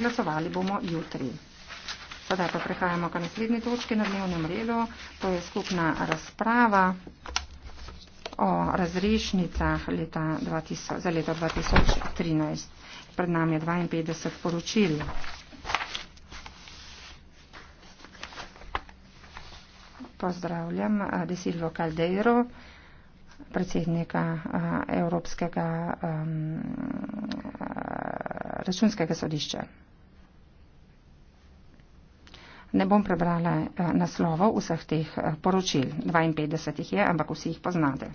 glasovali bomo jutri. Sedaj pa prehajamo k naslednji točki na dnevnem redu, to je skupna razprava o razrešnicah leta 2000, za leto 2013. Pred nami je 52 poročil. Pozdravljam eh, De Silvo Caldeiro, predsednika eh, Evropskega eh, računskega sodišča. Ne bom prebrala eh, naslovov vseh teh eh, poročil. 52 jih je, ampak vsi jih poznate.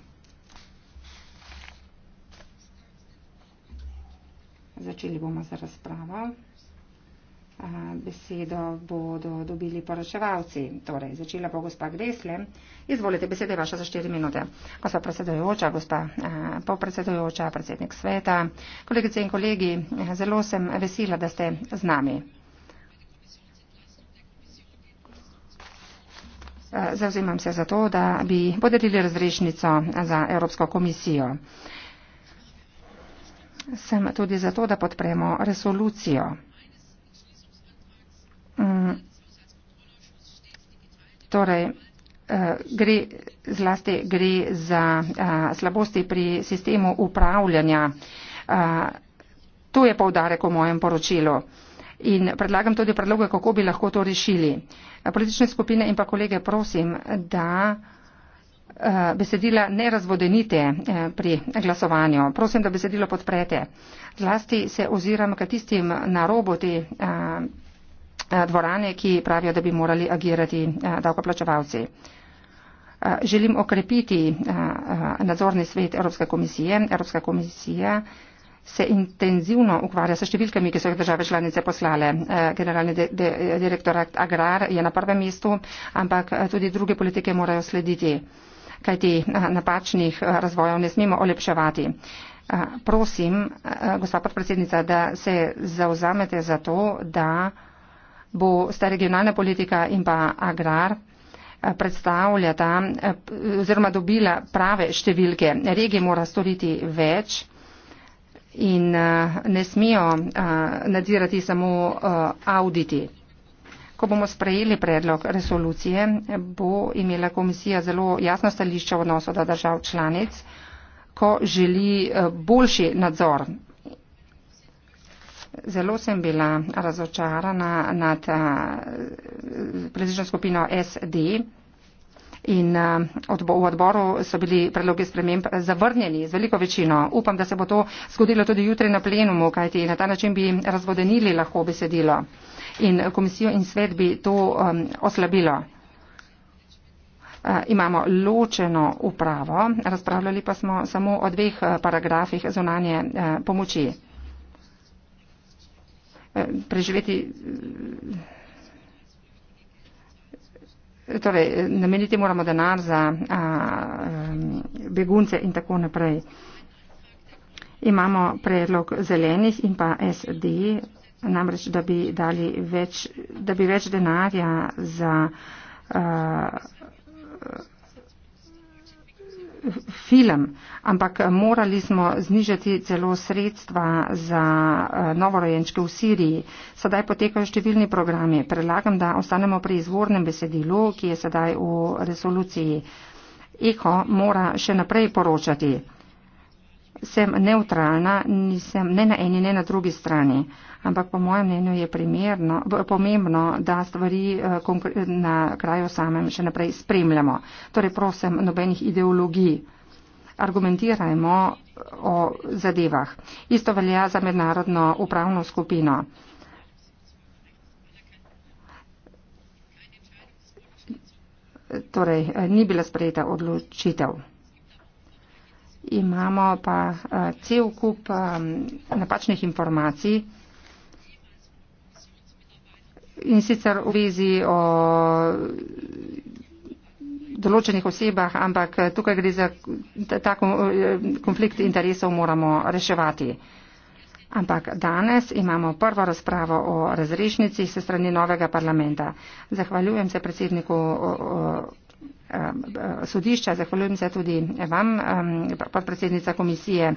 Začeli bomo z razpravo. Eh, besedo bodo dobili poročevalci. Torej, začela bo gospa Gresle. Izvolite, beseda je vaša za 4 minute. Gospa predsedojoča, gospa popredsedojoča, predsednik sveta, kolegice in kolegi, zelo sem vesela, da ste z nami. zauzemam se za to, da bi podelili razrešnico za Evropsko komisijo. Sem tudi za to, da podpremo resolucijo. Mm. Torej, eh, gre, zlasti gre za eh, slabosti pri sistemu upravljanja. Eh, to je povdarek v mojem poročilu in predlagam tudi predloge, kako bi lahko to rešili. Politične skupine in pa kolege prosim, da eh, besedila ne razvodenite eh, pri glasovanju. Prosim, da besedilo podprete. Zlasti se oziram k tistim na robu te eh, dvorane, ki pravijo, da bi morali agirati davkoplačevalci. Želim okrepiti nadzorni svet Evropske komisije. Evropska komisija se intenzivno ukvarja s številkami, ki so jih države članice poslale. Eh, Generalni de, de, direktorat Agrar je na prvem mestu, ampak eh, tudi druge politike morajo slediti, kajti eh, napačnih razvojev ne smemo olepševati. Prosim, gospod podpredsednica, da se zauzamete za to, da bo sta regionalna politika in pa agrar predstavljata oziroma dobila prave številke. Regije mora storiti več in eh, ne smijo eh, nadzirati samo eh, auditi. Ko bomo sprejeli predlog resolucije, bo imela komisija zelo jasno stališče v odnosu do držav članic, ko želi boljši nadzor. Zelo sem bila razočarana nad prezično skupino SD, in eh, odbo, v odboru so bili predlogi sprememb zavrnjeni z veliko večino. Upam, da se bo to zgodilo tudi jutri na plenumu, kajti na ta način bi razvodenili lahko besedilo in komisijo in svet bi to um, oslabilo. Eh, imamo ločeno upravo, razpravljali pa smo samo o dveh eh, paragrafih zunanje pomoči. Preživeti torej, nameniti moramo denar za a, a, begunce in tako naprej. Imamo predlog zelenih in pa SD, namreč, da bi, dali več, da bi več denarja za. A, film, ampak morali smo znižati celo sredstva za eh, novorojenčke v Siriji. Sedaj potekajo številni programi. Predlagam, da ostanemo pri izvornem besedilu, ki je sedaj v resoluciji. Eho mora še naprej poročati. Sem neutralna, nisem ne na eni, ne na drugi strani ampak po mojem mnenju je primerno, pomembno, da stvari eh, na kraju samem še naprej spremljamo. Torej, prosim, nobenih ideologij. Argumentirajmo eh, o zadevah. Isto velja za mednarodno upravno skupino. Torej, eh, ni bila sprejeta odločitev. Imamo pa cel kup napačnih informacij in sicer v vezi o določenih osebah, ampak tukaj gre za ta konflikt interesov, moramo reševati. Ampak danes imamo prvo razpravo o razrešnici se strani novega parlamenta. Zahvaljujem se predsedniku. O, o, Um, sodišča. Zahvaljujem se tudi vam, um, podpredsednica komisije.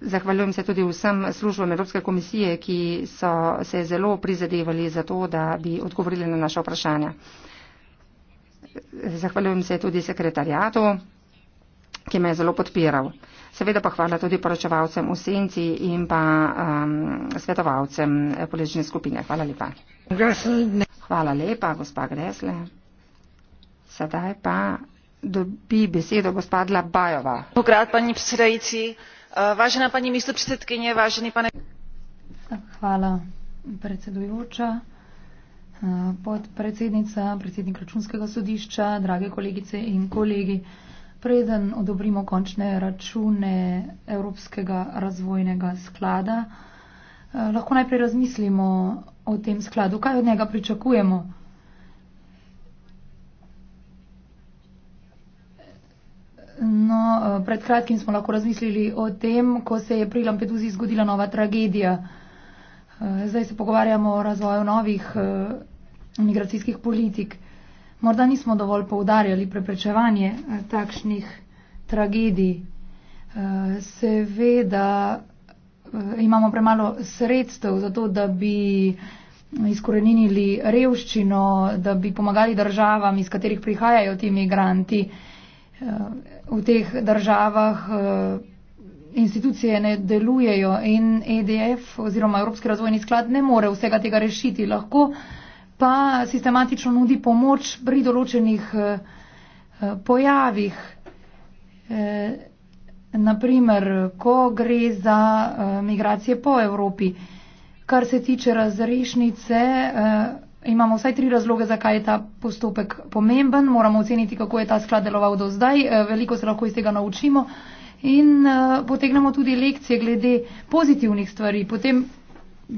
Zahvaljujem se tudi vsem službam Evropske komisije, ki so se zelo prizadevali za to, da bi odgovorili na naše vprašanja. Zahvaljujem se tudi sekretarijatu, ki me je zelo podpiral. Seveda pa hvala tudi poročevalcem v senci in pa um, svetovalcem politične skupine. Hvala lepa. Hvala lepa, gospa Gresle. Sedaj pa dobi besedo gospodla Bajova. Pokrat, pani predsedajci, eh, važena pani ministr predsedkinje, važeni pane. Hvala, predsedujoča, eh, podpredsednica, predsednik računskega sodišča, drage kolegice in kolegi. Preden odobrimo končne račune Evropskega razvojnega sklada, eh, lahko najprej razmislimo o tem skladu, kaj od njega pričakujemo. No, eh, pred kratkim smo lahko razmislili o tem, ko se je pri Lampeduzi zgodila nova tragedija. Eh, zdaj se pogovarjamo o razvoju novih eh, migracijskih politik. Morda nismo dovolj poudarjali preprečevanje takšnih tragedij. Seveda imamo premalo sredstev za to, da bi izkorenili revščino, da bi pomagali državam, iz katerih prihajajo ti migranti v teh državah eh, institucije ne delujejo in EDF oziroma Evropski razvojni sklad ne more vsega tega rešiti. Lahko pa sistematično nudi pomoč pri določenih eh, eh, pojavih. Naprimer, ko gre za migracije po Evropi, kar se tiče razrešnice, imamo vsaj tri razloge, zakaj je ta postopek pomemben. Moramo oceniti, kako je ta sklad deloval do zdaj. Eh, veliko se lahko iz tega naučimo in eh, potegnemo tudi lekcije glede pozitivnih stvari. Potem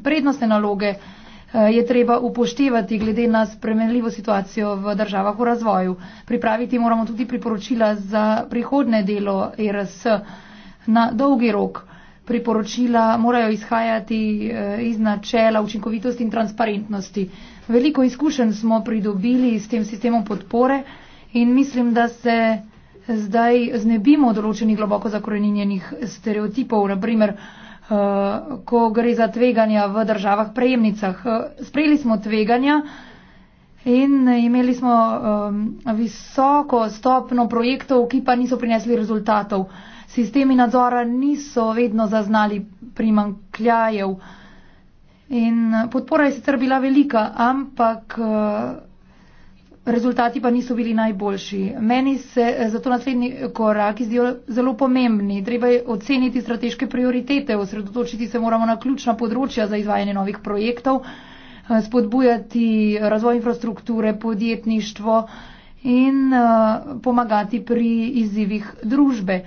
prednostne naloge eh, je treba upoštevati glede na spremenljivo situacijo v državah v razvoju. Pripraviti moramo tudi priporočila za prihodne delo e RS na dolgi rok. Priporočila morajo izhajati iz načela učinkovitosti in transparentnosti. Veliko izkušenj smo pridobili s tem sistemom podpore in mislim, da se zdaj znebimo določenih globoko zakoreninjenih stereotipov, naprimer, eh, ko gre za tveganja v državah prejemnicah. Eh, sprejeli smo tveganja in imeli smo eh, visoko stopno projektov, ki pa niso prinesli rezultatov. Sistemi nadzora niso vedno zaznali primankljajev. In eh, podpora je sicer bila velika, ampak eh, rezultati pa niso bili najboljši. Meni se eh, zato naslednji korak izdijo zelo pomembni. Treba je oceniti strateške prioritete, osredotočiti se moramo na ključna področja za izvajanje novih projektov, spodbujati razvoj infrastrukture, podjetništvo in pomagati pri izzivih družbe.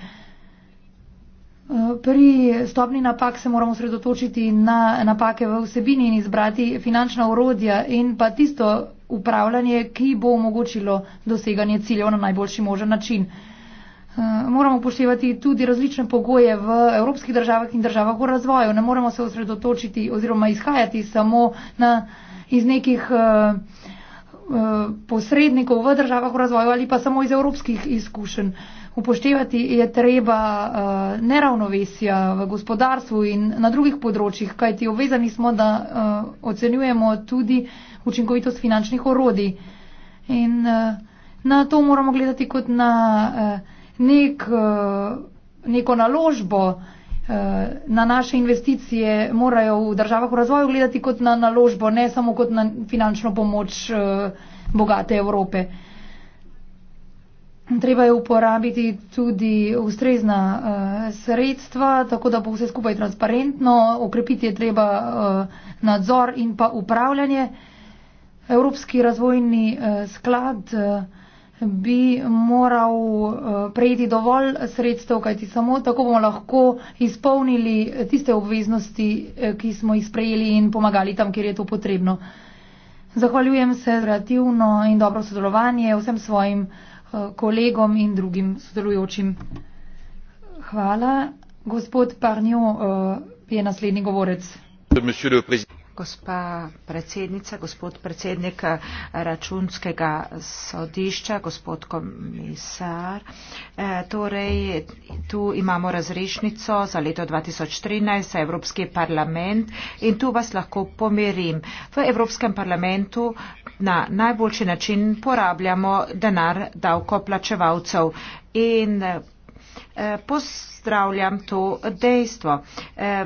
Pri stopni napak se moramo sredotočiti na napake v vsebini in izbrati finančna urodja in pa tisto upravljanje, ki bo omogočilo doseganje ciljev na najboljši možen način. Eh, moramo upoštevati tudi različne pogoje v evropskih državah in državah v razvoju. Ne moremo se osredotočiti oziroma izhajati samo na, iz nekih uh, uh, posrednikov v državah v razvoju ali pa samo iz evropskih izkušenj. Uh, upoštevati je treba uh, neravnovesja v gospodarstvu in na drugih področjih, kajti obvezani smo, da uh, ocenjujemo tudi učinkovitost finančnih orodij. In uh, na to moramo gledati kot na uh, nek, uh, neko naložbo. Na naše investicije morajo v državah v razvoju gledati kot na naložbo, ne samo kot na finančno pomoč bogate Evrope. Treba je uporabiti tudi ustrezna uh, sredstva, tako da bo vse skupaj transparentno, okrepiti je treba uh, nadzor in pa upravljanje. Evropski razvojni uh, sklad uh, bi moral uh, prejeti dovolj sredstev, kajti samo tako bomo lahko izpolnili tiste obveznosti, uh, ki smo jih sprejeli in pomagali tam, kjer je to potrebno. Zahvaljujem se za relativno in dobro sodelovanje vsem svojim. Eh, kolegom in drugim sodelujočim. Hvala. Gospod Parnjo eh, je naslednji govorec. Gospod predsednik gospa predsednica, gospod predsednik eh, računskega sodišča, gospod komisar. E, torej, tu imamo razrešnico za leto 2013 za Evropski parlament in tu vas lahko pomerim. V Evropskem parlamentu na najboljši način porabljamo denar davkoplačevalcev in e, pozdravljam to dejstvo. E,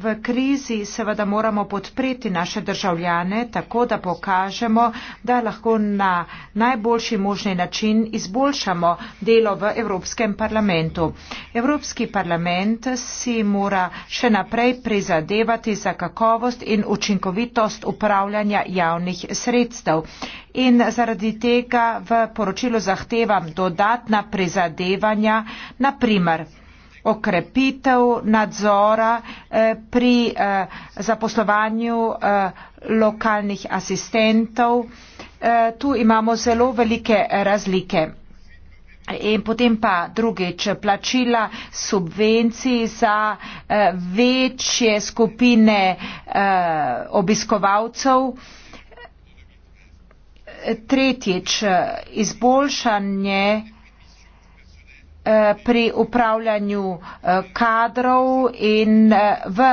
v krizi seveda moramo podpreti naše državljane tako, da pokažemo, da lahko na najboljši možni način izboljšamo delo v Evropskem parlamentu. Evropski parlament si mora še naprej prizadevati za kakovost in učinkovitost upravljanja javnih sredstev. In zaradi tega v poročilu zahtevam dodatna prizadevanja, naprimer, okrepitev nadzora eh, pri eh, zaposlovanju eh, lokalnih asistentov. Tu imamo zelo velike razlike. In potem pa drugič, plačila subvencij za večje skupine obiskovalcev. Tretjič, izboljšanje Eh, pri upravljanju eh, kadrov in eh, v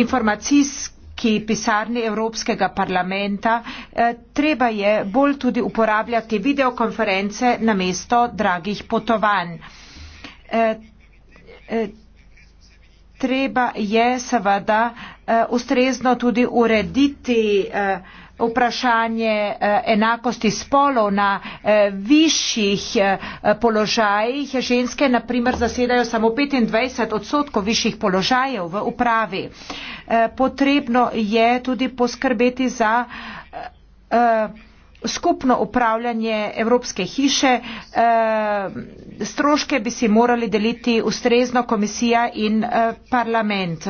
informacijski pisarni Evropskega parlamenta. Treba je bolj tudi uporabljati videokonference na mesto dragih potovanj. Treba je seveda ustrezno tudi urediti vprašanje eh, enakosti spolov na eh, višjih eh, položajih. Ženske naprimer zasedajo samo 25 odstotkov višjih položajev v upravi. Potrebno je tudi poskrbeti za skupno upravljanje Evropske hiše. Stroške bi si morali deliti ustrezno komisija in parlament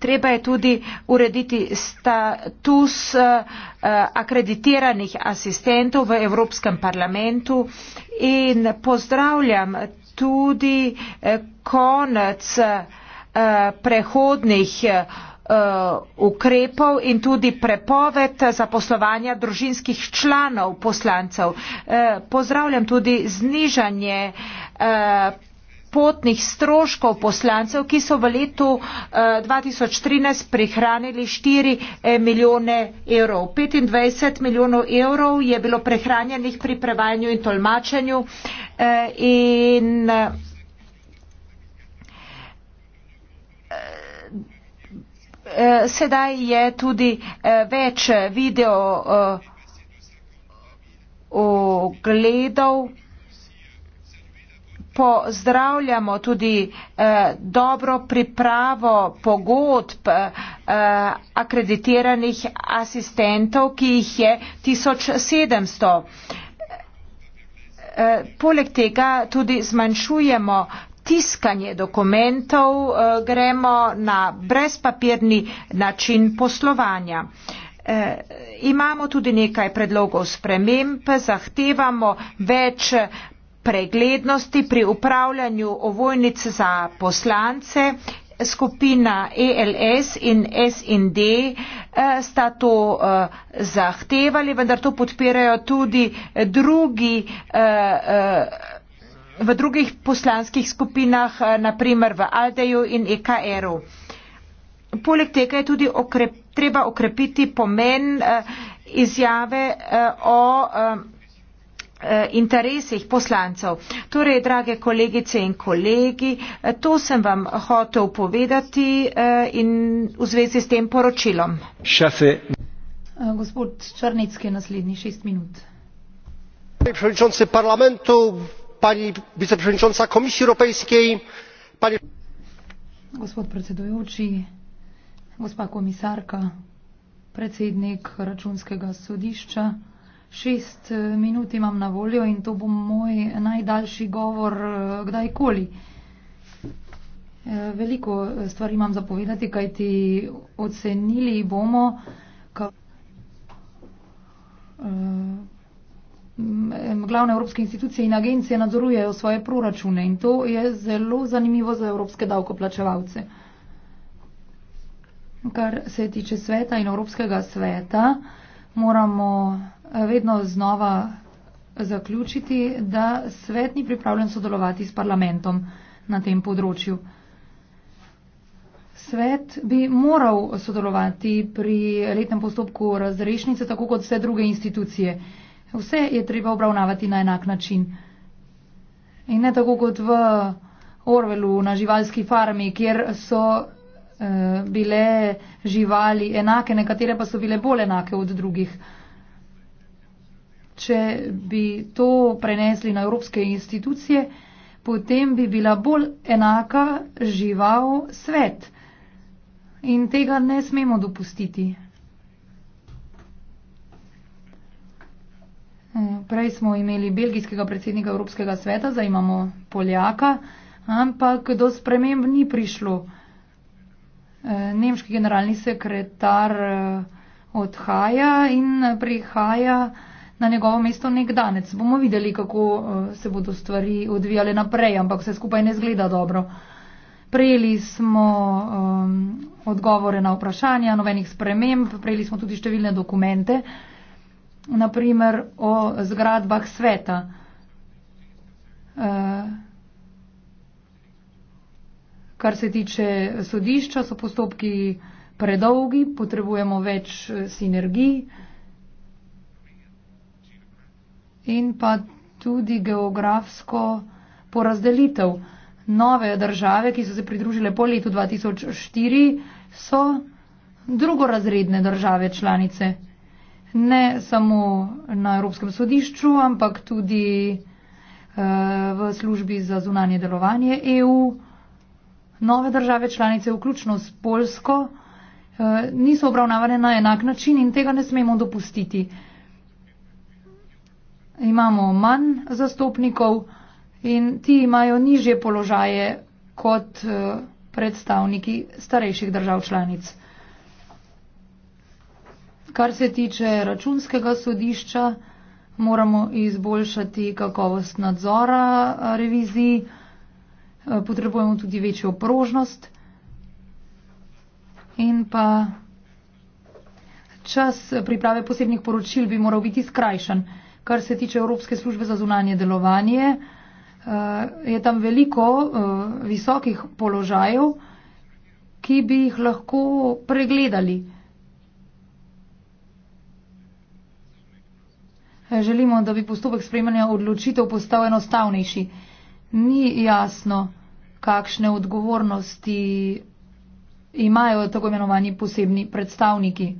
treba je tudi urediti status eh, eh, akreditiranih asistentov v Evropskem parlamentu in pozdravljam tudi eh, konec prehodnih ukrepov in tudi prepoved zaposlovanja družinskih članov poslancev. Pozdravljam tudi znižanje potnih stroškov poslancev, ki so v letu uh, eh, 2013 prihranili 4 eh, milijone evrov. 25 milijonov evrov je bilo prehranjenih pri prevajanju in tolmačenju. Uh, in, uh, Sedaj je tudi več video ogledov. Uh, pozdravljamo tudi eh, dobro pripravo pogodb eh, akreditiranih asistentov, ki jih je 1700. Eh, poleg tega tudi zmanjšujemo tiskanje dokumentov, eh, gremo na brezpapirni način poslovanja. E, imamo tudi nekaj predlogov sprememb, zahtevamo več preglednosti pri upravljanju ovojnic za poslance. Skupina ELS in SND eh, sta to eh, zahtevali, vendar to podpirajo tudi drugi eh, v drugih poslanskih skupinah, naprimer v Aldeju in EKR-u. Poleg tega je tudi okrep, treba okrepiti pomen izjave o Eh, interesih poslancev. Torej, drage kolegice in kolegi, eh, to sem vam hotel povedati eh, in v zvezi s tem poročilom. Šase. Gospod Črnecki, naslednji šest minut. Pani predsednica parlamentu, pani viceprezidentka Komisije Evropske unije. Gospod predsedujoči, gospa komisarka, predsednik računskega sodišča. Šest eh, minut imam na voljo in to bo moj najdaljši govor eh, kdajkoli. Eh, veliko stvari imam zapovedati, kaj ti ocenili bomo. Glavne evropske institucije in agencije nadzorujejo svoje proračune in to je zelo zanimivo za evropske davkoplačevalce. Kar se tiče sveta in evropskega sveta, moramo Eh, vedno znova zaključiti, da svet ni pripravljen sodelovati s parlamentom na tem področju. Svet bi moral sodelovati pri letnem postopku razrešnice, tako kot vse druge institucije. Vse je treba obravnavati na enak način. In ne tako kot v Orvelu na živalski farmi, kjer so uh, bile živali enake, nekatere pa so bile bolj enake od drugih. Uh, če bi to prenesli na evropske institucije, potem bi bila bolj enaka žival svet. In tega ne smemo dopustiti. Eh, prej smo imeli belgijskega predsednika Evropskega sveta, zdaj imamo Poljaka, ampak do sprememb ni prišlo. Eh, nemški generalni sekretar eh, odhaja in prihaja na njegovo mesto nek danec. Bomo videli, kako eh, se bodo stvari odvijale naprej, ampak vse skupaj ne zgleda dobro. Prejeli smo um, odgovore na vprašanja, novenih sprememb, prejeli smo tudi številne dokumente, naprimer o zgradbah sveta. Uh, kar se tiče sodišča, so postopki predolgi, potrebujemo več eh, sinergij. Uh, in pa tudi geografsko porazdelitev. Nove države, ki so se pridružile po letu 2004, so drugorazredne države članice. Ne samo na Evropskem sodišču, ampak tudi eh, v službi za zunanje delovanje EU. Nove države članice, vključno s Polsko, eh, niso obravnavane na enak način in tega ne smemo dopustiti. Eh, imamo manj zastopnikov in ti imajo nižje položaje kot eh, predstavniki starejših držav članic. Kar se tiče računskega sodišča, moramo izboljšati kakovost nadzora eh, revizij, eh, potrebujemo tudi večjo prožnost in pa čas priprave posebnih poročil bi moral biti skrajšan kar se tiče Evropske službe za zunanje delovanje, eh, je tam veliko eh, visokih položajev, ki bi jih lahko pregledali. Želimo, da bi postopek sprejmanja odločitev postal enostavnejši. Ni jasno, kakšne odgovornosti imajo tako imenovani posebni predstavniki.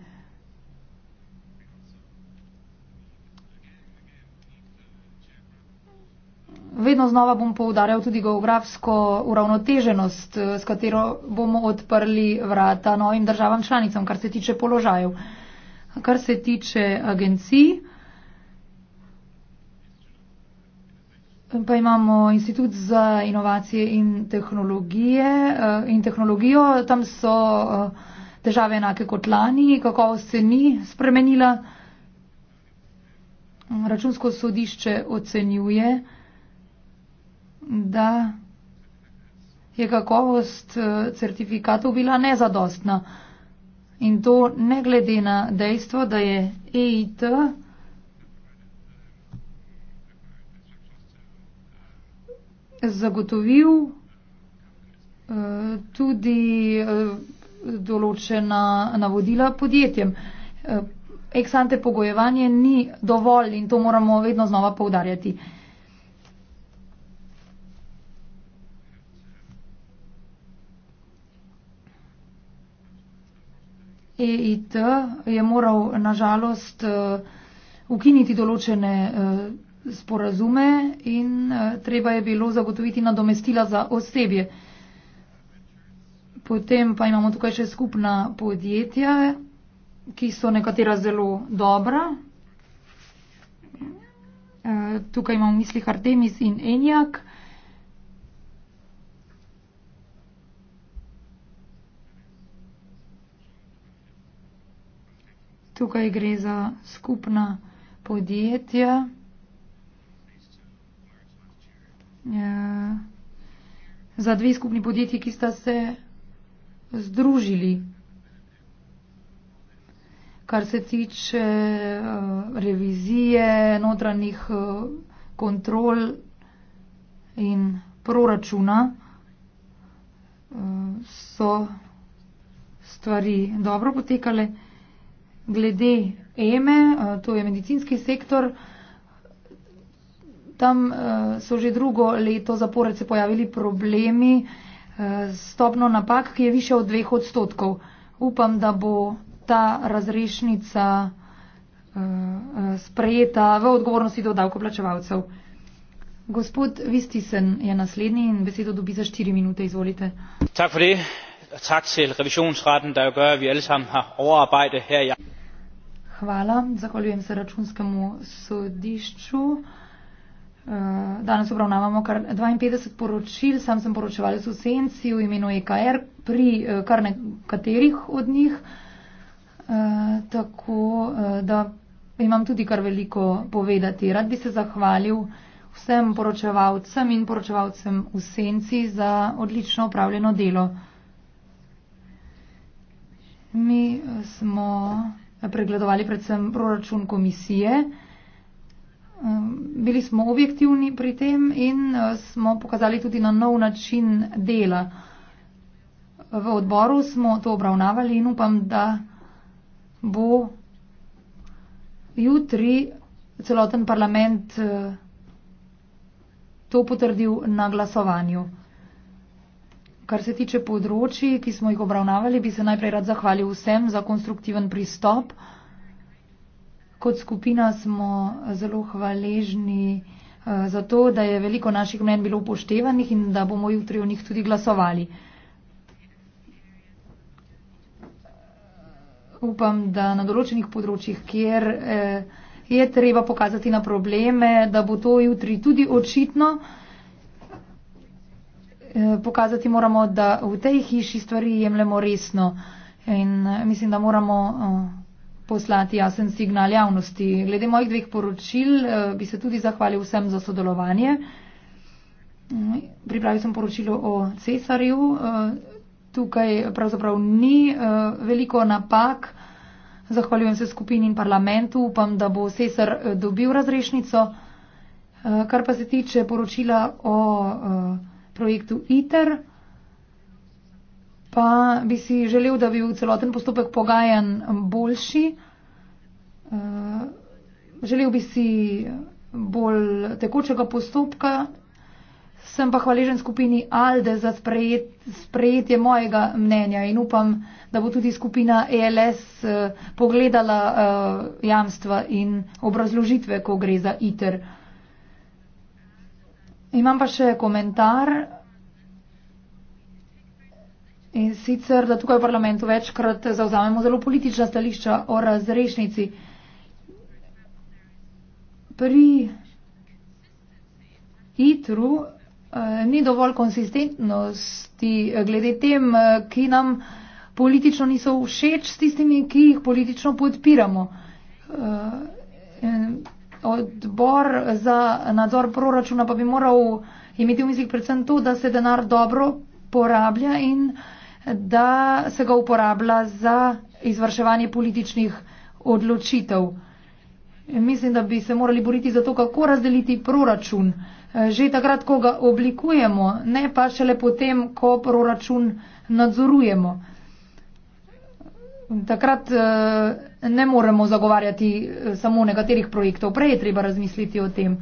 Vedno znova bom poudarjal tudi geografsko uravnoteženost, eh, s katero bomo odprli vrata novim državam članicam, kar se tiče položajev. Kar se tiče agencij, pa imamo Institut za inovacije in, tehnologije, eh, in tehnologijo. Tam so eh, težave enake kot lani, kakovost se ni spremenila. Računsko sodišče ocenjuje, da da je kakovost eh, certifikatov bila nezadostna. In to ne glede na dejstvo, da je EIT zagotovil uh, tudi uh, določena navodila podjetjem. Uh, Eksante pogojevanje ni dovolj in to moramo vedno znova poudarjati. Uh, EIT je moral nažalost eh, ukiniti določene eh, sporazume in eh, treba je bilo zagotoviti nadomestila za osebje. Potem pa imamo tukaj še skupna podjetja, ki so nekatera zelo dobra. Tukaj imamo v mislih Artemis in Enjak. Tukaj gre za skupna podjetja. Ja, za dve skupni podjetji, ki sta se združili. Kar se tiče uh, revizije, notranjih uh, kontrol in proračuna, uh, so stvari dobro potekale glede EME, eh, to je medicinski sektor, tam eh, so že drugo leto zapored se pojavili problemi s eh, stopno napak, ki je više od dveh odstotkov. Upam, da bo ta razrešnica sprejeta v odgovornosti do davkoplačevalcev. Gospod Vistisen je naslednji in besedo dobi za štiri minute. Izvolite. Tak for det. Tak til revisionsretten, der jo gør, at vi alle sammen har overarbejde her i hvala. Zahvaljujem se računskemu sodišču. Eh, danes obravnavamo kar 52 poročil, sam sem poročevali v Senci v imenu EKR, pri eh, kar nekaterih od njih. Eh, tako da imam tudi kar veliko povedati. Rad bi se zahvalil vsem poročevalcem in poročevalcem v Senci za odlično upravljeno delo. Mi smo pregledovali predvsem proračun komisije. Um, bili smo objektivni pri tem in uh, smo pokazali tudi na nov način dela. V odboru smo to obravnavali in upam, da bo jutri celoten parlament uh, to potrdil na glasovanju. Kar se tiče področji, ki smo jih obravnavali, bi se najprej rad zahvalil vsem za konstruktiven pristop. Kot skupina smo zelo hvaležni eh, za to, da je veliko naših mnen bilo upoštevanih in da bomo jutri o njih tudi glasovali. Upam, da na določenih področjih, kjer eh, je treba pokazati na probleme, da bo to jutri tudi očitno. Eh, pokazati moramo, da v tej hiši stvari jemljemo resno. In eh, mislim, da moramo eh, poslati jasen signal javnosti. Glede mojih dveh poročil bi se tudi zahvalil vsem za sodelovanje. Mm, pripravil sem poročilo o cesarju. Tukaj pravzaprav ni veliko napak. Zahvaljujem se skupini in parlamentu. Upam, da bo cesar dobil razrešnico. Kar pa se tiče poročila o uh, projektu ITER, pa bi si želel, da bi bil celoten postopek pogajan boljši. Eh, želel bi si bolj tekočega postopka. Sem pa hvaležen skupini ALDE za sprejet, sprejetje mojega mnenja in upam, da bo tudi skupina ELS eh, pogledala eh, jamstva in obrazložitve, ko gre za ITER. Eh, Imam pa še komentar. In sicer, da tukaj v parlamentu večkrat zauzamemo zelo politična stališča o razrešnici. Pri ITRU eh, ni dovolj konsistentnosti eh, glede tem, eh, ki nam politično niso všeč s tistimi, ki jih politično podpiramo. Eh, odbor za nadzor proračuna pa bi moral imeti v mislih predvsem to, da se denar dobro porablja in da se ga uporablja za izvrševanje političnih odločitev. Mislim, da bi se morali boriti za to, kako razdeliti proračun, že takrat, ko ga oblikujemo, ne pa šele potem, ko proračun nadzorujemo takrat eh, ne moremo zagovarjati eh, samo nekaterih projektov. Prej je treba razmisliti o tem.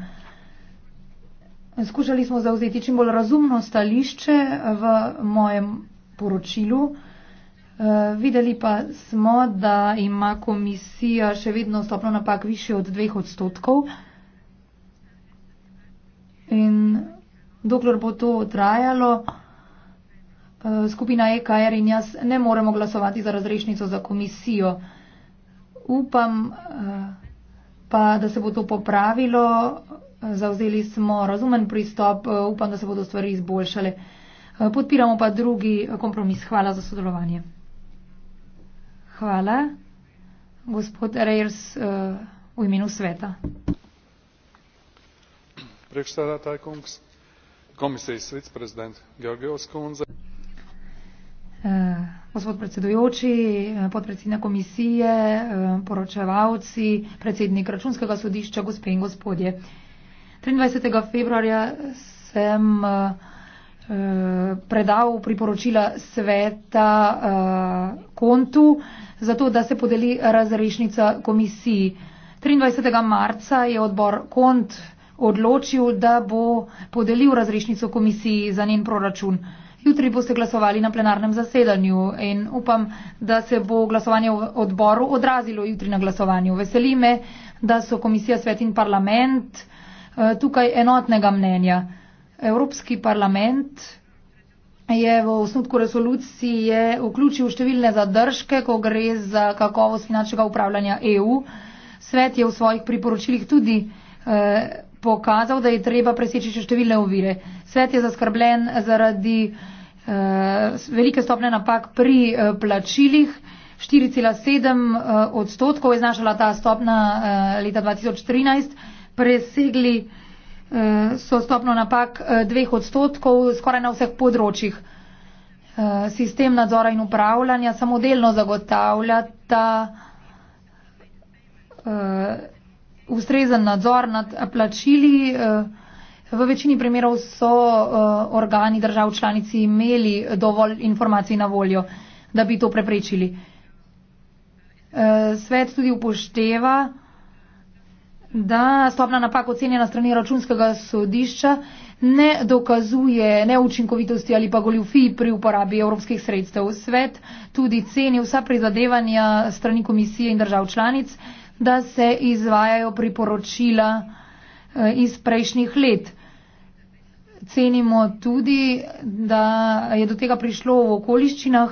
Skušali smo zauzeti čim bolj razumno stališče v mojem poročilu. Eh, videli pa smo, da ima komisija še vedno stopno napak više od dveh odstotkov. In dokler bo to trajalo, Eh, skupina EKR in jaz ne moremo glasovati za razrešnico za komisijo. Upam eh, pa, da se bo to popravilo. Eh, Zauzeli smo razumen pristop, upam, da se bodo stvari izboljšale. Podpiramo pa drugi kompromis. Hvala za sodelovanje. Hvala. Gospod Reyers v imenu sveta. Komisar Svets, predsednik Georgios Konzer. Eh, gospod predsedujoči, eh, podpredsednik komisije, eh, poročevalci, predsednik računskega sodišča, gospe in gospodje. 23. februarja sem predal priporočila sveta kontu, zato da se podeli razrešnica komisiji. 23. marca je odbor kont odločil, da bo podelil razrešnico komisiji za njen proračun. Jutri boste glasovali na plenarnem zasedanju in upam, da se bo glasovanje v odboru odrazilo jutri na glasovanju. Veseli me, da so komisija, svet in parlament eh, tukaj enotnega mnenja. Evropski parlament je v osnutku resolucije vključil številne zadržke, ko gre za kakovost finančnega upravljanja EU. Svet je v svojih priporočilih tudi eh, pokazal, da je treba preseči še številne ovire. Eh, Svet je zaskrbljen zaradi uh, velike stopne napak pri uh, plačilih. 4,7 eh, odstotkov je znašala ta stopna leta 2013, presegli so stopno napak dveh odstotkov skoraj na vseh področjih. Sistem nadzora in upravljanja samodelno zagotavljata ustrezen nadzor nad plačili. V večini primerov so uh, organi držav članici imeli dovolj informacij na voljo, da bi to preprečili. Uh, svet tudi upošteva, da stopna napak ocenjena strani računskega sodišča ne dokazuje neučinkovitosti ali pa goljufij pri uporabi evropskih sredstev. Svet tudi ceni vsa prizadevanja strani komisije in držav članic, da se izvajajo priporočila eh, iz prejšnjih let cenimo tudi, da je do tega prišlo v okoliščinah,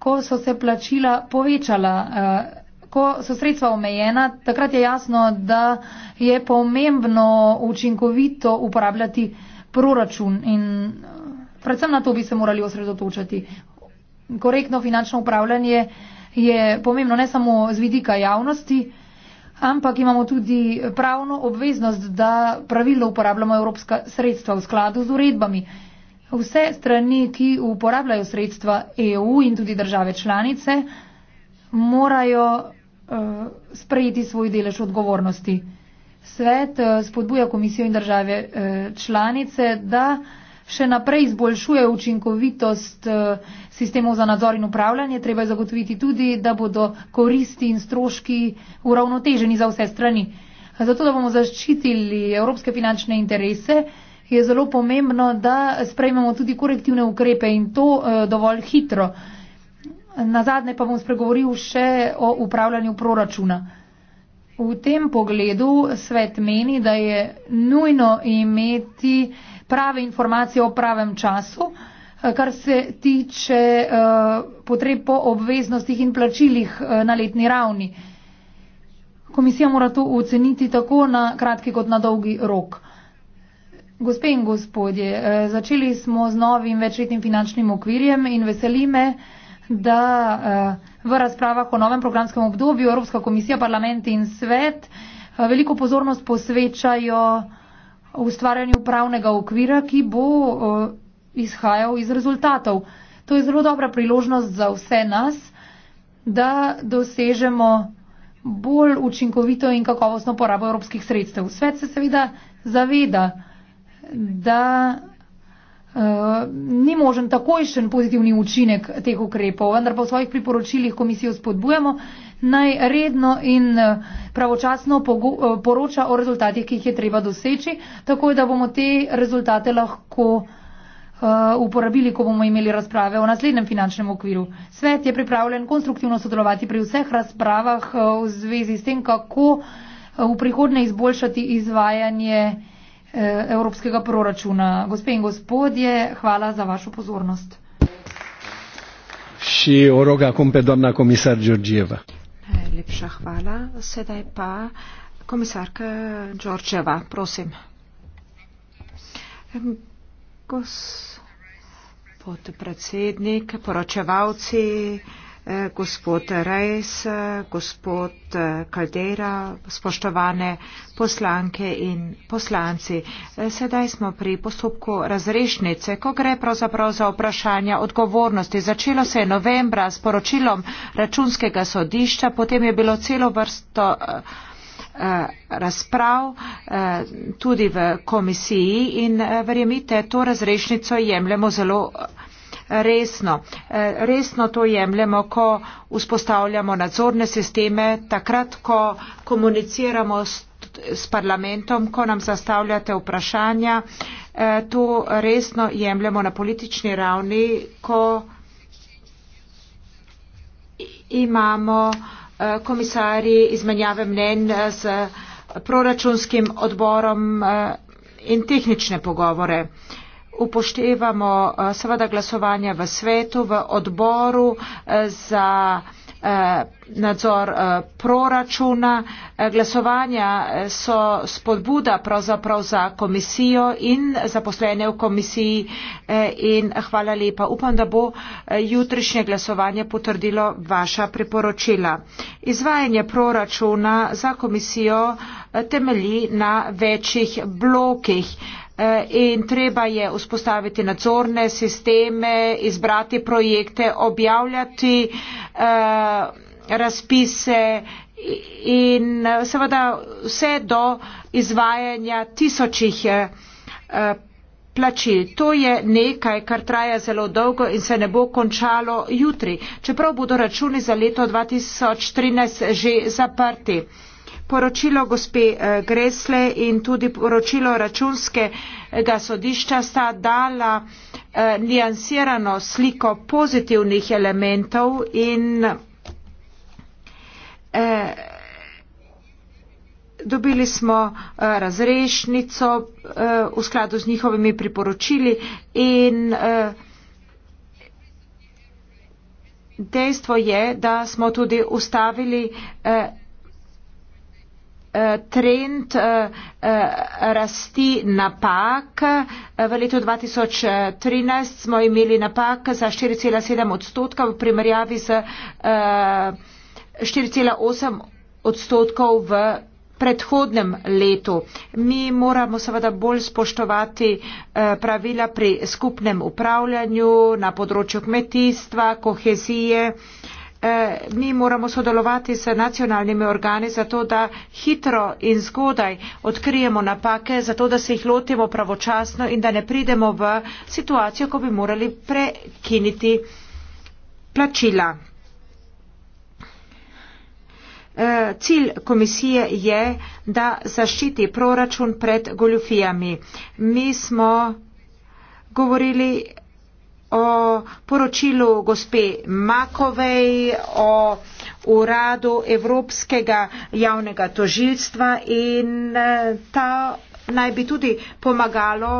ko so se plačila povečala. Eh, ko so sredstva omejena, takrat je jasno, da je pomembno učinkovito uporabljati proračun in eh, predvsem na to bi se morali osredotočati. Korektno finančno upravljanje je pomembno ne samo z vidika javnosti, ampak imamo tudi pravno obveznost, da pravilno uporabljamo evropska sredstva v skladu z uredbami. Vse strani, ki uporabljajo sredstva EU in tudi države članice, morajo uh, sprejeti svoj delež odgovornosti. Svet uh, spodbuja komisijo in države uh, članice, da uh, še naprej izboljšuje učinkovitost eh, sistemov za nadzor in upravljanje, treba je zagotoviti tudi, da bodo koristi in stroški uravnoteženi za vse strani. Zato, da bomo zaščitili evropske finančne interese, je zelo pomembno, da sprejmemo tudi korektivne ukrepe in to eh, dovolj hitro. Nazadnje pa bom spregovoril še o upravljanju proračuna. V tem pogledu svet meni, da je nujno imeti prave informacije o pravem času, eh, kar se tiče eh, potreb po obveznostih in plačilih eh, na letni ravni. Komisija mora to oceniti tako na kratki kot na dolgi rok. Gospe in gospodje, začeli smo z novim večletnim finančnim okvirjem in veseli me, da v razpravah o novem programskem obdobju Evropska komisija, parlament in svet veliko pozornost posvečajo v ustvarjanju pravnega okvira, ki bo eh, izhajal iz rezultatov. To je zelo dobra priložnost za vse nas, da dosežemo bolj učinkovito in kakovostno porabo evropskih sredstev. Svet se seveda zaveda, da uh, ni možen takojšen pozitivni učinek teh ukrepov, vendar pa v svojih priporočilih komisijo spodbujamo, naj redno in eh, pravočasno eh, poroča o rezultatih, ki jih je treba doseči, tako da bomo te rezultate lahko eh, uporabili, ko bomo imeli razprave o naslednjem finančnem okviru. Svet je pripravljen konstruktivno sodelovati pri vseh razpravah v zvezi s tem, kako v prihodnje izboljšati izvajanje evropskega proračuna. Gospe in gospodje, hvala za vašo pozornost. Și o rog acum pe doamna comisar Georgieva. Najlepša hvala. Sedaj pa komisarka Đorčeva, prosim. Gospod predsednik, poročevalci, Eh, gospod Rejs, eh, gospod Kaldera, eh, spoštovane poslanke in poslanci. Sedaj smo pri postopku razrešnice, ko gre pravzaprav za vprašanja odgovornosti. Začelo se je novembra s poročilom računskega sodišča, potem je bilo celo vrsto razprav tudi v komisiji in verjemite, to razrešnico jemljemo zelo resno. Eh, resno to jemljemo, ko vzpostavljamo nadzorne sisteme, takrat, ko komuniciramo s, s parlamentom, ko nam zastavljate vprašanja. Eh, to resno jemljemo na politični ravni, ko imamo eh, komisarji izmenjave mnen z proračunskim odborom in tehnične pogovore. Uh, upoštevamo eh, seveda glasovanja v svetu, v odboru eh, za eh, nadzor proračuna. Glasovanja so spodbuda pravzaprav za komisijo in zaposlene v komisiji in hvala lepa. Upam, da bo jutrišnje glasovanje potrdilo vaša priporočila. Izvajanje proračuna za komisijo temelji na večjih blokih. Eh, in treba je vzpostaviti nadzorne sisteme, izbrati projekte, objavljati eh, razpise in eh, seveda vse do izvajanja tisočih plačil. To je nekaj, kar traja zelo dolgo in se ne bo končalo jutri, čeprav bodo računi za leto 2013 že zaprti poročilo gospe eh, Gresle in tudi poročilo računskega sodišča sta dala eh, nijansirano sliko pozitivnih elementov in eh, dobili smo razrešnico v skladu z njihovimi priporočili in dejstvo je, da smo tudi ustavili trend eh, eh, rasti napak. V letu 2013 smo imeli napak za 4,7 odstotka v primerjavi z 4,8 eh, odstotkov v predhodnem letu. Mi moramo seveda bolj spoštovati pravila pri skupnem upravljanju na področju kmetijstva, kohezije. Eh, mi moramo sodelovati s nacionalnimi organi zato, da hitro in zgodaj odkrijemo napake, zato, da se jih lotimo pravočasno in da ne pridemo v situacijo, ko bi morali prekiniti plačila. Eh, cilj komisije je, da zaščiti proračun pred goljufijami. Mi smo govorili o poročilu gospe Makovej, o uradu Evropskega javnega tožilstva in eh, ta naj bi tudi pomagalo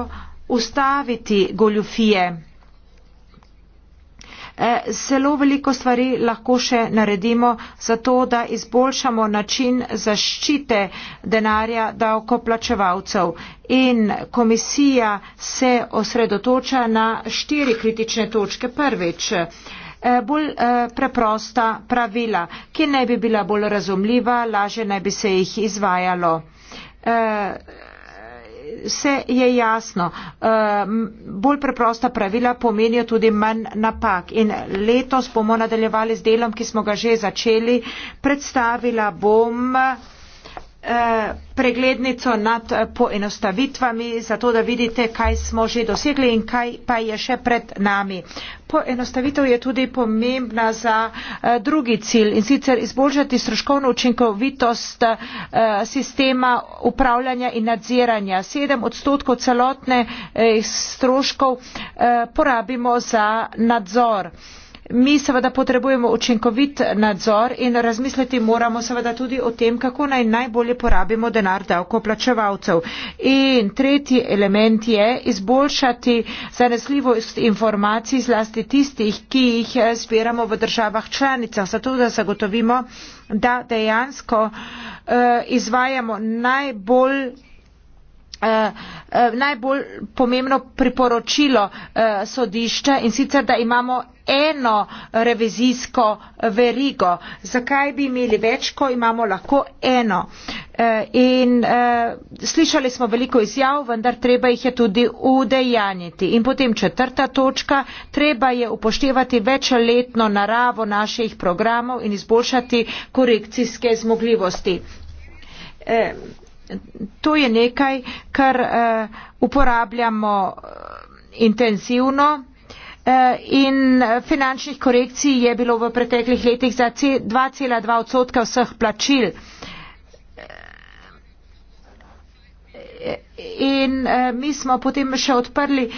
ustaviti goljufije. Eh, zelo veliko stvari lahko še naredimo za to, da izboljšamo način zaščite denarja davkoplačevalcev. In komisija se osredotoča na štiri kritične točke. Prvič, eh, bolj eh, preprosta pravila, ki ne bi bila bolj razumljiva, laže naj bi se jih izvajalo se je jasno, ehm, bolj preprosta pravila pomenijo tudi manj napak. In letos bomo nadaljevali z delom, ki smo ga že začeli. Predstavila bom Eh, preglednico nad eh, poenostavitvami, zato da vidite, kaj smo že dosegli in kaj pa je še pred nami. Poenostavitev je tudi pomembna za eh, drugi cilj in sicer izboljšati stroškovno učinkovitost sistema upravljanja in nadziranja. Sedem odstotkov celotne stroškov porabimo za nadzor mi seveda potrebujemo učinkovit nadzor in razmisliti moramo seveda tudi o tem, kako naj najbolje porabimo denar davkoplačevalcev. In tretji element je izboljšati zanesljivost informacij zlasti tistih, ki jih zbiramo v državah članicah, zato da zagotovimo, da dejansko uh, izvajamo najbolj Uh, uh, najbolj pomembno priporočilo uh, sodišča in sicer, da imamo eno revizijsko verigo. Zakaj bi imeli več, ko imamo lahko eno? Eh, in uh, slišali smo veliko izjav, vendar treba jih je tudi udejanjiti. In potem četrta točka, treba je upoštevati večletno naravo naših programov in izboljšati korekcijske zmogljivosti. E, to je nekaj, kar uh, uporabljamo intenzivno. Eh, in finančnih korekcij je bilo v preteklih letih za 2,2 odstotka vseh plačil. Eh, in eh, mi smo potem še odprli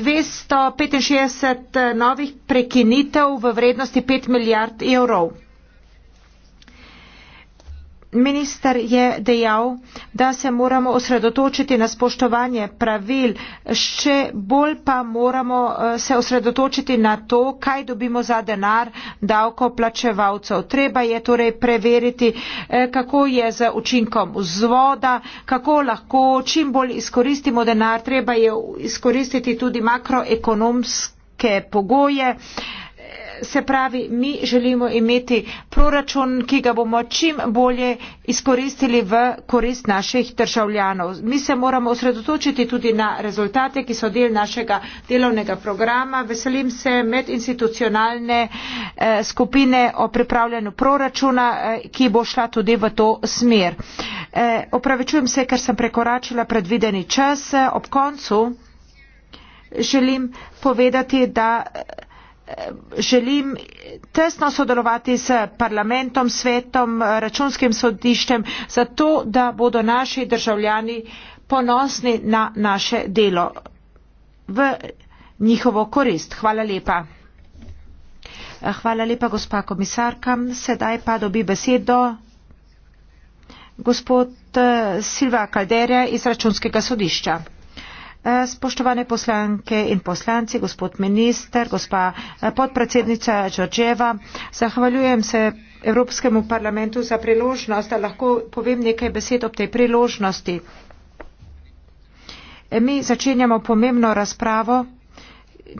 265 novih prekinitev v vrednosti 5 milijard evrov. Minister je dejal, da se moramo osredotočiti na spoštovanje pravil, še bolj pa moramo eh, se osredotočiti na to, kaj dobimo za denar davkoplačevalcev. Treba je torej preveriti, eh, kako je z učinkom vzvoda, kako lahko čim bolj izkoristimo denar, treba je izkoristiti tudi makroekonomske pogoje se pravi, mi želimo imeti proračun, ki ga bomo čim bolje izkoristili v korist naših državljanov. Mi se moramo osredotočiti tudi na rezultate, ki so del našega delovnega programa. Veselim se medinstitucionalne eh, skupine o pripravljanju proračuna, eh, ki bo šla tudi v to smer. Eh, opravičujem se, ker sem prekoračila predvideni čas. Eh, ob koncu želim povedati, da. Eh, želim tesno sodelovati s parlamentom svetom računskim sodiščem zato da bodo naši državljani ponosni na naše delo v njihovo korist. Hvala lepa. Hvala lepa, gospa komisarka. Sedaj pa dobi besedo gospod eh, Silva Kaldere iz računskega sodišča. Spoštovane poslanke in poslanci, gospod minister, gospa eh, podpredsednica Đorđeva, zahvaljujem se Evropskemu parlamentu za priložnost, da lahko povem nekaj besed ob tej priložnosti. Eh, mi začenjamo pomembno razpravo,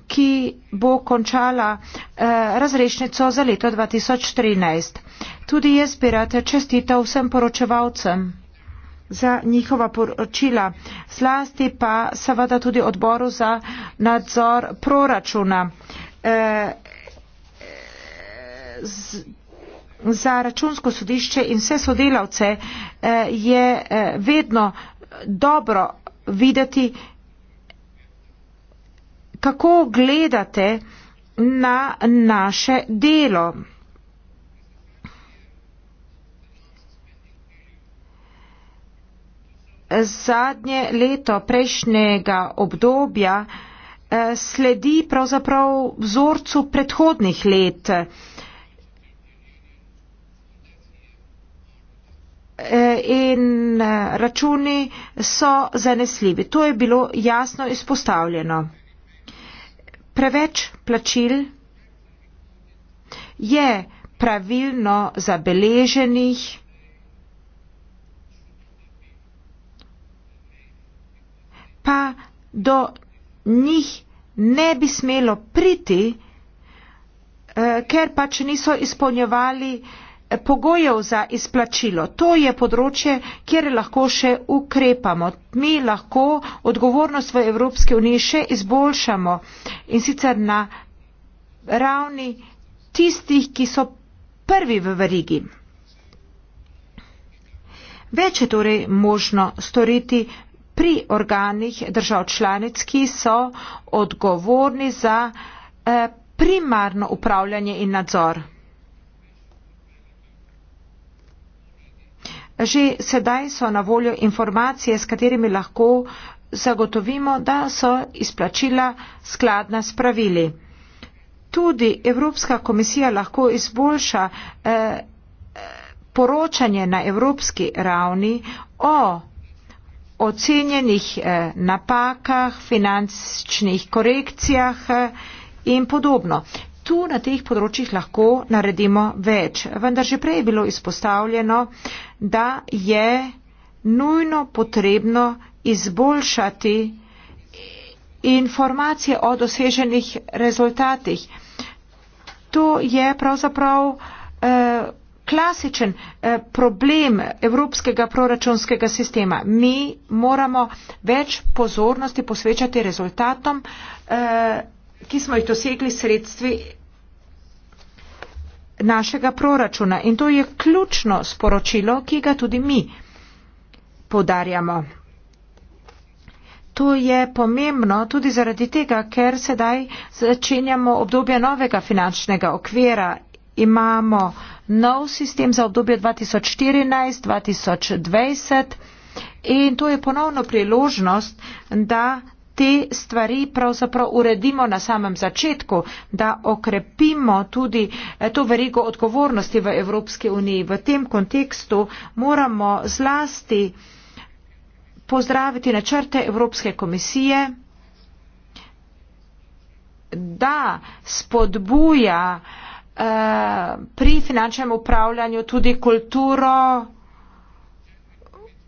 ki bo končala eh, razrešnico za leto 2013. Tudi jaz bi rad čestital vsem poročevalcem za njihova poročila, zlasti pa seveda tudi odboru za nadzor proračuna. Eh, z za računsko sodišče in vse sodelavce eh, je eh, vedno dobro videti, kako gledate na naše delo. zadnje leto prejšnjega obdobja eh, sledi pravzaprav vzorcu predhodnih let. Eh, in eh, računi so zanesljivi. To je bilo jasno izpostavljeno. Preveč plačil je pravilno zabeleženih pa do njih ne bi smelo priti, eh, ker pač niso izpolnjevali eh, pogojev za izplačilo. To je področje, kjer lahko še ukrepamo. Mi lahko odgovornost v Evropski uniji še izboljšamo in sicer na ravni tistih, ki so prvi v verigi. Več je torej možno storiti pri organih držav članic, ki so odgovorni za eh, primarno upravljanje in nadzor. Že sedaj so na voljo informacije, s katerimi lahko zagotovimo, da so izplačila skladna s pravili. Tudi Evropska komisija lahko izboljša eh, eh poročanje na evropski ravni o ocenjenih eh, napakah, finančnih korekcijah eh, in podobno. Tu na teh področjih lahko naredimo več, vendar že prej je bilo izpostavljeno, da je nujno potrebno izboljšati informacije o doseženih rezultatih. To je pravzaprav eh, klasičen eh, problem evropskega proračunskega sistema. Mi moramo več pozornosti posvečati rezultatom, eh, ki smo jih dosegli sredstvi našega proračuna. In to je ključno sporočilo, ki ga tudi mi podarjamo. To je pomembno tudi zaradi tega, ker sedaj začenjamo obdobje novega finančnega okvira imamo nov sistem za obdobje 2014-2020 in to je ponovno priložnost, da te stvari pravzaprav uredimo na samem začetku, da okrepimo tudi eh, to verigo odgovornosti v Evropski uniji. V tem kontekstu moramo zlasti pozdraviti načrte Evropske komisije, da spodbuja uh, pri finančnem upravljanju tudi kulturo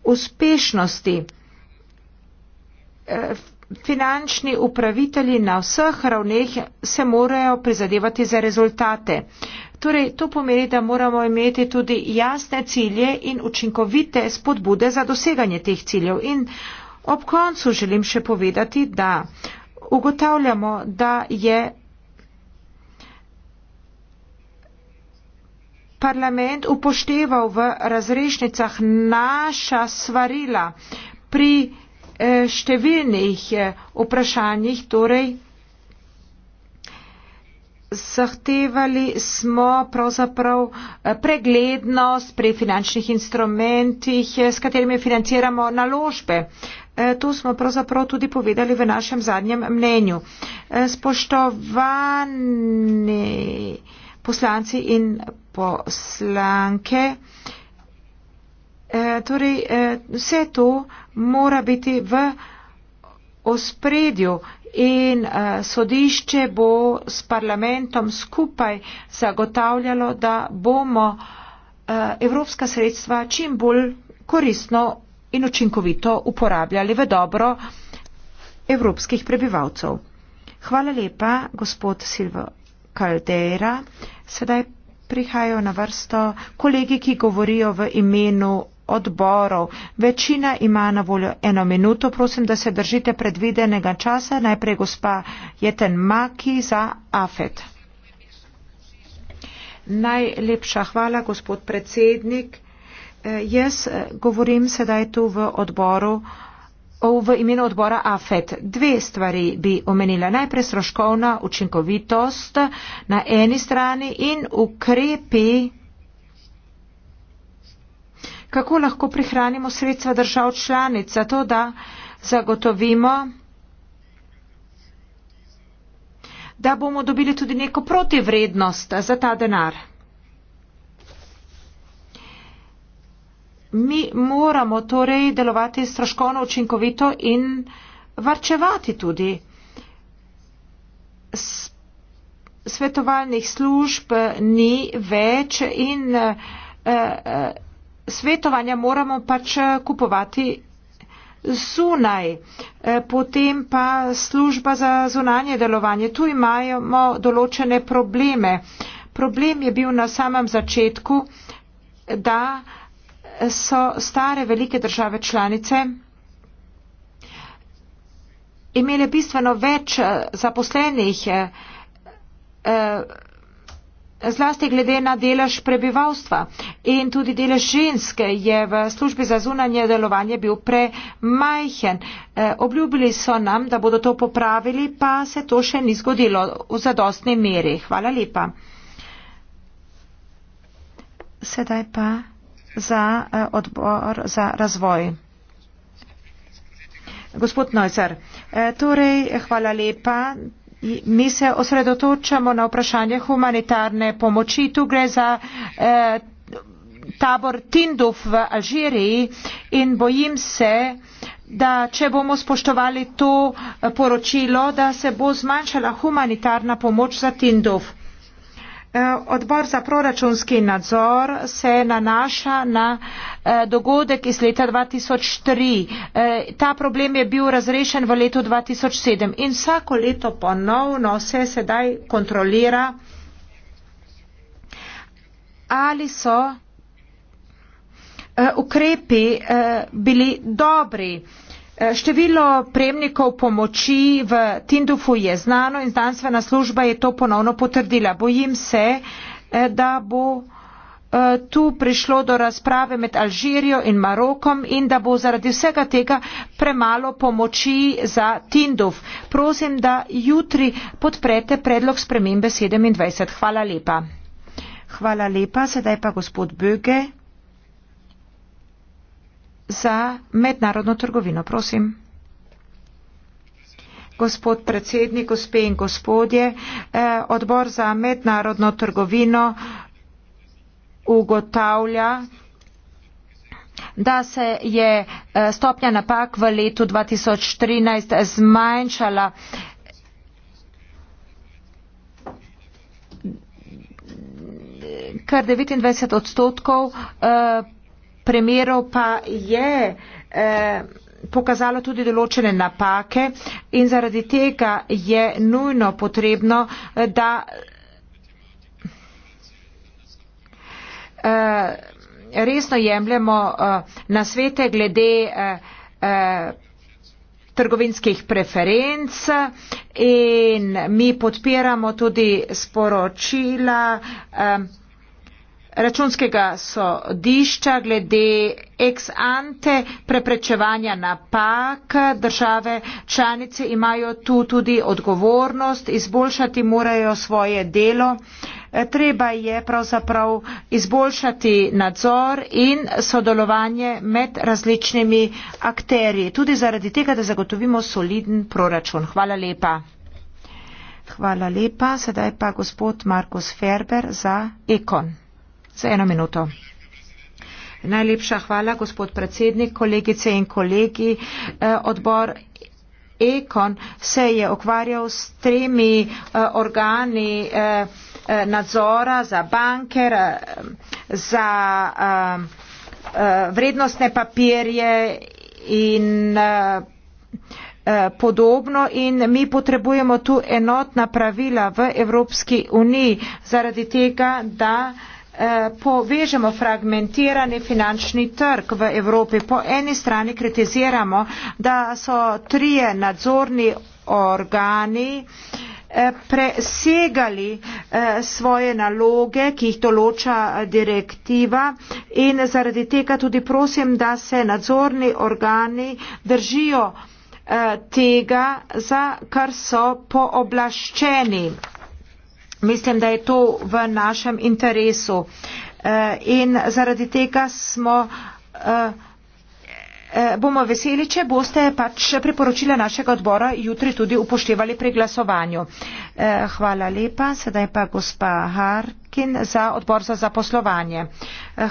uspešnosti. Eh, finančni upravitelji na vseh ravneh se morajo prizadevati za rezultate. Torej, to pomeni, da moramo imeti tudi jasne cilje in učinkovite spodbude za doseganje teh ciljev. In ob koncu želim še povedati, da ugotavljamo, da je parlament upošteval v razrešnicah naša svarila pri eh, številnih eh, vprašanjih, torej zahtevali smo pravzaprav eh, preglednost pri finančnih instrumentih, s katerimi financiramo naložbe. To smo pravzaprav tudi povedali v našem zadnjem mnenju. Spoštovani poslanci in poslanke. E, torej, e, vse to mora biti v ospredju in e, sodišče bo s parlamentom skupaj zagotavljalo, da bomo e, evropska sredstva čim bolj koristno in učinkovito uporabljali v dobro evropskih prebivalcev. Hvala lepa, gospod Silvo Kaldera. Sedaj prihajajo na vrsto kolegi, ki govorijo v imenu odborov. Večina ima na voljo eno minuto. Prosim, da se držite predvidenega časa. Najprej gospa Jeten Maki za AFET. Najlepša hvala, gospod predsednik. Eh, jaz eh, govorim sedaj tu v odboru. V imenu odbora AFET dve stvari bi omenila. Najprej stroškovna učinkovitost na eni strani in ukrepi, kako lahko prihranimo sredstva držav članic, zato da zagotovimo, da bomo dobili tudi neko protivrednost za ta denar. mi moramo torej delovati stroškovno učinkovito in varčevati tudi. Svetovalnih služb ni več in eh, eh, svetovanja moramo pač kupovati zunaj. Eh, potem pa služba za zunanje delovanje. Tu imamo določene probleme. Problem je bil na samem začetku, da so stare velike države članice imele bistveno več eh, zaposlenih, eh, eh, zlasti glede na delež prebivalstva. In tudi delež ženske je v službi za zunanje delovanje bil premajhen. Obljubili so nam, da bodo to popravili, pa se to še ni zgodilo v zadostni meri. Hvala lepa. Sedaj pa za eh, odbor za razvoj. Gospod Neuser, eh, torej hvala lepa. Mi se osredotočamo na vprašanje humanitarne pomoči. Tu gre za eh, tabor Tinduf v Alžiriji in bojim se, da če bomo spoštovali to eh, poročilo, da se bo zmanjšala humanitarna pomoč za Tinduf. Eh, odbor za proračunski nadzor se nanaša na eh, dogodek iz leta 2003. Eh, ta problem je bil razrešen v letu 2007 in vsako leto ponovno se sedaj kontrolira, ali so ukrepi bili dobri. Eh, število prejemnikov pomoči v Tindufu je znano in znanstvena služba je to ponovno potrdila. Bojim se, eh, da bo eh, tu prišlo do razprave med Alžirijo in Marokom in da bo zaradi vsega tega premalo pomoči za Tinduf. Prosim, da jutri podprete predlog spremembe 27. Hvala lepa. Hvala lepa. Sedaj pa gospod Böge za mednarodno trgovino. Prosim. Gospod predsednik, gospe in gospodje, eh, odbor za mednarodno trgovino ugotavlja, da se je eh, stopnja napak v letu 2013 zmanjšala kar 29 odstotkov eh, primerov pa je eh, pokazalo tudi določene napake in zaradi tega je nujno potrebno, eh, da eh, resno jemljemo na svete glede trgovinskih preferenc in mi podpiramo tudi sporočila eh, računskega sodišča glede ex ante preprečevanja napak. Države članice imajo tu tudi odgovornost, izboljšati morajo svoje delo. Treba je pravzaprav izboljšati nadzor in sodelovanje med različnimi akterji, tudi zaradi tega, da zagotovimo soliden proračun. Hvala lepa. Hvala lepa. Sedaj pa gospod Markus Ferber za ekon za eno minuto. Najlepša hvala, gospod predsednik, kolegice in kolegi. Eh, odbor Ekon se je ukvarjal s tremi eh, organi eh, nadzora za banke, za vrednostne papirje in podobno in mi potrebujemo tu enotna pravila v Evropski uniji zaradi tega, da Eh, povežemo fragmentirani finančni trg v Evropi. Po eni strani kritiziramo, da so trije nadzorni organi eh, presegali eh, svoje naloge, ki jih določa direktiva in zaradi tega tudi prosim, da se nadzorni organi držijo tega, za kar so pooblaščeni. Mislim, da je to v našem interesu. Eh, in zaradi tega smo, eh, eh, bomo veseli, če boste pač priporočila našega odbora jutri tudi upoštevali pri glasovanju. Hvala lepa. Sedaj pa gospa Harkin za odbor za zaposlovanje.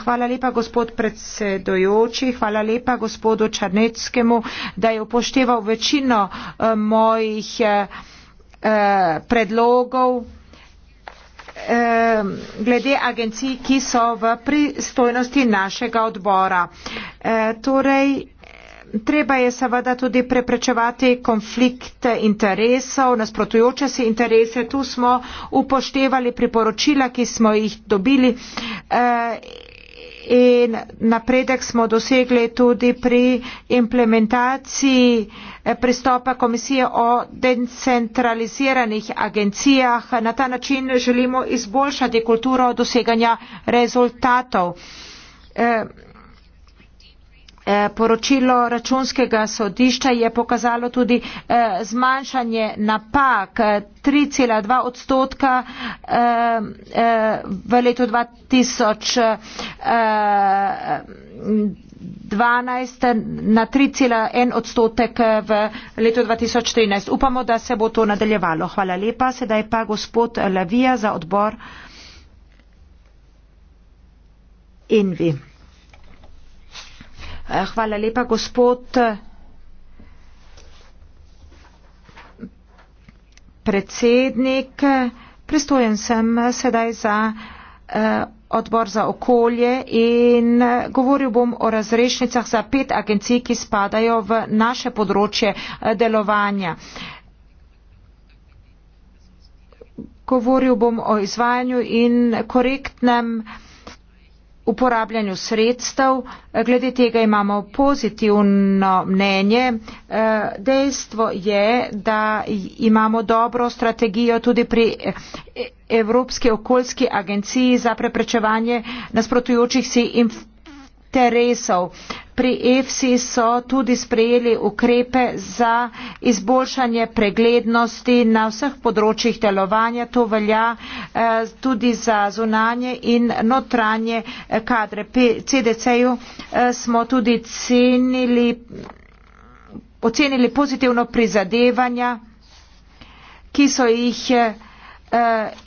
Hvala lepa gospod predsedojoči, hvala lepa gospodu Črneckemu, da je upošteval večino mojih predlogov. Ehm, glede agencij, ki so v pristojnosti našega odbora. Eh, torej, treba je seveda tudi preprečevati konflikte interesov, nasprotujoče se interese. Tu smo upoštevali priporočila, ki smo jih dobili eh, in napredek smo dosegli tudi pri implementaciji eh, pristopa komisije o decentraliziranih agencijah. Na ta način želimo izboljšati kulturo doseganja rezultatov. Eh, Eh, poročilo računskega sodišča je pokazalo tudi eh, zmanjšanje napak 3,2 eh, odstotka v letu 2012 na 3,1 odstotek v letu 2013. Upamo, da se bo to nadaljevalo. Hvala lepa. Sedaj pa gospod Lavija za odbor. Envy. Eh, hvala lepa, gospod eh, predsednik. Pristojen sem eh, sedaj za odbor za okolje in govoril bom o razrešnicah za pet agencij, ki spadajo v naše področje delovanja. Govoril bom o izvajanju in korektnem uporabljanju sredstev. Glede tega imamo pozitivno mnenje. Eh, dejstvo je, da imamo dobro strategijo tudi pri Evropski okoljski agenciji za preprečevanje nasprotujočih si in interesov. Pri EFSI so tudi sprejeli ukrepe za izboljšanje preglednosti na vseh področjih delovanja. To velja eh, tudi za zunanje in notranje eh, kadre. Pri CDC-ju eh, smo tudi cenili, ocenili pozitivno prizadevanja, ki so jih eh,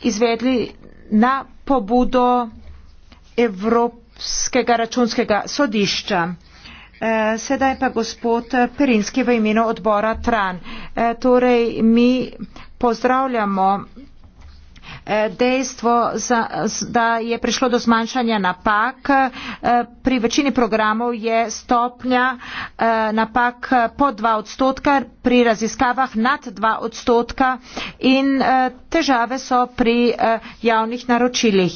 izvedli na pobudo Evrope Evropskega računskega sodišča. Eh, sedaj pa gospod Perinski v imenu odbora Tran. Eh, torej, mi pozdravljamo dejstvo, za, da je prišlo do zmanjšanja napak. E, pri večini programov je stopnja e, napak po 2 odstotka, pri raziskavah nad 2 odstotka in e, težave so pri javnih naročilih.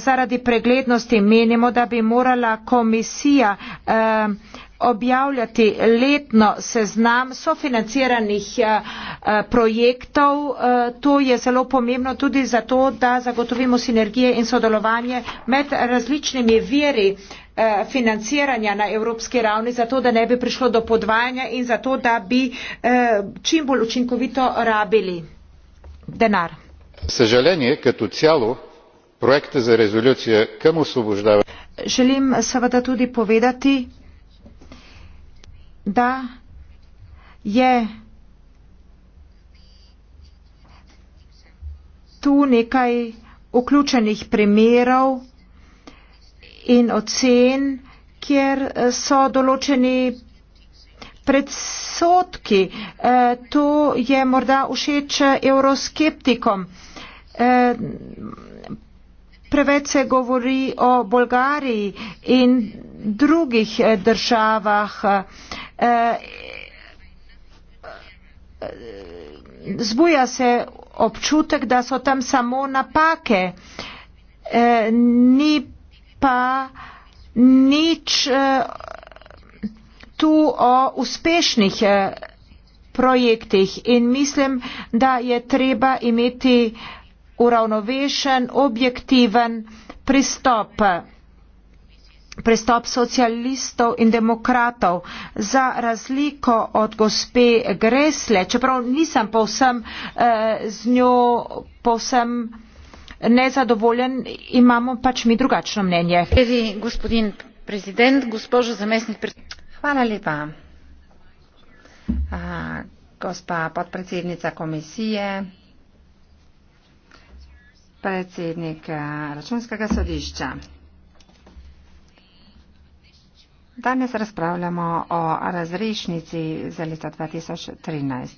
Zaradi preglednosti menimo, da bi morala komisija eh, objavljati letno seznam sofinanciranih eh, eh, projektov. Eh, to je zelo pomembno tudi zato, da zagotovimo sinergije in sodelovanje med različnimi veri financiranja na evropski ravni, zato da ne bi prišlo do podvajanja in zato, da bi čim bolj učinkovito rabili denar. Sežalenje, ker tu celo projekte za rezolucije, kam osvobožda. Želim seveda tudi povedati, da je tu nekaj vključenih primerov in ocen, kjer so določeni predsotki. E, to je morda všeč euroskeptikom. E, preveč se govori o Bolgariji in drugih e, državah. Eh, zbuja se občutek, da so tam samo napake, eh, ni pa nič eh, tu o uspešnih projektih in mislim, da je treba imeti uravnovešen, objektiven pristop prestop socialistov in demokratov. Za razliko od gospe Gresle, čeprav nisem povsem eh, z njo povsem nezadovoljen, imamo pač mi drugačno mnenje. Hvala lepa. A, ah, gospa podpredsednica komisije, predsednik eh, računskega sodišča. Danes razpravljamo o razrešnici za leto 2013.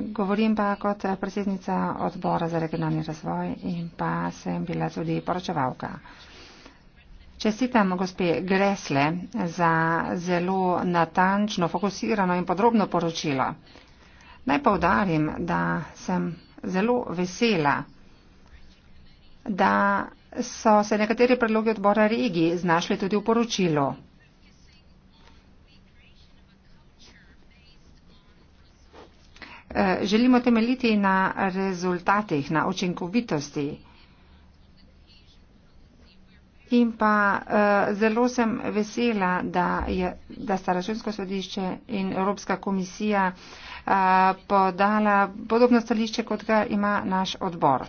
Govorim pa kot predsednica odbora za regionalni razvoj in pa sem bila tudi poročevalka. Čestitam gospe Gresle za zelo natančno, fokusirano in podrobno poročilo. Naj povdarim, da sem zelo vesela, da so se nekateri predloge odbora regiji znašli tudi v poročilu. Eh, želimo temeljiti na rezultatih, na učinkovitosti. In pa eh, zelo sem vesela, da, je, da sta Računsko sodišče in Evropska komisija eh, podala podobno stališče, kot ga ima naš odbor.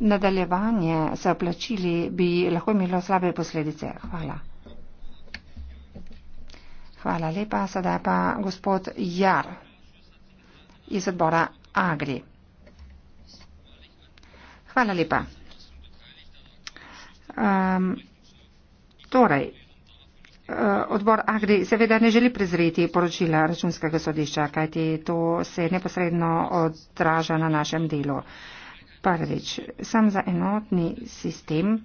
Nadaljevanje se oplačili bi lahko imelo slabe posledice. Hvala. Hvala lepa. Sedaj pa gospod Jar iz odbora Agri. Hvala lepa. Um, torej, eh, odbor Agri seveda ne želi prezreti poročila računskega sodišča, kajti to se neposredno odraža na našem delu. Prvič, sem za enotni sistem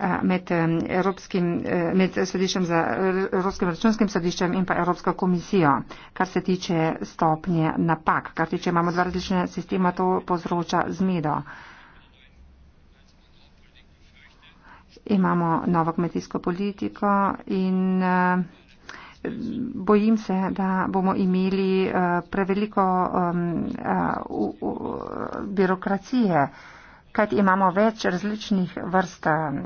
Eh, med, eh, Evropskim, eh, med sodiščem za Evropskim računskim sodiščem in pa Evropsko komisijo, kar se tiče stopnje napak. Kar tiče imamo dva različna sistema, to povzroča zmedo. Imamo novo kmetijsko politiko in bojim se, da bomo imeli preveliko birokracije kajti imamo več različnih vrst eh,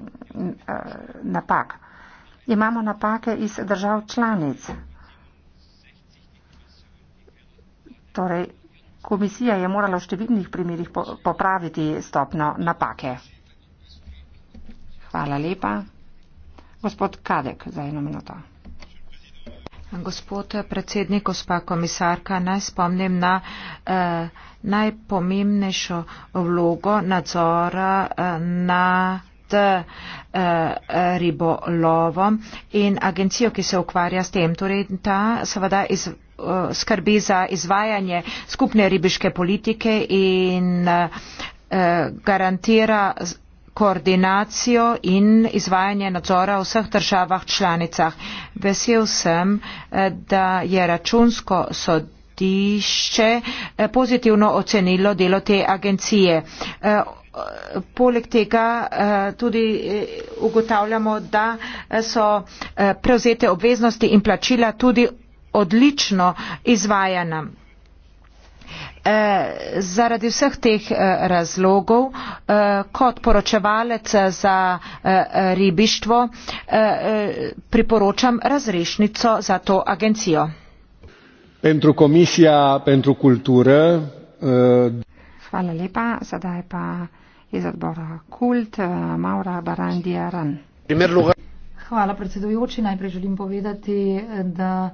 eh, napak. Imamo napake iz držav članic. Torej, komisija je morala v številnih primerih popraviti stopno napake. Hvala lepa. Gospod Kadek za eno minuto. Gospod predsednik, gospa komisarka, naj spomnim na eh, najpomembnejšo vlogo nadzora eh, nad eh, ribolovom in agencijo, ki se ukvarja s tem. Torej, ta seveda iz, eh, skrbi za izvajanje skupne ribiške politike in eh, garantira. Z, koordinacijo in izvajanje nadzora v vseh državah članicah. Vesel sem, eh, da je računsko sodišče eh, pozitivno ocenilo delo te agencije. Eh, poleg tega tudi ugotavljamo, da so prevzete obveznosti in plačila tudi odlično izvajana. Eh, zaradi vseh teh eh, razlogov, eh, kot poročevalec za ribištvo, priporočam razrešnico za to agencijo. Hvala lepa, sedaj pa iz odbora Kult, Maura Barandijaran. Hvala predsedujoči. Najprej želim povedati, da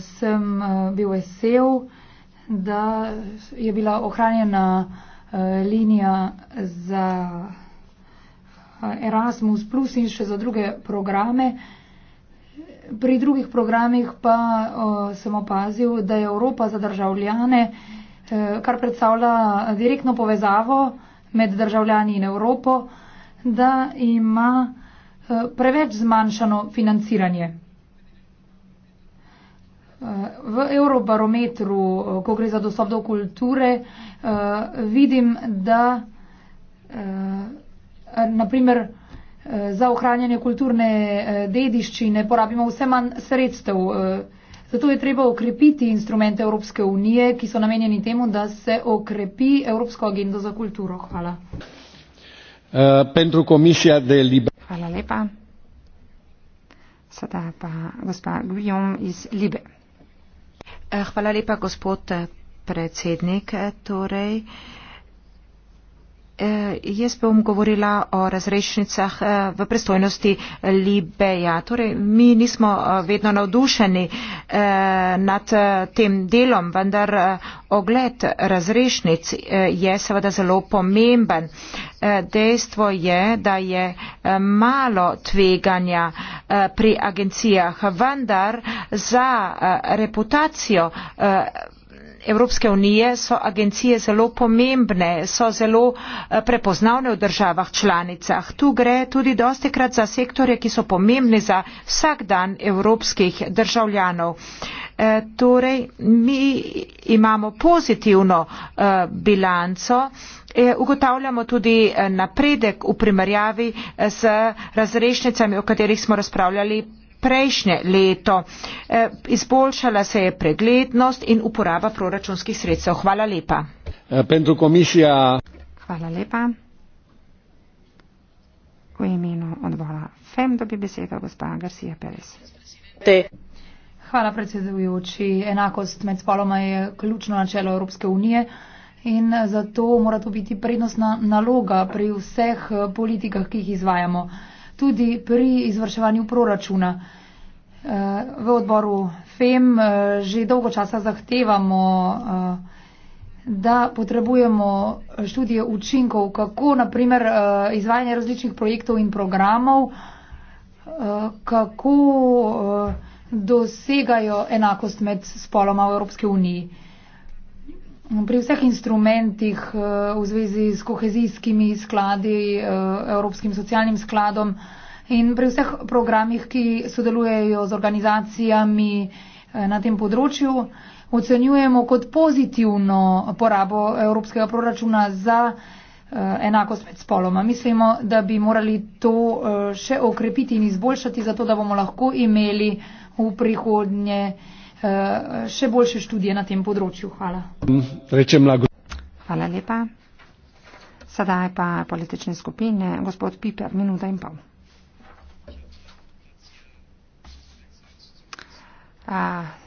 sem bil vesel, da je bila ohranjena uh, linija za eh, Erasmus plus in še za druge programe. Pri drugih programih pa o, eh, sem opazil, da je Evropa za državljane, kar predstavlja direktno povezavo med državljani in Evropo, da ima preveč zmanjšano financiranje. V Eurobarometru, ko gre za dostop do kulture, eh, vidim, da eh, naprimer eh, za ohranjanje kulturne dediščine porabimo vse manj sredstev. Zato je treba okrepiti instrumente Evropske unije, ki so namenjeni temu, da se okrepi Evropsko agendo za kulturo. Hvala. Hvala lepa. Sada pa gospa Guillaume iz Libe. Eh, hvala lepa, gospod eh, predsednik. Eh, torej, Eh, jaz bom govorila o razrešnicah eh, v pristojnosti eh, Libeja. Torej, mi nismo vedno navdušeni nad tem delom, vendar ogled razrešnic je seveda zelo pomemben. Dejstvo je, da je malo tveganja pri agencijah, vendar za reputacijo evropske unije so agencije zelo pomembne so zelo eh, prepoznavne v državah članicah tu gre tudi dostikrat za sektorje ki so pomembni za vsak dan evropskih državljanov eh, torej mi imamo pozitivno eh, bilanco ugotavljamo tudi napredek v primerjavi z razrešnicami o katerih smo razpravljali prejšnje leto. E, izboljšala se je preglednost in uporaba proračunskih sredstev. Hvala lepa. E, Hvala lepa. V imenu odbora FEM dobi besedo gospa Garcia Perez. Hvala predsedujoči. Enakost med spoloma je ključno načelo Evropske unije in zato mora to biti prednostna naloga pri vseh politikah, ki jih izvajamo tudi pri izvrševanju proračuna. Eh, v odboru FEM eh, že dolgo časa zahtevamo, eh, da potrebujemo študije učinkov, kako naprimer izvajanje različnih projektov in programov, kako dosegajo enakost med spoloma v Evropske uniji. Pri vseh instrumentih eh, v zvezi s kohezijskimi skladi, eh, Evropskim socialnim skladom in pri vseh programih, ki sodelujejo z organizacijami eh, na tem področju, ocenjujemo kot pozitivno porabo evropskega proračuna za enakost med spoloma. Mislimo, da bi morali to še okrepiti in izboljšati, zato da bomo lahko imeli v prihodnje Eh, še boljše študije na tem področju. Hvala. Hvala lepa. Sedaj pa politične skupine. Gospod Piper, minuta in pol. A, ah,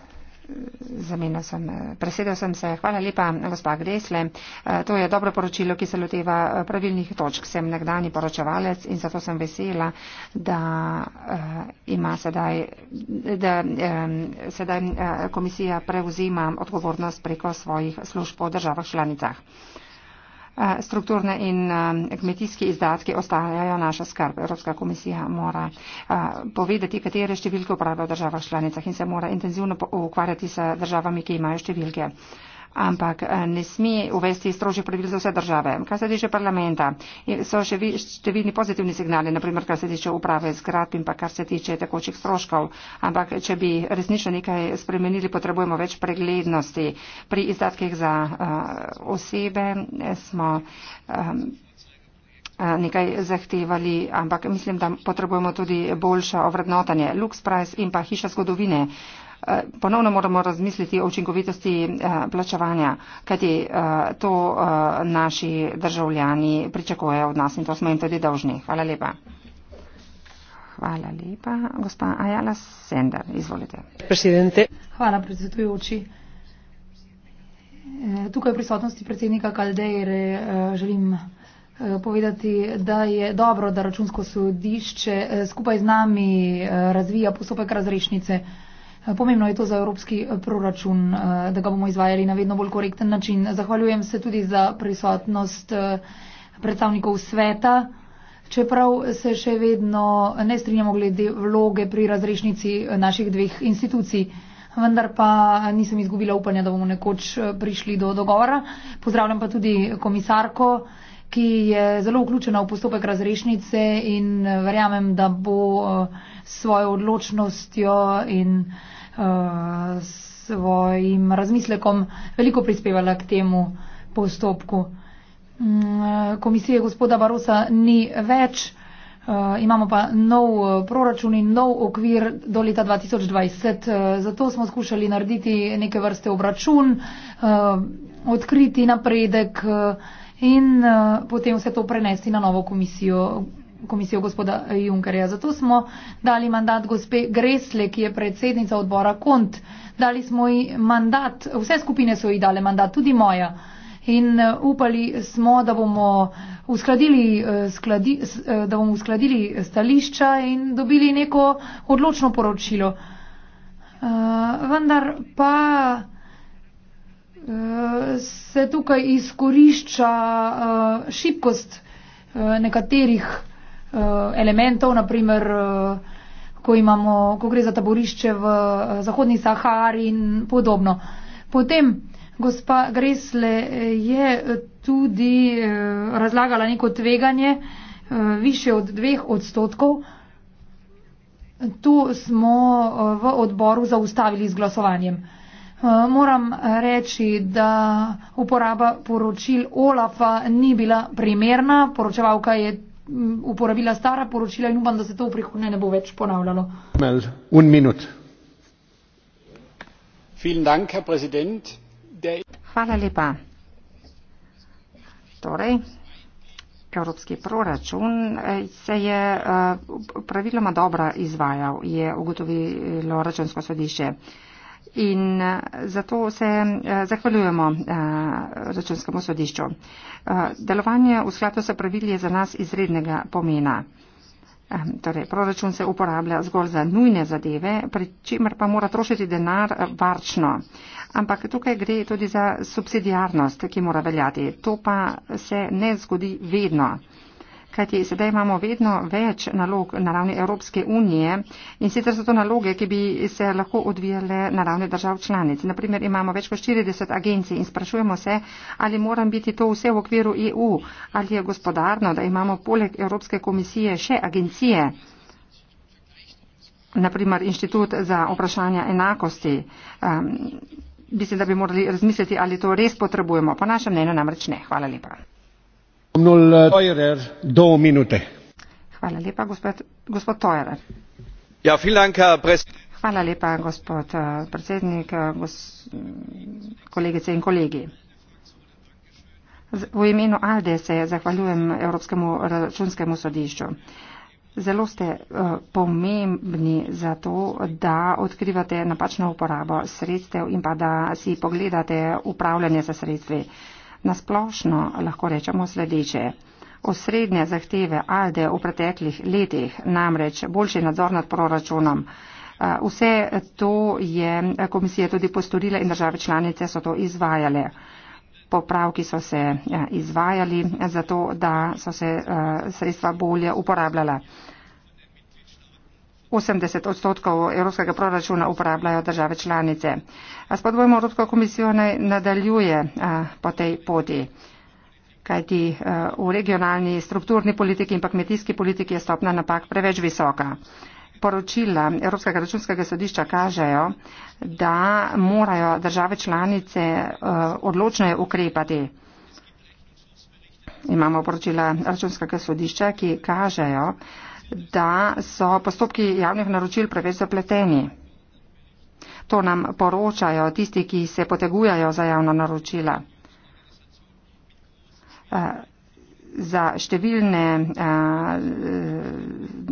Zamenil sem, presedel sem se. Hvala lepa, gospa Gresle. Eh, to je dobro poročilo, ki se loteva eh, pravilnih točk. Sem nekdani poročevalec in zato sem vesela, da eh, ima sedaj, da sedaj komisija prevzima odgovornost preko svojih služb po državah članicah. Eh, strukturne in eh, kmetijski izdatki ostajajo naša skrb. Evropska komisija mora eh, povedati, katere številke uporabljajo v državah članicah in se mora intenzivno ukvarjati s državami, ki imajo številke ampak eh, ne smi uvesti strožjih pravil za vse države. Kar se tiče parlamenta, so še številni pozitivni signali, naprimer, kar se tiče uprave zgrad in pa kar se tiče tekočih stroškov. Ampak, če bi resnično nekaj spremenili, potrebujemo več preglednosti. Pri izdatkih za uh, osebe eh, smo. Um, nekaj zahtevali, ampak mislim, da potrebujemo tudi boljše ovrednotanje. Lux Price in pa hiša zgodovine. Eh, ponovno moramo razmisliti o učinkovitosti eh, plačevanja, kajti eh, to naši državljani pričakujejo od nas in to smo jim tudi dolžni. Hvala lepa. Hvala lepa. Gospa Ajala Sender, izvolite. Hvala predsedujoči. Tukaj v prisotnosti predsednika Kaldejre želim povedati, da je dobro, da računsko sodišče skupaj z nami razvija postopek razrešnice. Pomembno je to za evropski eh, proračun, eh, da ga bomo izvajali na vedno bolj korekten način. Zahvaljujem se tudi za prisotnost eh, predstavnikov sveta. Čeprav se še vedno ne strinjamo glede vloge pri razrešnici naših dveh institucij, vendar pa nisem izgubila upanja, da bomo nekoč prišli do dogovora. Pozdravljam pa tudi komisarko, ki je zelo vključena v postopek razrešnice in verjamem, da bo. Uh, svojo odločnostjo in uh, svojim razmislekom veliko prispevala k temu postopku. Mm, komisije gospoda Barosa ni več, eh, imamo pa nov eh, proračun in nov okvir do leta 2020. Zato smo skušali narediti neke vrste obračun, odkriti napredek in potem vse to prenesti na novo komisijo komisijo gospoda Junkerja. Zato smo dali mandat gospe Gresle, ki je predsednica odbora KONT. Dali smo ji mandat, vse skupine so ji dale mandat, tudi moja. In eh, upali smo, da bomo uskladili, eh, skladi, eh, da bomo uskladili stališča in dobili neko odločno poročilo. Uh, vendar pa uh, se tukaj izkorišča uh, šibkost uh, nekaterih. Eh, elementov, naprimer, eh, ko, imamo, ko gre za taborišče v eh, Zahodni Sahari in podobno. Potem gospa Gresle je tudi razlagala neko tveganje više od dveh odstotkov. Tu smo v odboru zaustavili z glasovanjem. Moram reči, da uporaba poročil Olafa ni bila primerna. Poročevalka je Mm, uporabila stara poročila in upam, da se to v prihodnje ne bo več ponavljalo. Hvala lepa. Torej, evropski proračun eh, se je eh, praviloma dobro izvajal, je ugotovilo računsko sodišče. In eh, zato se eh, zahvaljujemo eh, računskemu sodišču. Delovanje v skladu s pravili je za nas izrednega pomena. Torej, proračun se uporablja zgolj za nujne zadeve, pri čemer pa mora trošiti denar varčno. Ampak tukaj gre tudi za subsidijarnost, ki mora veljati. To pa se ne zgodi vedno kajti sedaj imamo vedno več nalog na ravni Evropske unije in sicer so to naloge, ki bi se lahko odvijale na ravni držav članic. Naprimer, imamo več kot 40 agencij in sprašujemo se, ali moram biti to vse v okviru EU, ali je gospodarno, da imamo poleg Evropske komisije še agencije, naprimer Inštitut za vprašanja enakosti. Um, mislim, da bi morali razmisliti, ali to res potrebujemo. Po našem mnenju namreč ne. Hvala lepa. Eh, hvala lepa gospod theurer. Ja, hvala lepa gospod eh, predsednik eh, kolegice in kolegi. v imenu alde se zahvaljujem evropskemu računskemu sodišču. zelo ste pomembni za to da odkrivate napačno uporabo sredstev in pa da si pogledate upravljanje za sredstvi. Na splošno lahko rečemo sledeče. Osrednje zahteve ALDE v preteklih letih, namreč boljši nadzor nad proračunom, eh, vse to je komisija tudi postorila in države članice so to izvajale. Popravki so se eh, izvajali zato, da so se eh, sredstva bolje uporabljala. 80 odstotkov evropskega proračuna uporabljajo države članice. Spodbojmo Evropsko komisijo naj nadaljuje a, po tej poti kajti v regionalni strukturni politiki in pa kmetijski politiki je stopna napak preveč visoka. Poročila Evropskega računskega sodišča kažejo, da morajo države članice odločno ukrepati. Imamo poročila Računskega sodišča, ki kažejo, da so postopki javnih naročil preveč zapleteni. To nam poročajo tisti, ki se potegujajo za javna naročila. Eh, za številne uh,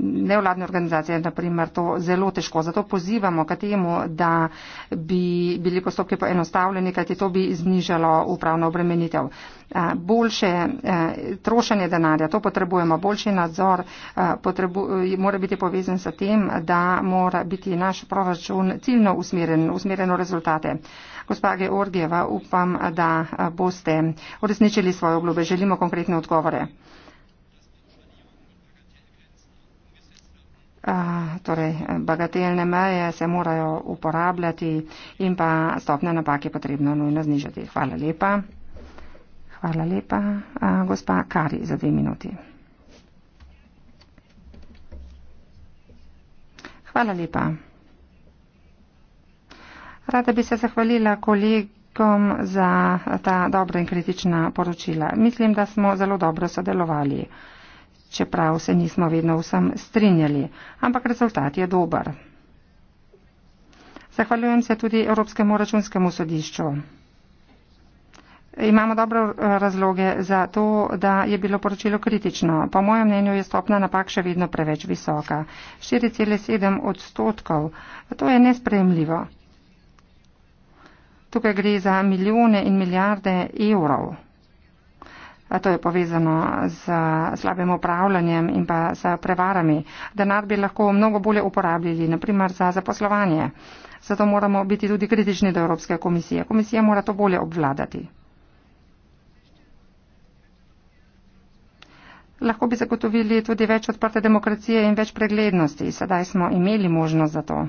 nevladne organizacije, naprimer, to zelo težko. Zato pozivamo k temu, da bi bili postopki poenostavljeni, kajti to bi znižalo upravno obremenitev. Uh, boljše uh, trošenje denarja, to potrebujemo, boljši nadzor uh, potrebu, uh, mora biti povezan s tem, da mora biti naš proračun ciljno usmerjen, usmerjeno rezultate. Uh, Gospa Georgijeva, upam, da boste uresničili svoje obljube. Želimo konkretne odgovore. Torej, bagatelne meje se morajo uporabljati in pa stopne napake je potrebno nujno znižati. Hvala lepa. Hvala lepa, gospa Kari, za dve minuti. Hvala lepa. Rada bi se zahvalila kolegom za ta dobra in kritična poročila. Mislim, da smo zelo dobro sodelovali, čeprav se nismo vedno vsem strinjali, ampak rezultat je dober. Zahvaljujem se tudi Evropskemu računskemu sodišču. Imamo dobre eh, razloge za to, da je bilo poročilo kritično. Po mojem mnenju je stopna napak še vedno preveč visoka. 4,7 odstotkov. To je nespremljivo. Tukaj gre za milijone in milijarde evrov. A to je povezano z slabim upravljanjem in pa z prevarami. Denar bi lahko mnogo bolje uporabljali, naprimer za zaposlovanje. Zato moramo biti tudi kritični do Evropske komisije. Komisija mora to bolje obvladati. Lahko bi zagotovili tudi več odprte demokracije in več preglednosti. Sedaj smo imeli možnost za to.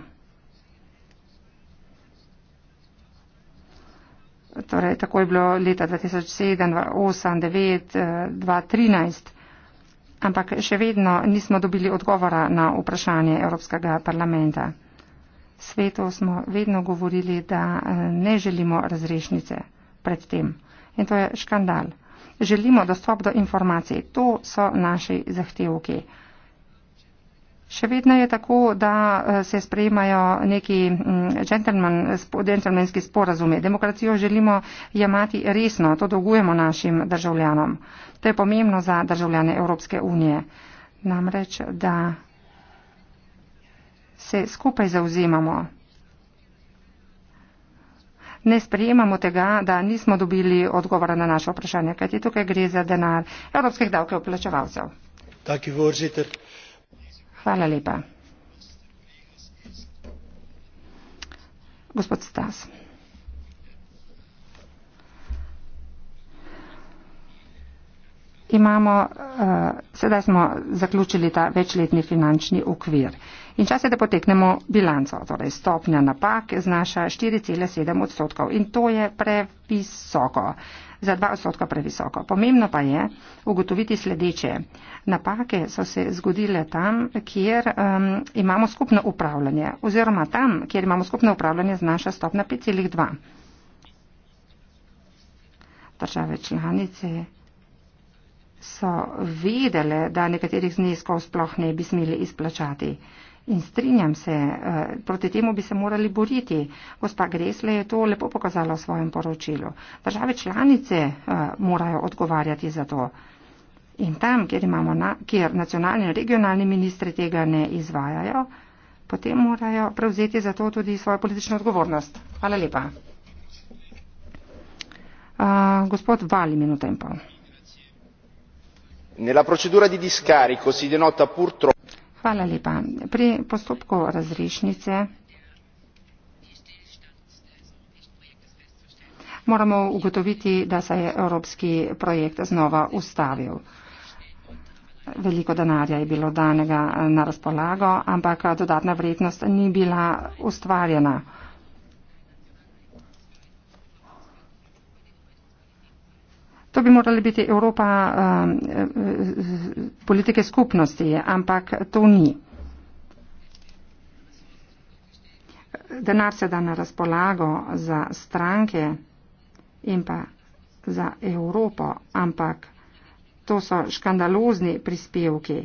torej tako je bilo leta 2007, 2008, 2009, 2013, ampak še vedno nismo dobili odgovora na vprašanje Evropskega parlamenta. Svetu smo vedno govorili, da eh, ne želimo razrešnice pred tem. In to je škandal. Želimo dostop do informacij. To so naši zahtevki. Okay. Še vedno je tako, da eh, se sprejemajo neki mm, gentleman, gentlemanski sporazumi. Demokracijo želimo jemati resno, to dolgujemo našim državljanom. To je pomembno za državljane Evropske unije. Namreč, da se skupaj zauzemamo. Ne sprejemamo tega, da nismo dobili odgovora na naše vprašanje, kajti tukaj gre za denar evropskih davke oplačevalcev. Tako je, voržitelj. Hvala lepa. Gospod Stas. Imamo, uh, sedaj smo zaključili ta večletni finančni okvir. In čas je, da poteknemo bilanco. Torej stopnja napak znaša 4,7 odstotkov in to je previsoko za dva odstotka previsoko. Pomembno pa je ugotoviti sledeče. Napake so se zgodile tam, kjer um, imamo skupno upravljanje oziroma tam, kjer imamo skupno upravljanje znaša stopna 5,2. Države članice so vedele, da nekaterih zneskov sploh ne bi smeli izplačati. In strinjam se, eh, proti temu bi se morali boriti. Gospa Gresle je to lepo pokazala v svojem poročilu. Države članice eh, morajo odgovarjati za to. In tam, kjer, na, kjer nacionalni in regionalni ministri tega ne izvajajo, potem morajo prevzeti za to tudi svojo politično odgovornost. Hvala lepa. Uh, gospod Vali, minuta in pol. Nella procedura di discarico si denota purtroppo. Hvala lepa. Pri postopku razrešnice moramo ugotoviti, da se je evropski projekt znova ustavil. Veliko denarja je bilo danega na razpolago, ampak dodatna vrednost ni bila ustvarjena. To bi morali biti Evropa eh, politike skupnosti, ampak to ni. Denar se da na razpolago za stranke in pa za Evropo, ampak to so škandalozni prispevki.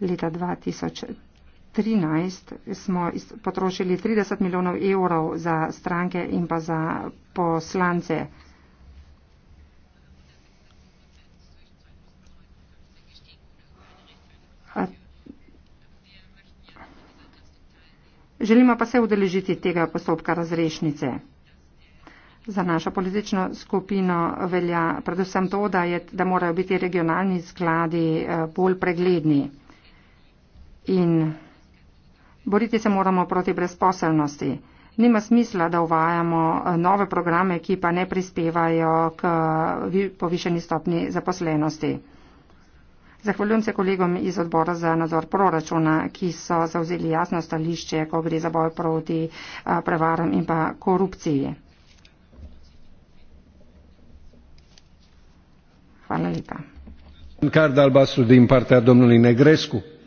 Leta 2013 smo potrošili 30 milijonov evrov za stranke in pa za poslance. Želimo pa se udeležiti tega postopka razrešnice. Za našo politično skupino velja predvsem to, da, je, da morajo biti regionalni skladi eh, bolj pregledni. In boriti se moramo proti brezposelnosti. Nima smisla, da uvajamo eh, nove programe, ki pa ne prispevajo k eh, povišeni stopni zaposlenosti. Zahvaljujem se kolegom iz odbora za nadzor proračuna, ki so zauzeli jasno stališče, ko gre za boj proti prevaram in pa korupciji. Hvala lepa.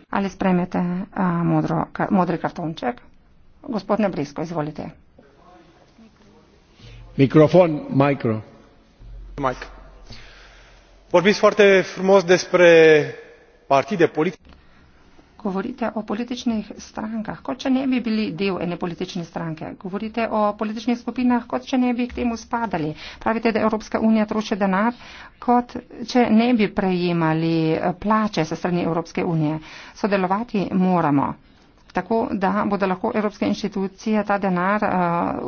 Ali spremete modri kartonček? Gospod Nebrisko, izvolite. Mikrofon, mikro. Mike vorbiți foarte frumos despre partide politice govorite o političnih strankah, kot če ne bi bili del ene politične stranke. Govorite o političnih skupinah, kot če ne bi k temu spadali. Pravite, da Evropska unija troši denar, kot če ne bi prejemali eh, plače se strani Evropske unije. Sodelovati moramo tako, da bodo lahko evropske inštitucije ta denar uh,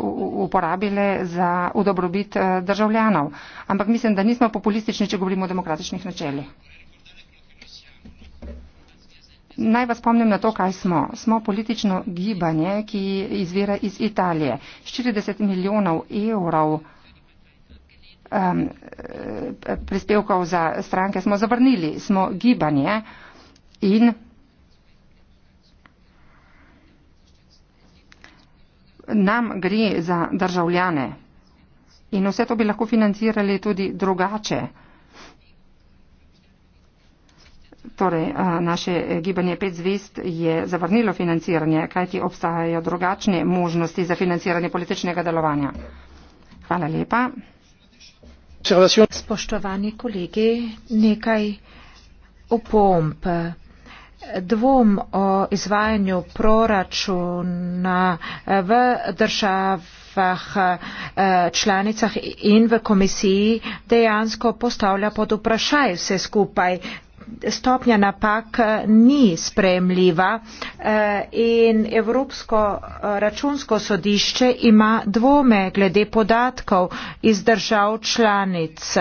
uporabile za udobrobit uh, eh, državljanov. Ampak mislim, da nismo populistični, če govorimo o demokratičnih načelih. Naj vas spomnim na to, kaj smo. Smo politično gibanje, ki izvira iz Italije. 40 milijonov evrov um, prispevkov za stranke smo zavrnili. Smo gibanje in nam gre za državljane. In vse to bi lahko financirali tudi drugače. Torej, naše eh, gibanje 5 zvest je zavrnilo financiranje, kajti obstajajo drugačne možnosti za financiranje političnega delovanja. Hvala lepa. Spoštovani kolegi, nekaj opomp dvom o izvajanju proračuna eh, v državah eh, članicah in v komisiji dejansko postavlja pod vprašaj vse skupaj. Stopnja napak eh, ni spremljiva in Evropsko računsko sodišče ima dvome glede podatkov iz držav članic.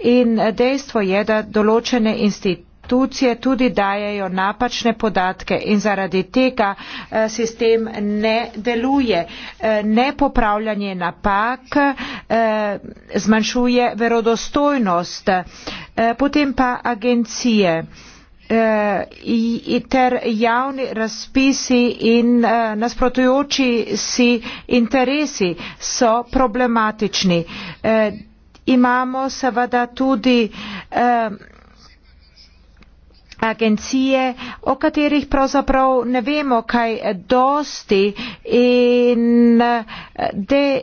In dejstvo je, da določene institucije institucije tudi dajejo napačne podatke in zaradi tega eh, sistem ne deluje. Eh, nepopravljanje napak eh, zmanjšuje verodostojnost. Potem pa agencije ter javni razpisi in nasprotujoči si interesi so problematični. Imamo seveda tudi eh, agencije, o katerih pravzaprav ne vemo kaj dosti in eh, da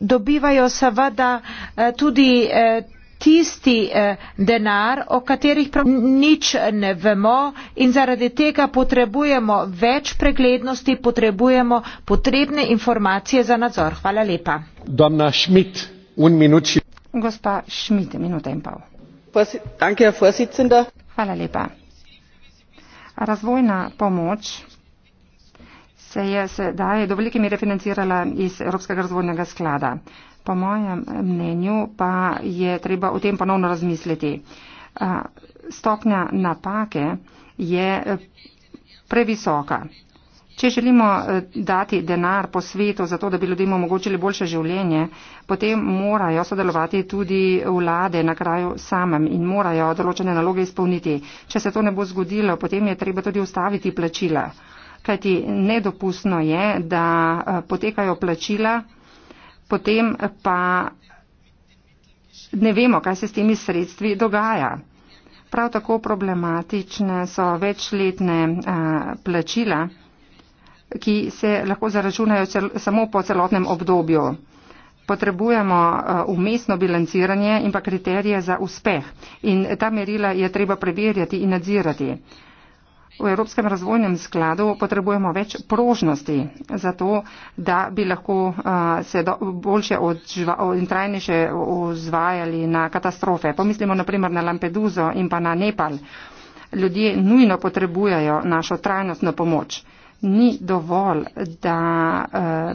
dobivajo seveda eh, tudi eh, tisti denar, o katerih nič ne vemo in zaradi tega potrebujemo več preglednosti, potrebujemo potrebne informacije za nadzor. Hvala lepa. Domna Schmidt, un minuči. Gospa Schmidt, minuta in pol. Hvala lepa. Razvojna pomoč se je sedaj do velike mere financirala iz Evropskega razvojnega sklada. Po mojem mnenju pa je treba o tem ponovno razmisliti. Stopnja napake je previsoka. Če želimo eh, dati denar po svetu za to, da bi ljudem omogočili boljše življenje, potem morajo sodelovati tudi vlade na kraju samem in morajo določene naloge izpolniti. Če se to ne bo zgodilo, potem je treba tudi ustaviti plačila. Kajti nedopustno je, da eh, potekajo plačila, potem pa ne vemo, kaj se s temi sredstvi dogaja. Prav tako problematične so večletne eh, plačila ki se lahko zaračunajo cel, samo po celotnem obdobju. Potrebujemo eh, umestno bilanciranje in pa kriterije za uspeh. In ta merila je treba preverjati in nadzirati. V Evropskem razvojnem skladu potrebujemo več prožnosti za to, da bi lahko uh, se boljše in trajnejše ozvajali na katastrofe. Pomislimo naprimer na Lampeduzo in pa na Nepal. Ljudje nujno potrebujejo našo trajnostno pomoč ni dovolj, da eh,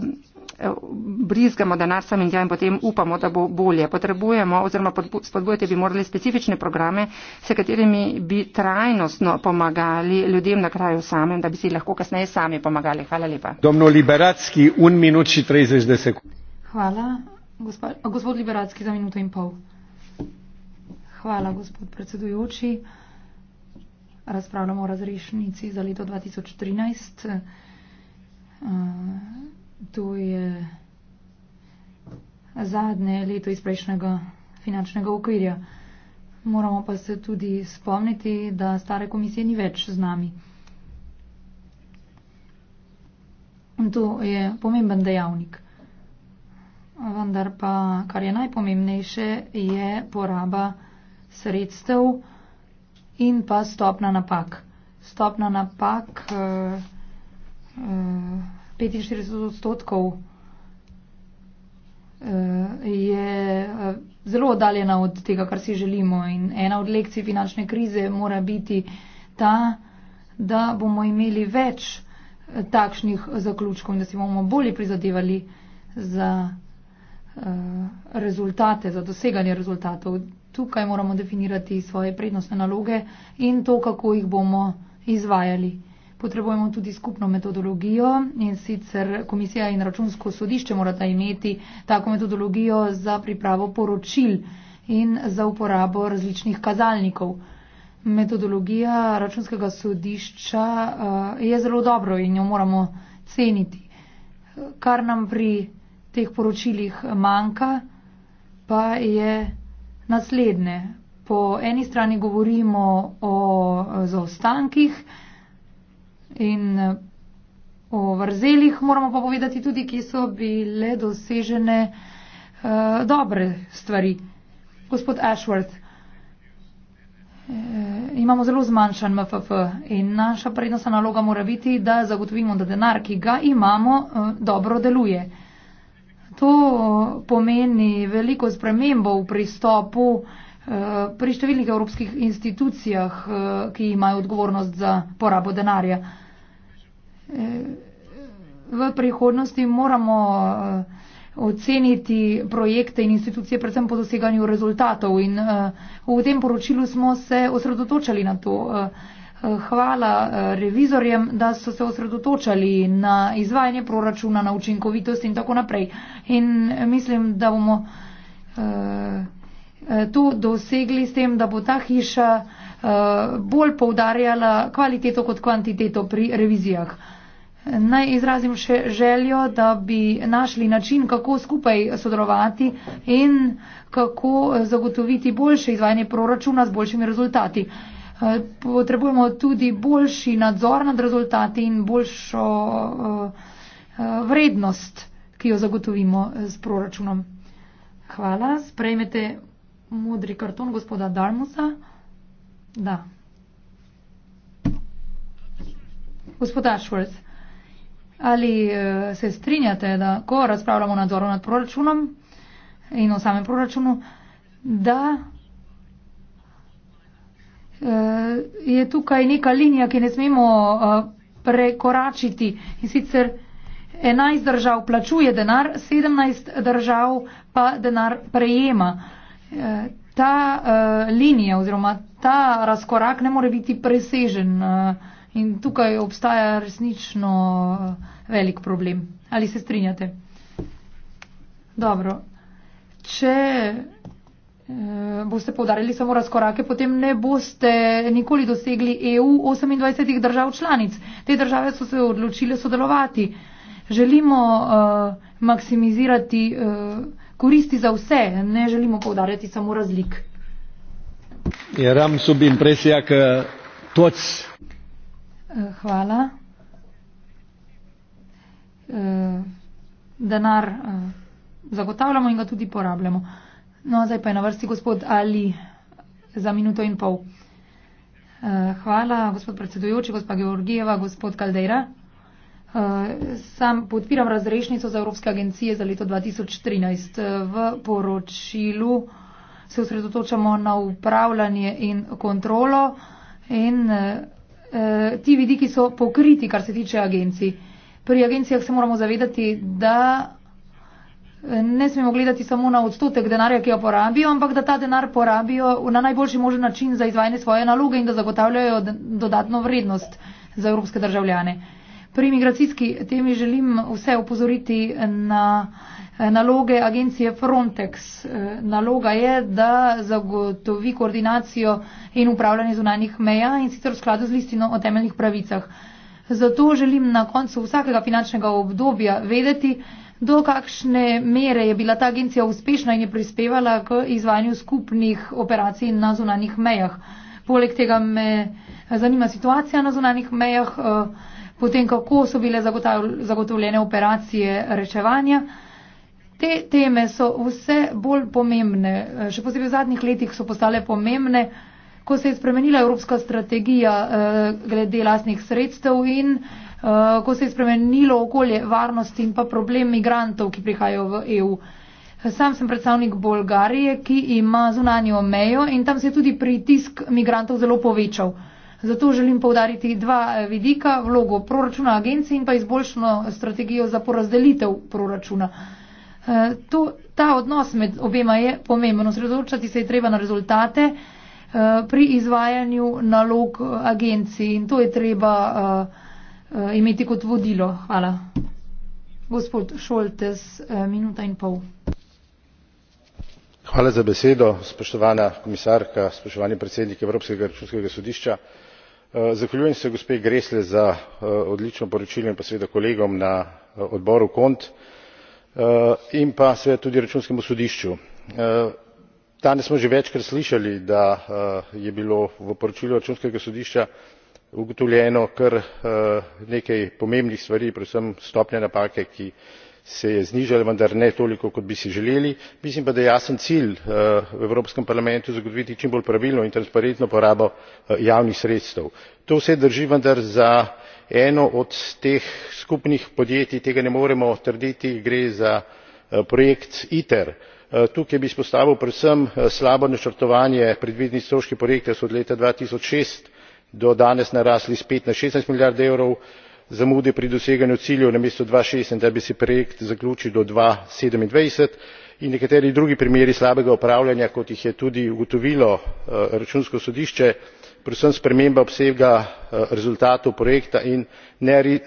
brizgamo denar samim tja in potem upamo, da bo bolje. Potrebujemo oziroma spodbujati bi morali specifične programe, s katerimi bi trajnostno pomagali ljudem na kraju samem, da bi si lahko kasneje sami pomagali. Hvala lepa. Hvala. Gospod, gospod Liberacki za minuto in pol. Hvala, gospod predsedujoči razpravljamo o razrešnici za leto 2013. Eh, to je zadnje leto iz prejšnjega finančnega okvirja. Moramo pa se tudi spomniti, da stare komisije ni več z nami. To je pomemben dejavnik. Vendar pa, kar je najpomembnejše, je poraba sredstev, in pa stopna napak. Stopna napak uh, uh, 45 odstotkov uh, je uh, zelo oddaljena od tega, kar si želimo. In ena od lekcij finančne krize mora biti ta, da bomo imeli več eh, takšnih zaključkov in da si bomo bolje prizadevali za uh, rezultate, za doseganje rezultatov tukaj moramo definirati svoje prednostne naloge in to, kako jih bomo izvajali. Potrebujemo tudi skupno metodologijo in sicer komisija in računsko sodišče morata imeti tako metodologijo za pripravo poročil in za uporabo različnih kazalnikov. Metodologija računskega sodišča eh, je zelo dobro in jo moramo ceniti. Kar nam pri teh poročilih manjka, pa je naslednje. Po eni strani govorimo o eh, zaostankih in eh, o vrzelih, moramo pa povedati tudi, ki so bile dosežene eh, dobre stvari. Gospod Ashworth, eh, imamo zelo zmanjšan MFF in naša prednostna naloga mora biti, da zagotovimo, da denar, ki ga imamo, eh, dobro deluje. Eh, to pomeni veliko spremembo v pristopu eh, pri številnih evropskih institucijah, eh, ki imajo odgovornost za porabo denarja. Eh, v prihodnosti moramo oceniti projekte in institucije predvsem po doseganju rezultatov in v tem poročilu smo se osredotočali na to hvala eh, revizorjem, da so se osredotočali na izvajanje proračuna, na učinkovitost in tako naprej. In mislim, da bomo eh, eh, to dosegli s tem, da bo ta hiša bolj poudarjala kvaliteto kot kvantiteto pri revizijah. Naj izrazim še željo, da bi našli način, kako skupaj sodelovati in kako zagotoviti boljše izvajanje proračuna z boljšimi rezultati. Eh, potrebujemo tudi boljši nadzor nad rezultati in boljšo eh, eh, vrednost, ki jo zagotovimo s proračunom. Hvala. Sprejmete modri karton gospoda Darmusa. Da. Gospod Ashworth, ali se strinjate, da ko razpravljamo nadzoru nad proračunom in o samem proračunu, da Eh, je tukaj neka linija, ki ne smemo eh, prekoračiti. In sicer 11 držav plačuje denar, 17 držav pa denar prejema. Eh, ta linija oziroma ta razkorak ne more biti presežen in tukaj obstaja resnično velik problem. Ali se strinjate? Dobro. Če Eh, boste povdarjali samo razkorake, potem ne boste nikoli dosegli EU 28 držav članic. Te države so se odločile sodelovati. Želimo uh, maksimizirati uh, koristi za vse, ne želimo povdarjati samo razlik. Ja, hvala. Denar zagotavljamo in ga tudi porabljamo. No, zdaj pa je na vrsti gospod Ali za minuto in pol. Eh, hvala, gospod predsedujoči, gospa Georgijeva, gospod Kaldera. Eh, sam podpiram razrešnico za Evropske agencije za leto 2013. Eh, v poročilu se osredotočamo na upravljanje in kontrolo in ti vidiki so pokriti, kar se tiče agencij. Pri agencijah se moramo zavedati, da ne smemo gledati samo na odstotek denarja, ki jo porabijo, ampak da ta denar porabijo na najboljši možen način za izvajanje svoje naloge in da zagotavljajo dodatno vrednost za evropske državljane. Pri imigracijski temi želim vse upozoriti na naloge agencije Frontex. Naloga je, da zagotovi koordinacijo in upravljanje zunanjih meja in sicer v skladu z listino o temeljnih pravicah. Zato želim na koncu vsakega finančnega obdobja vedeti, do kakšne mere je bila ta agencija uspešna in je prispevala k izvajanju skupnih operacij na zunanih mejah. Poleg tega me eh, zanima situacija na zunanih mejah, eh, potem kako so bile zagotovljene operacije reševanja. Te teme so vse bolj pomembne, eh, še posebej v zadnjih letih so postale pomembne, ko se je spremenila evropska strategija glede lasnih sredstev in Eh, ko se je spremenilo okolje, varnost in pa problem migrantov, ki prihajajo v EU. Sam sem predstavnik Bolgarije, ki ima zunanjo mejo in tam se je tudi pritisk migrantov zelo povečal. Zato želim povdariti dva eh, vidika, vlogo proračuna agencije in pa izboljšano strategijo za porazdelitev proračuna. Eh, to, ta odnos med obema je pomemben. Osredotočati se je treba na rezultate pri izvajanju nalog agencij in to je treba. Uh, Eh, imeti kot vodilo. Hvala. Gospod Šoltes, eh, minuta in pol. Hvala za besedo, spoštovana komisarka, spoštovani predsednik Evropskega računskega sodišča. Eh, zahvaljujem se gospe Gresle za odlično poročilo in pa seveda kolegom na odboru KONT in pa seveda tudi računskemu sodišču. Danes smo že večkrat slišali, da je bilo v poročilu računskega sodišča ugotovljeno kar eh, nekaj pomembnih stvari predvsem stopnja napake ki se je znižala vendar ne toliko kot bi si želeli mislim pa da je jasen cilj eh, v evropskem parlamentu zagotoviti čim bolj pravilno in transparentno porabo eh, javnih sredstev to vse drži vendar za eno od teh skupnih podjetij tega ne moremo trditi gre za projekt iter tukaj bi izpostavil predvsem slabo načrtovanje predvideni stroški projekta so od leta dva tisoč šest do danes narasli s pet na šestnajst milijard evrov zamude pri doseganju ciljev namesto dva šestnajst da bi se projekt zaključil do dva sedemindvajset in nekateri drugi primeri slabega upravljanja kot jih je tudi ugotovilo eh, računsko sodišče predvsem sprememba obsega eh, rezultatov projekta in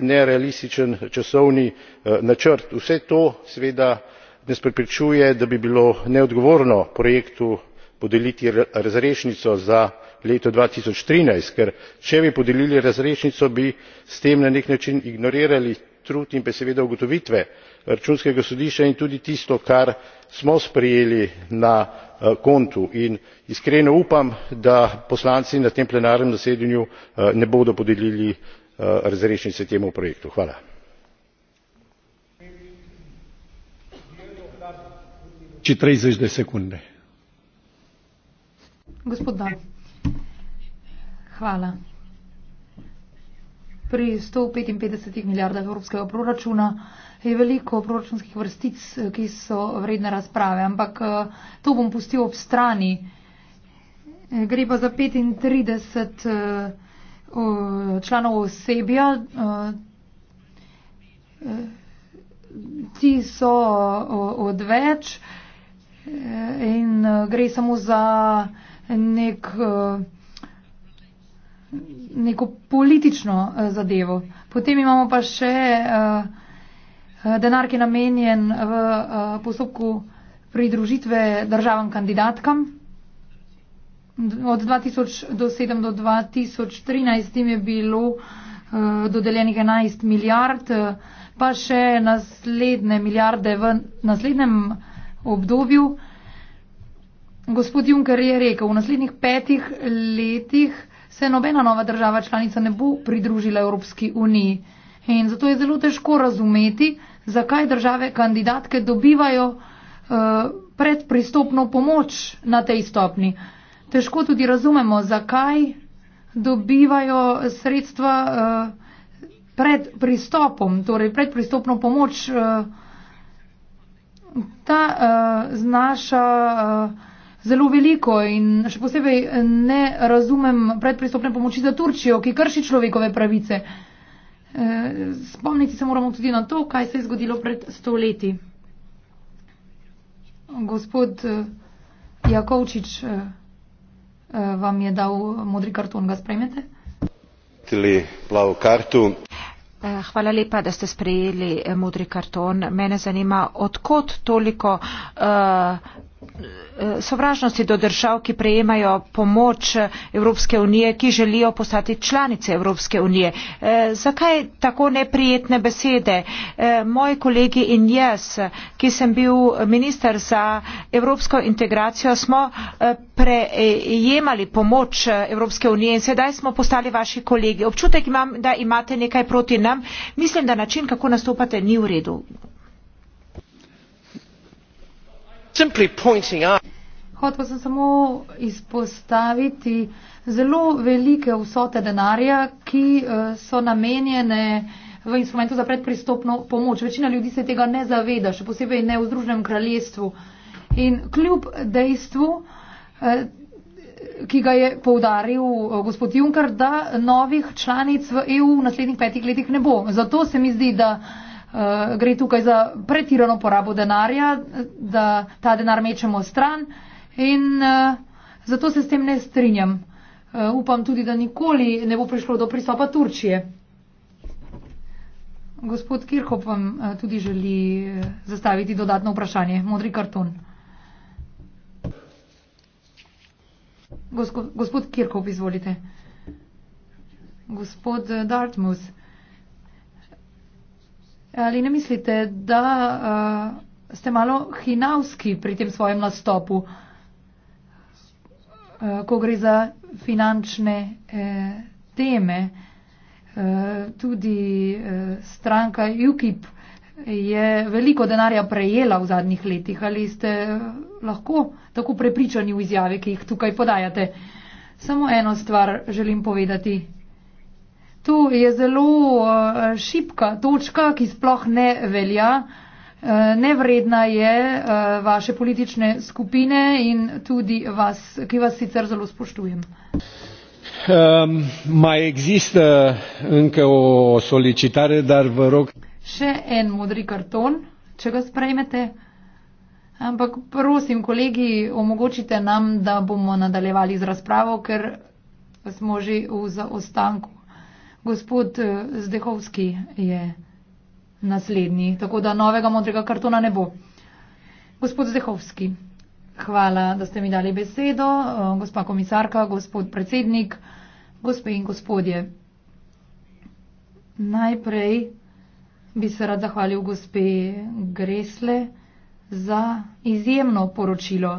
nerealističen časovni eh, načrt vse to seveda nas prepričuje da bi bilo neodgovorno projektu podeliti razrešnico za letu dva tisoč trinajst ker če bi podelili razrešnico bi s tem na nek način ignorirali trud in pa seveda ugotovitve računskega sodišča in tudi tisto kar smo sprejeli na contu eh, in iskreno upam da poslanci na tem plenarnem zasedanju eh, ne bodo podelili eh, razrešnice temu projektu. Hvala. Pri 155 milijardah evropskega proračuna je veliko proračunskih vrstic, ki so vredne razprave, ampak to bom pustil ob strani. Gre pa za 35 članov osebja. Ti so odveč in gre samo za nek neko politično eh, zadevo. Potem imamo pa še eh, eh, denar, ki je namenjen v postopku pridružitve državam kandidatkam. Od 2007 do 2013 jim je bilo dodeljenih 11 milijard, pa še naslednje milijarde v naslednjem obdobju. Gospod Juncker je rekel, v naslednjih petih letih se nobena nova država članica ne bo pridružila Evropski uniji. In zato je zelo težko razumeti, zakaj države kandidatke dobivajo uh, predpristopno pomoč na tej stopni. Težko tudi razumemo, zakaj dobivajo sredstva uh, pred pristopom, torej predpristopno pomoč. Uh, ta uh, znaša. Uh, zelo veliko in še posebej ne razumem predpristopne pomoči za Turčijo, ki krši človekove pravice. E, spomniti se moramo tudi na to, kaj se je zgodilo pred stoletji. Gospod e, Jakovčič e, vam je dal modri karton, ga sprejmete? Hvala lepa, da ste sprejeli modri karton. Mene zanima, odkot toliko uh, sovražnosti do držav, ki prejemajo pomoč Evropske unije, ki želijo postati članice Evropske unije. E, zakaj tako neprijetne besede? E, moji kolegi in jaz, ki sem bil minister za evropsko integracijo, smo e, prejemali pomoč Evropske unije in sedaj smo postali vaši kolegi. Občutek imam, da imate nekaj proti nam. Mislim, da način, kako nastopate, ni v redu. Hotel sem samo izpostaviti zelo velike vsote denarja, ki eh, so namenjene v instrumentu za predpristopno pomoč. Večina ljudi se tega ne zaveda, še posebej ne v Združenem kraljestvu. In kljub dejstvu, eh, ki ga je poudaril eh, gospod Juncker, da novih članic v EU v naslednjih petih letih ne bo. Zato se mi zdi, da. Eh, gre tukaj za pretirano porabo denarja, da ta denar mečemo stran in uh, zato se s tem ne strinjam. Uh, upam tudi, da nikoli ne bo prišlo do pristopa Turčije. Gospod Kirhop vam tudi želi zastaviti dodatno vprašanje. Modri karton. Gospod Kirkov, izvolite. Gospod Dartmouth. Ali ne mislite, da uh, ste malo hinavski pri tem svojem nastopu, uh, ko gre za finančne uh, teme? Uh, tudi uh, stranka UKIP je veliko denarja prejela v zadnjih letih. Ali ste lahko tako prepričani v izjave, ki jih tukaj podajate? Samo eno stvar želim povedati. To je zelo eh, šipka točka, ki sploh ne velja. Eh, nevredna je eh, vaše politične skupine in tudi vas, ki vas sicer zelo spoštujem. Um, exista, uh, dar v rok. Še en modri karton, če ga sprejmete. Ampak prosim, kolegi, omogočite nam, da bomo nadaljevali z razpravo, ker smo že v zaostanku. Gospod eh, Zdehovski je naslednji, tako da novega modrega kartona ne bo. Gospod Zdehovski, hvala, da ste mi dali besedo. Eh, gospa komisarka, gospod predsednik, gospe in gospodje. Najprej bi se rad zahvalil gospe Gresle za izjemno poročilo.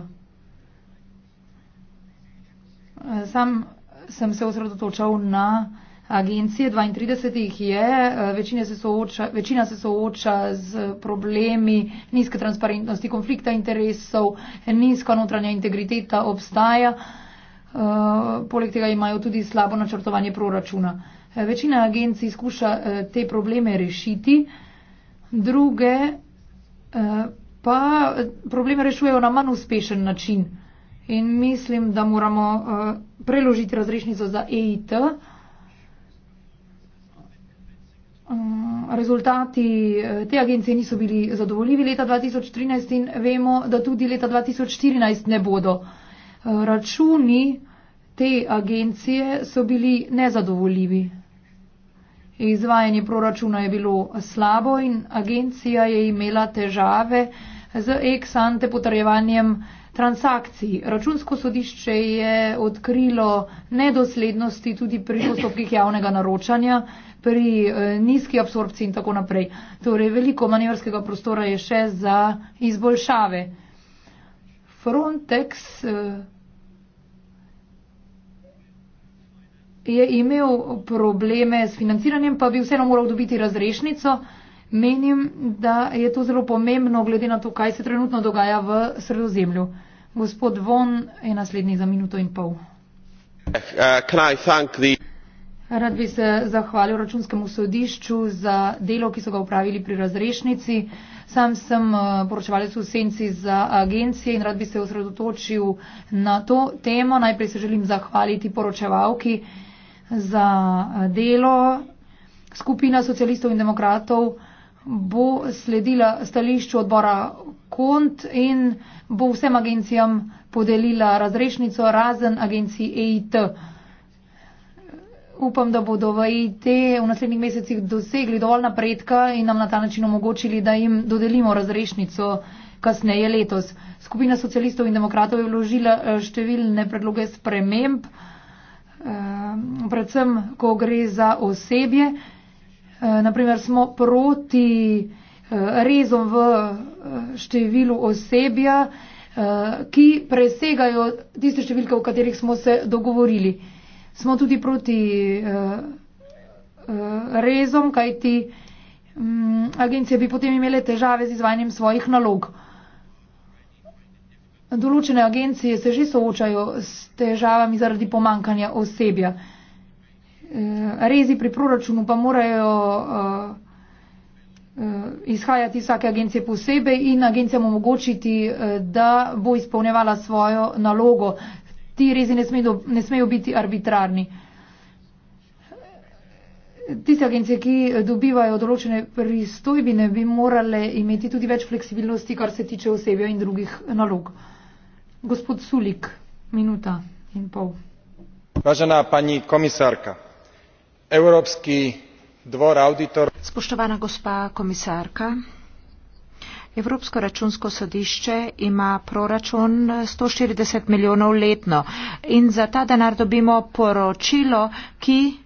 Eh, sam sem se osredotočal na agencije, 32 jih je, eh, večina se, sooča, večina se sooča z problemi nizke transparentnosti, konflikta interesov, nizka notranja integriteta obstaja. Eh, poleg tega imajo tudi slabo načrtovanje proračuna. Eh, večina agencij skuša te probleme rešiti, druge pa probleme rešujejo na manj uspešen način. In mislim, da moramo preložiti razrešnico za EIT. Eh, rezultati eh, te agencije niso bili zadovoljivi leta 2013 in vemo, da tudi leta 2014 ne bodo. Eh, računi te agencije so bili nezadovoljivi. Izvajanje proračuna je bilo slabo in agencija je imela težave z ex-ante potrjevanjem transakcij. Računsko sodišče je odkrilo nedoslednosti tudi pri postopkih javnega naročanja, pri eh, nizki absorpciji in tako naprej. Torej, veliko manevrskega prostora je še za izboljšave. Frontex eh, je imel probleme s financiranjem, pa bi vseeno moral dobiti razrešnico. Menim, da je to zelo pomembno, glede na to, kaj se trenutno dogaja v sredozemlju. Gospod Von je naslednji za minuto in pol. Uh, uh, Rad bi se zahvalil računskemu sodišču za delo, ki so ga upravili pri razrešnici. Sam sem eh, poročevalec v senci za agencije in rad bi se osredotočil na to temo. Najprej se želim zahvaliti poročevalki za eh, delo. Skupina socialistov in demokratov bo sledila stališču odbora kont in bo vsem agencijam podelila razrešnico razen agenciji EIT upam, da bodo v IT v naslednjih mesecih dosegli dovolj napredka in nam na ta način omogočili, da jim dodelimo razrešnico kasneje letos. Skupina socialistov in demokratov je vložila eh, številne predloge sprememb, eh, predvsem, ko gre za osebje. Eh, Naprimer, smo proti rezom v številu osebja, ki presegajo tiste številke, v katerih smo se dogovorili smo tudi proti uh, uh, rezom, kajti um, agencije bi potem imele težave z izvajanjem svojih nalog. Določene agencije se že soočajo s težavami zaradi pomankanja osebja. Eh, rezi pri proračunu pa morajo izhajati vsake agencije posebej in agencijam omogočiti, da bo izpolnjevala svojo nalogo, ti rezi ne smejo, ne smejo biti arbitrarni. Tiste agencije, ki dobivajo določene pristojbine, bi morale imeti tudi več fleksibilnosti, kar se tiče osebja in drugih nalog. Gospod Sulik, minuta in pol. Važena pani komisarka, Evropski dvor auditor. Spoštovana gospa komisarka, Evropsko računsko sodišče ima proračun 140 milijonov letno in za ta denar dobimo poročilo, ki.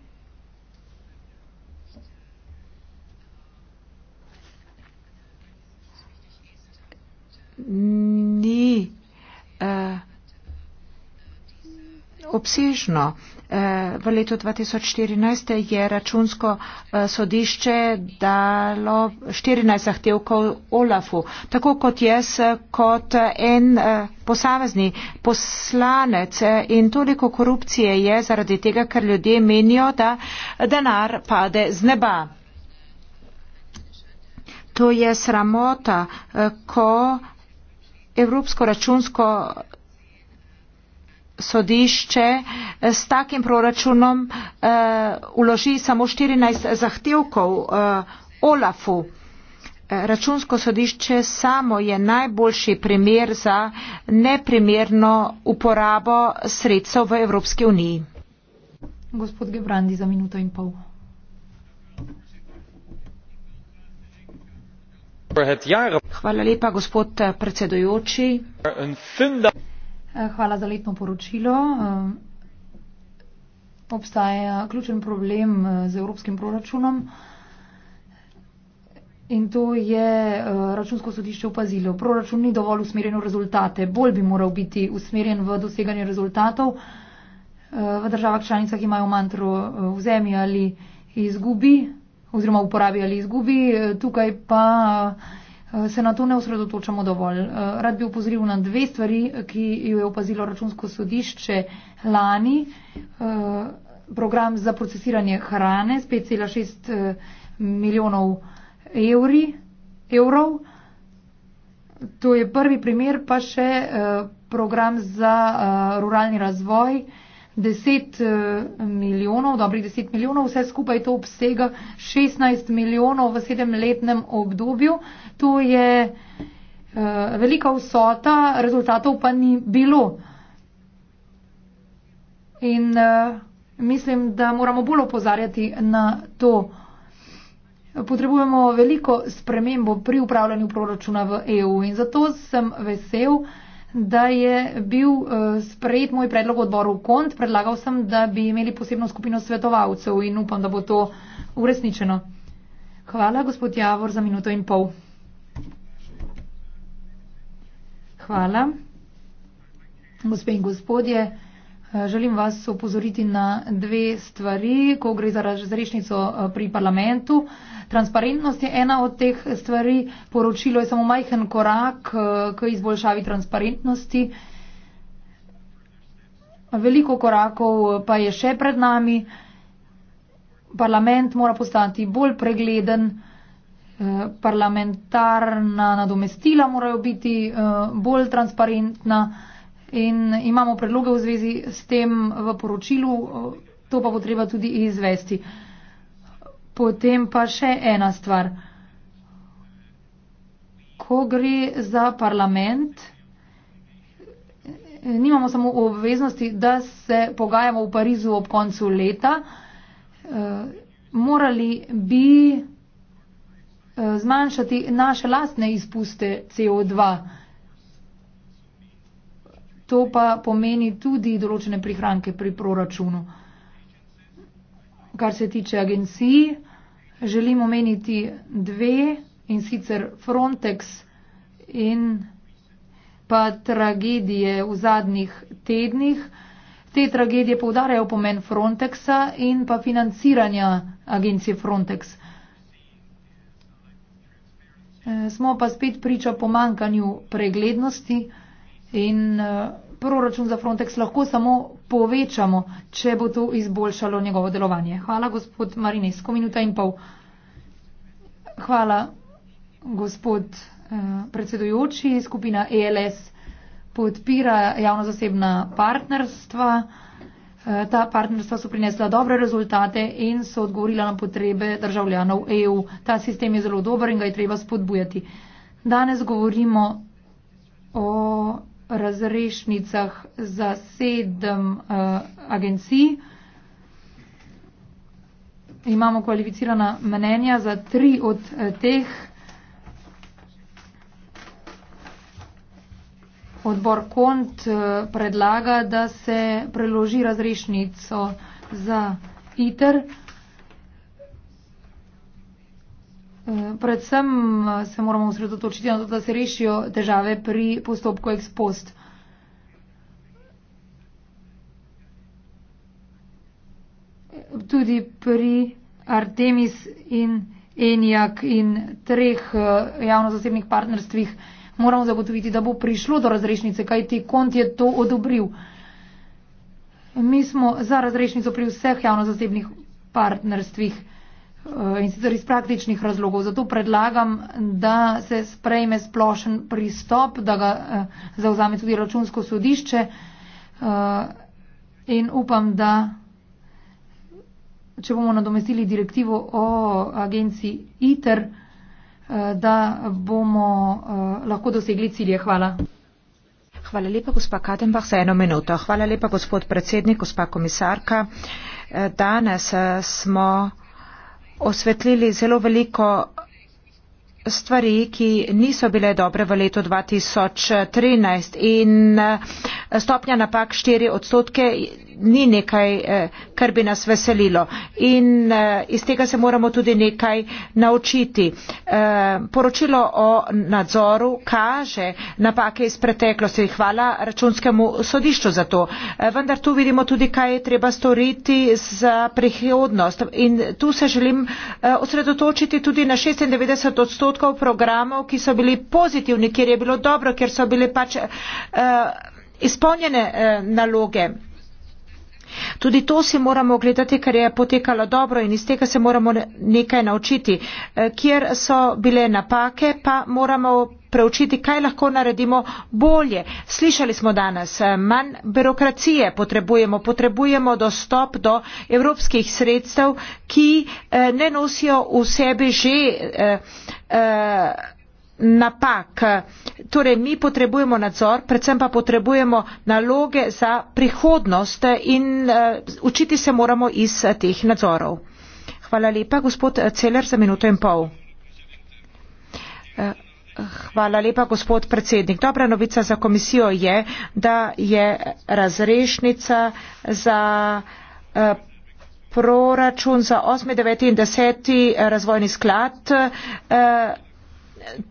Ni. Uh, obsežno. Eh, v letu 2014 je računsko eh, sodišče dalo 14 zahtevkov Olafu. Tako kot jaz, kot eh, en posavezni poslanec in toliko korupcije je zaradi tega, ker ljudje menijo, da denar pade z neba. To je sramota, ko Evropsko računsko sodišče eh, s takim proračunom uh, uloži samo 14 zahtevkov uh, Olafu. Računsko sodišče samo je najboljši primer za neprimerno uporabo sredstev v Evropski uniji. Gospod Gebrandi za minuto in pol. Hvala lepa, gospod predsedujoči. Eh, hvala za letno poročilo. Eh, obstaja ključen problem eh, z evropskim proračunom in to je računsko sodišče upazilo. Proračun ni dovolj usmerjen v rezultate, bolj bi moral biti usmerjen v doseganje rezultatov. V državah članicah imajo mantro vzemi ali izgubi oziroma uporabi ali izgubi, tukaj pa Eh, se na to ne osredotočamo dovolj. Eh, rad bi upozoril na dve stvari, ki jo je opazilo računsko sodišče lani. Eh, program za procesiranje hrane s 5,6 milijonov evri, evrov. To je prvi primer, pa še program za ruralni razvoj 10 eh, milijonov, dobrih 10 milijonov, vse skupaj to obsega 16 milijonov v sedemletnem obdobju. To je eh, velika vsota, rezultatov pa ni bilo. In eh, mislim, da moramo bolj opozarjati na to. Potrebujemo veliko spremembo pri upravljanju proračuna v EU in zato sem vesel, da je bil eh, sprejet moj predlog odboru KONT. Predlagal sem, da bi imeli posebno skupino svetovalcev in upam, da bo to uresničeno. Hvala, gospod Javor, za minuto in pol. Hvala. Gospe in gospodje, Eh, želim vas upozoriti na dve stvari, ko gre za razrešnico eh, pri parlamentu. Transparentnost je ena od teh stvari, poročilo je samo majhen korak eh, k izboljšavi transparentnosti. Veliko korakov pa je še pred nami. Parlament mora postati bolj pregleden, parlamentarna nadomestila morajo biti bolj transparentna in imamo predloge v zvezi s tem v poročilu, to pa bo treba tudi izvesti. Potem pa še ena stvar. Ko gre za parlament, nimamo samo obveznosti, da se pogajamo v Parizu ob koncu leta. Morali bi eh, zmanjšati naše lastne izpuste CO2 to pa pomeni tudi določene prihranke pri proračunu. Kar se tiče agencij, želim omeniti dve in sicer Frontex in pa tragedije v zadnjih tednih. Te tragedije povdarjajo pomen Frontexa in pa financiranja agencije Frontex. Eh, smo pa spet priča pomankanju preglednosti. In eh, proračun za Frontex lahko samo povečamo, če bo to izboljšalo njegovo delovanje. Hvala, gospod Marinesko, minuta in pol. Hvala, gospod eh, predsedujoči. Skupina ELS podpira javno-zasebna partnerstva. Eh, ta partnerstva so prinesla dobre rezultate in so odgovorila na potrebe državljanov EU. Ta sistem je zelo dober in ga je treba spodbujati. Danes govorimo o razrešnicah za sedem uh, agencij. Imamo kvalificirana mnenja za tri od uh, teh. Odbor KONT uh, predlaga, da se preloži razrešnico za ITER. Uh, Predvsem eh, se moramo usredotočiti na to, da se rešijo težave pri postopku ekspost. Tudi pri Artemis in Enijak in treh eh, javno-zasebnih partnerstvih moramo zagotoviti, da bo prišlo do razrešnice, kajti kont je to odobril. Mi smo za razrešnico pri vseh javno-zasebnih partnerstvih. Eh, in sicer iz praktičnih razlogov. Zato predlagam, da se sprejme splošen pristop, da ga eh, zauzame tudi računsko sodišče eh, in upam, da če bomo nadomestili direktivo o agenciji ITER, da bomo lahko dosegli cilje. Hvala. Hvala lepa, gospa Kadenbach, za eno minuto. Hvala lepa, gospod predsednik, gospa komisarka. Danes smo osvetlili zelo veliko stvari, ki niso bile dobre v letu 2013 in eh, stopnja napak 4 odstotke ni nekaj, eh, kar bi nas veselilo. In eh, iz tega se moramo tudi nekaj naučiti. Eh, poročilo o nadzoru kaže napake iz preteklosti. Hvala računskemu sodišču za to. Vendar tu vidimo tudi, kaj je treba storiti za prihodnost. In tu se želim osredotočiti tudi na 96 odstotkov programov, ki so bili pozitivni, kjer je bilo dobro, kjer so bile pač uh, izpolnjene uh, naloge. Tudi to si moramo ogledati, ker je potekalo dobro in iz tega se moramo nekaj naučiti. E, kjer so bile napake, pa moramo preučiti, kaj lahko naredimo bolje. Slišali smo danes, e, manj birokracije potrebujemo, potrebujemo dostop do evropskih sredstev, ki e, ne nosijo v sebi že. Eh, eh, napak. Torej, mi potrebujemo nadzor, predvsem pa potrebujemo naloge za prihodnost in uh, učiti se moramo iz eh, teh nadzorov. Hvala lepa, gospod eh, Celer, za minuto in pol. Hvala lepa, gospod predsednik. Dobra novica za komisijo je, da je razrešnica za proračun za 8., 9. in 10. razvojni sklad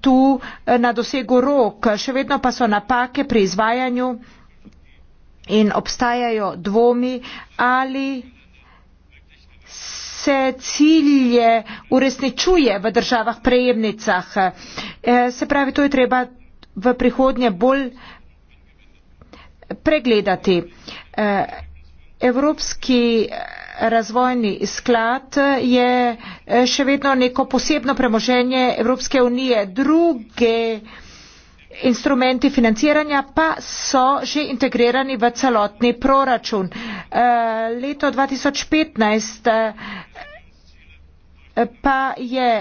tu eh, na dosegu rok, še vedno pa so napake pri izvajanju in obstajajo dvomi, ali se cilje uresničuje v državah prejemnicah. Eh, se pravi, to je treba v prihodnje bolj pregledati. Eh, Evropski razvojni sklad je eh, še vedno neko posebno premoženje Evropske unije. Druge instrumenti financiranja pa so že integrirani v celotni proračun. Eh, leto 2015 eh, pa je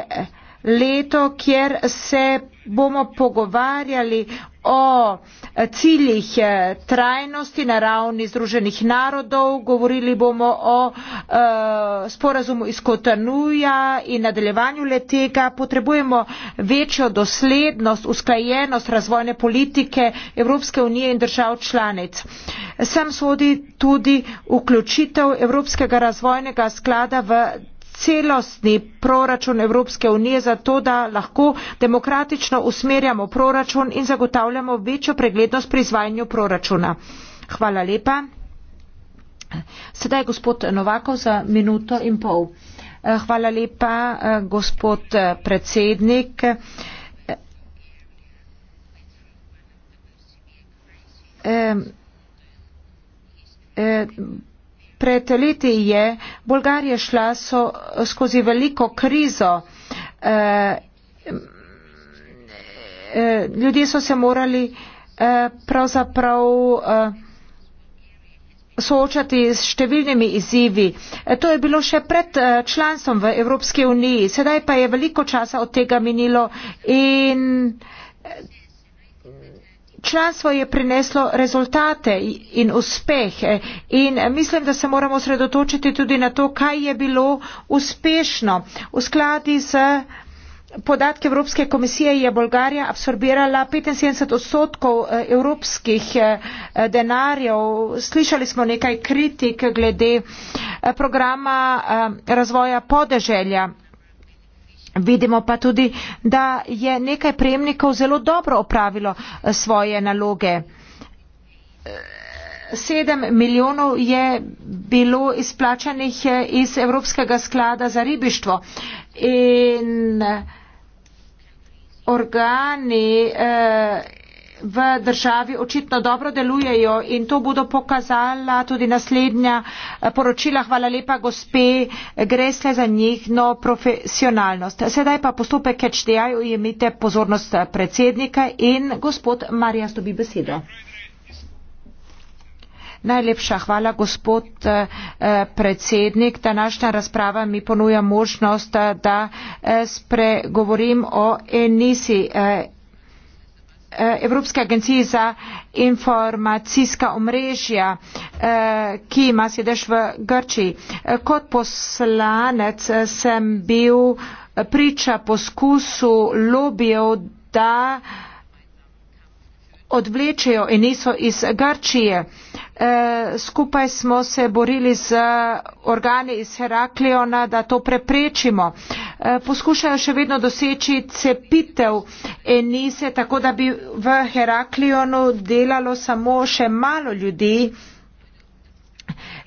leto, kjer se bomo pogovarjali o ciljih eh, trajnosti na ravni Združenih narodov, govorili bomo o e, sporazumu iz Kotanuja in nadaljevanju letega. Potrebujemo večjo doslednost, usklajenost razvojne politike Evropske unije in držav članic. Sem sodi tudi vključitev Evropskega razvojnega sklada v celostni proračun Evropske unije zato, da lahko demokratično usmerjamo proračun in zagotavljamo večjo preglednost pri izvajanju proračuna. Hvala lepa. Sedaj gospod Novakov za minuto in pol. Hvala lepa, gospod predsednik. Um, um, pred leti je Bolgarija šla so, skozi veliko krizo. E, ljudje so se morali e, pravzaprav e, soočati s številnimi izzivi. E, to je bilo še pred e, članstvom v Evropski uniji, sedaj pa je veliko časa od tega minilo in članstvo je prineslo rezultate in uspehe in eh, mislim, da se moramo osredotočiti tudi na to, kaj je bilo uspešno. V skladi z podatki Evropske komisije je Bolgarija absorbirala 75 odstotkov eh, evropskih eh, denarjev. Slišali smo nekaj kritik glede programa razvoja podeželja. Vidimo pa tudi, da je nekaj prejemnikov zelo dobro opravilo eh, svoje naloge. 7 milijonov je bilo izplačanih eh, iz Evropskega sklada za ribištvo in eh, organi eh, v državi očitno dobro delujejo in to bodo pokazala tudi naslednja eh, poročila. Hvala lepa, gospe, gre sle za njihno profesionalnost. Sedaj pa postopek catch-the-eye, ujemite pozornost eh, predsednika in gospod Marijas dobi besedo. Najlepša hvala, gospod eh, predsednik. Današnja razprava mi ponuja možnost, da spregovorim o enisi Eh, Evropske agencije za informacijska omrežja, eh, ki ima sedež v Grčiji. Eh, kot poslanec sem bil priča poskusu lobijev, da odvlečejo Eniso iz Grčije. E, skupaj smo se borili z organi iz Herakleona, da to preprečimo. E, poskušajo še vedno doseči cepitev Enise, tako da bi v Herakleonu delalo samo še malo ljudi.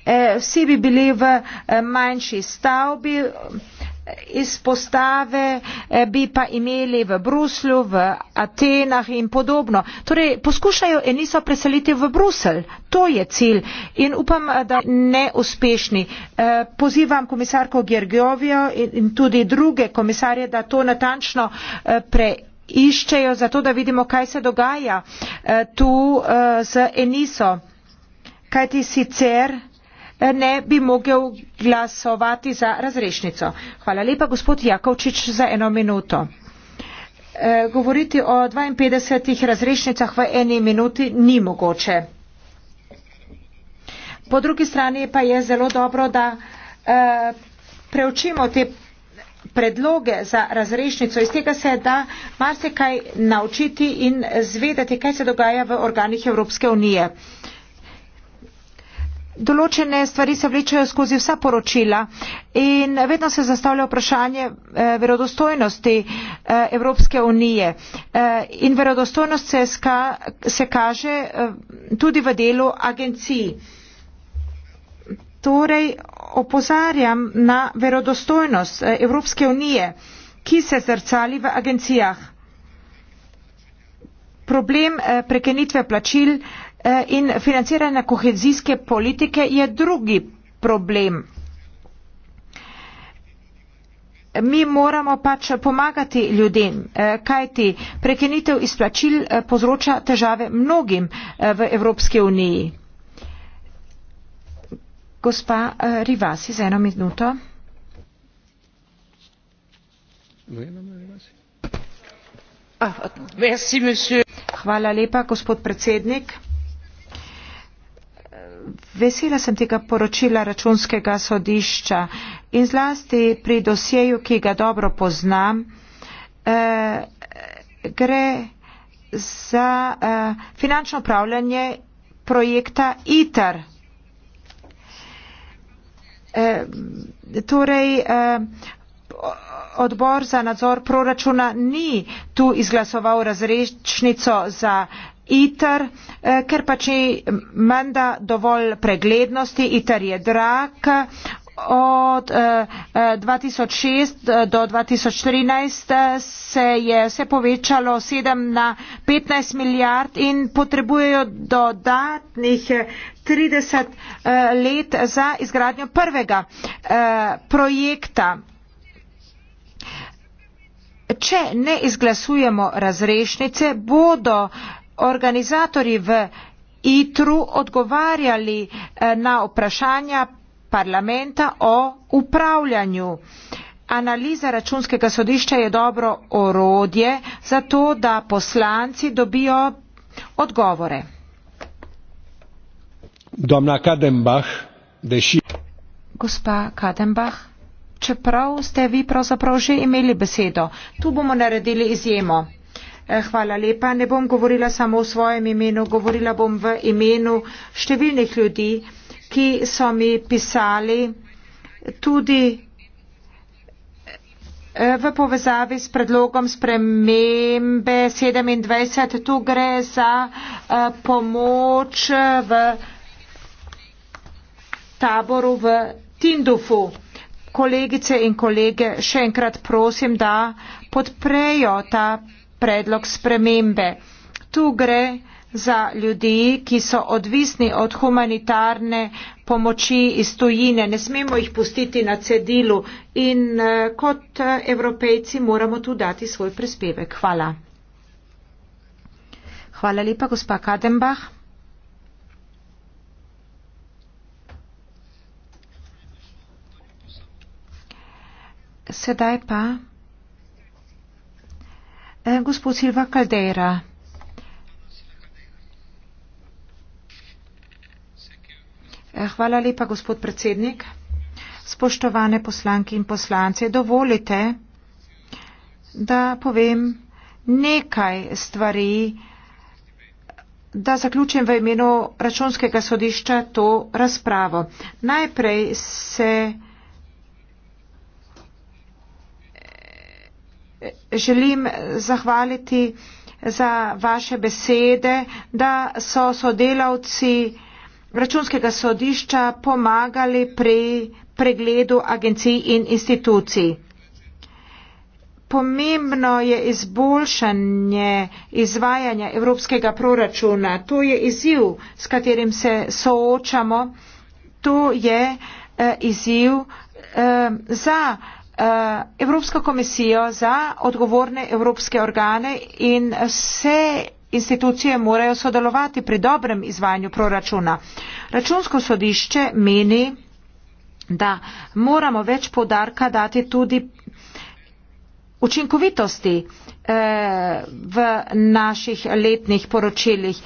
E, vsi bi bili v manjši stavbi izpostave eh, bi pa imeli v Bruslju, v Atenah in podobno. Torej, poskušajo Eniso preseliti v Brusel. To je cilj in upam, eh, da ne uspešni. Eh, pozivam komisarko Gergiovijo in tudi druge komisarje, da to natančno preiščejo, zato da vidimo, kaj se dogaja tu z Eniso. Kaj ti sicer? ne bi mogel glasovati za razrešnico. Hvala lepa, gospod Jakovčič, za eno minuto. E, govoriti o 52 razrešnicah v eni minuti ni mogoče. Po drugi strani pa je zelo dobro, da e, preučimo te predloge za razrešnico. Iz tega se da marsikaj naučiti in zvedeti, kaj se dogaja v organih Evropske unije. E, določene stvari se vlečejo skozi vsa poročila in vedno se zastavlja vprašanje eh, verodostojnosti eh, Evropske unije. Eh, in verodostojnost se, ska, se kaže tudi v delu agencij. Torej opozarjam na verodostojnost Evropske unije, ki se zrcali v agencijah. Problem prekenitve plačil Eh, in financiranje kohezijske politike je drugi problem. Mi moramo pač pomagati ljudem, eh, kajti prekenitev izplačil eh, povzroča težave mnogim v Evropski uniji. Gospa Rivasi, za eno minuto. Ah, Hvala lepa, gospod predsednik vesela sem tega poročila računskega sodišča in zlasti pri dosjeju, ki ga dobro poznam, eh, gre za eh, finančno upravljanje projekta ITER. Eh, torej, eh, odbor za nadzor proračuna ni tu izglasoval razrečnico za eh, ITER, eh, ker pač menda dovolj preglednosti, ITER je drag od 2006 eh, eh, do 2013 se je vse povečalo 7 na 15 milijard in potrebujejo dodatnih 30 let za izgradnjo prvega projekta. Če ne izglasujemo razrešnice, bodo organizatori v ITRU odgovarjali eh, na vprašanja parlamenta o upravljanju. Analiza računskega sodišča je dobro orodje za to, da poslanci dobijo odgovore. Kadenbach, deši... Gospa Kadenbach, čeprav ste vi pravzaprav že imeli besedo, tu bomo naredili izjemo. Eh, hvala lepa. Ne bom govorila samo v svojem imenu, govorila bom v imenu številnih ljudi, ki so mi pisali tudi eh, v povezavi s predlogom spremembe 27. Tu gre za eh, pomoč v taboru v Tindufu. Kolegice in kolege, še enkrat prosim, da podprejo ta predlog spremembe. Tu gre za ljudi, ki so odvisni od humanitarne pomoči iz tujine. Ne smemo jih pustiti na cedilu in eh, kot eh, evropejci moramo tu dati svoj prispevek. Hvala. Hvala lepa, gospa Kadenbach. Sedaj pa Eh, gospod Silva Caldera. Eh, hvala lepa, gospod predsednik. Spoštovane poslanke in poslance, dovolite, da povem nekaj stvari, da zaključim v imenu računskega sodišča to razpravo. Najprej se. želim zahvaliti za vaše besede, da so sodelavci računskega sodišča pomagali pri pregledu agencij in institucij. Pomembno je izboljšanje izvajanja evropskega proračuna. To je izziv, s katerim se soočamo. To je eh, izziv eh, za Eh, Evropsko komisijo za odgovorne evropske organe in vse institucije morajo sodelovati pri dobrem izvajanju proračuna. Računsko sodišče meni, da moramo več podarka dati tudi učinkovitosti eh, v naših letnih poročilih.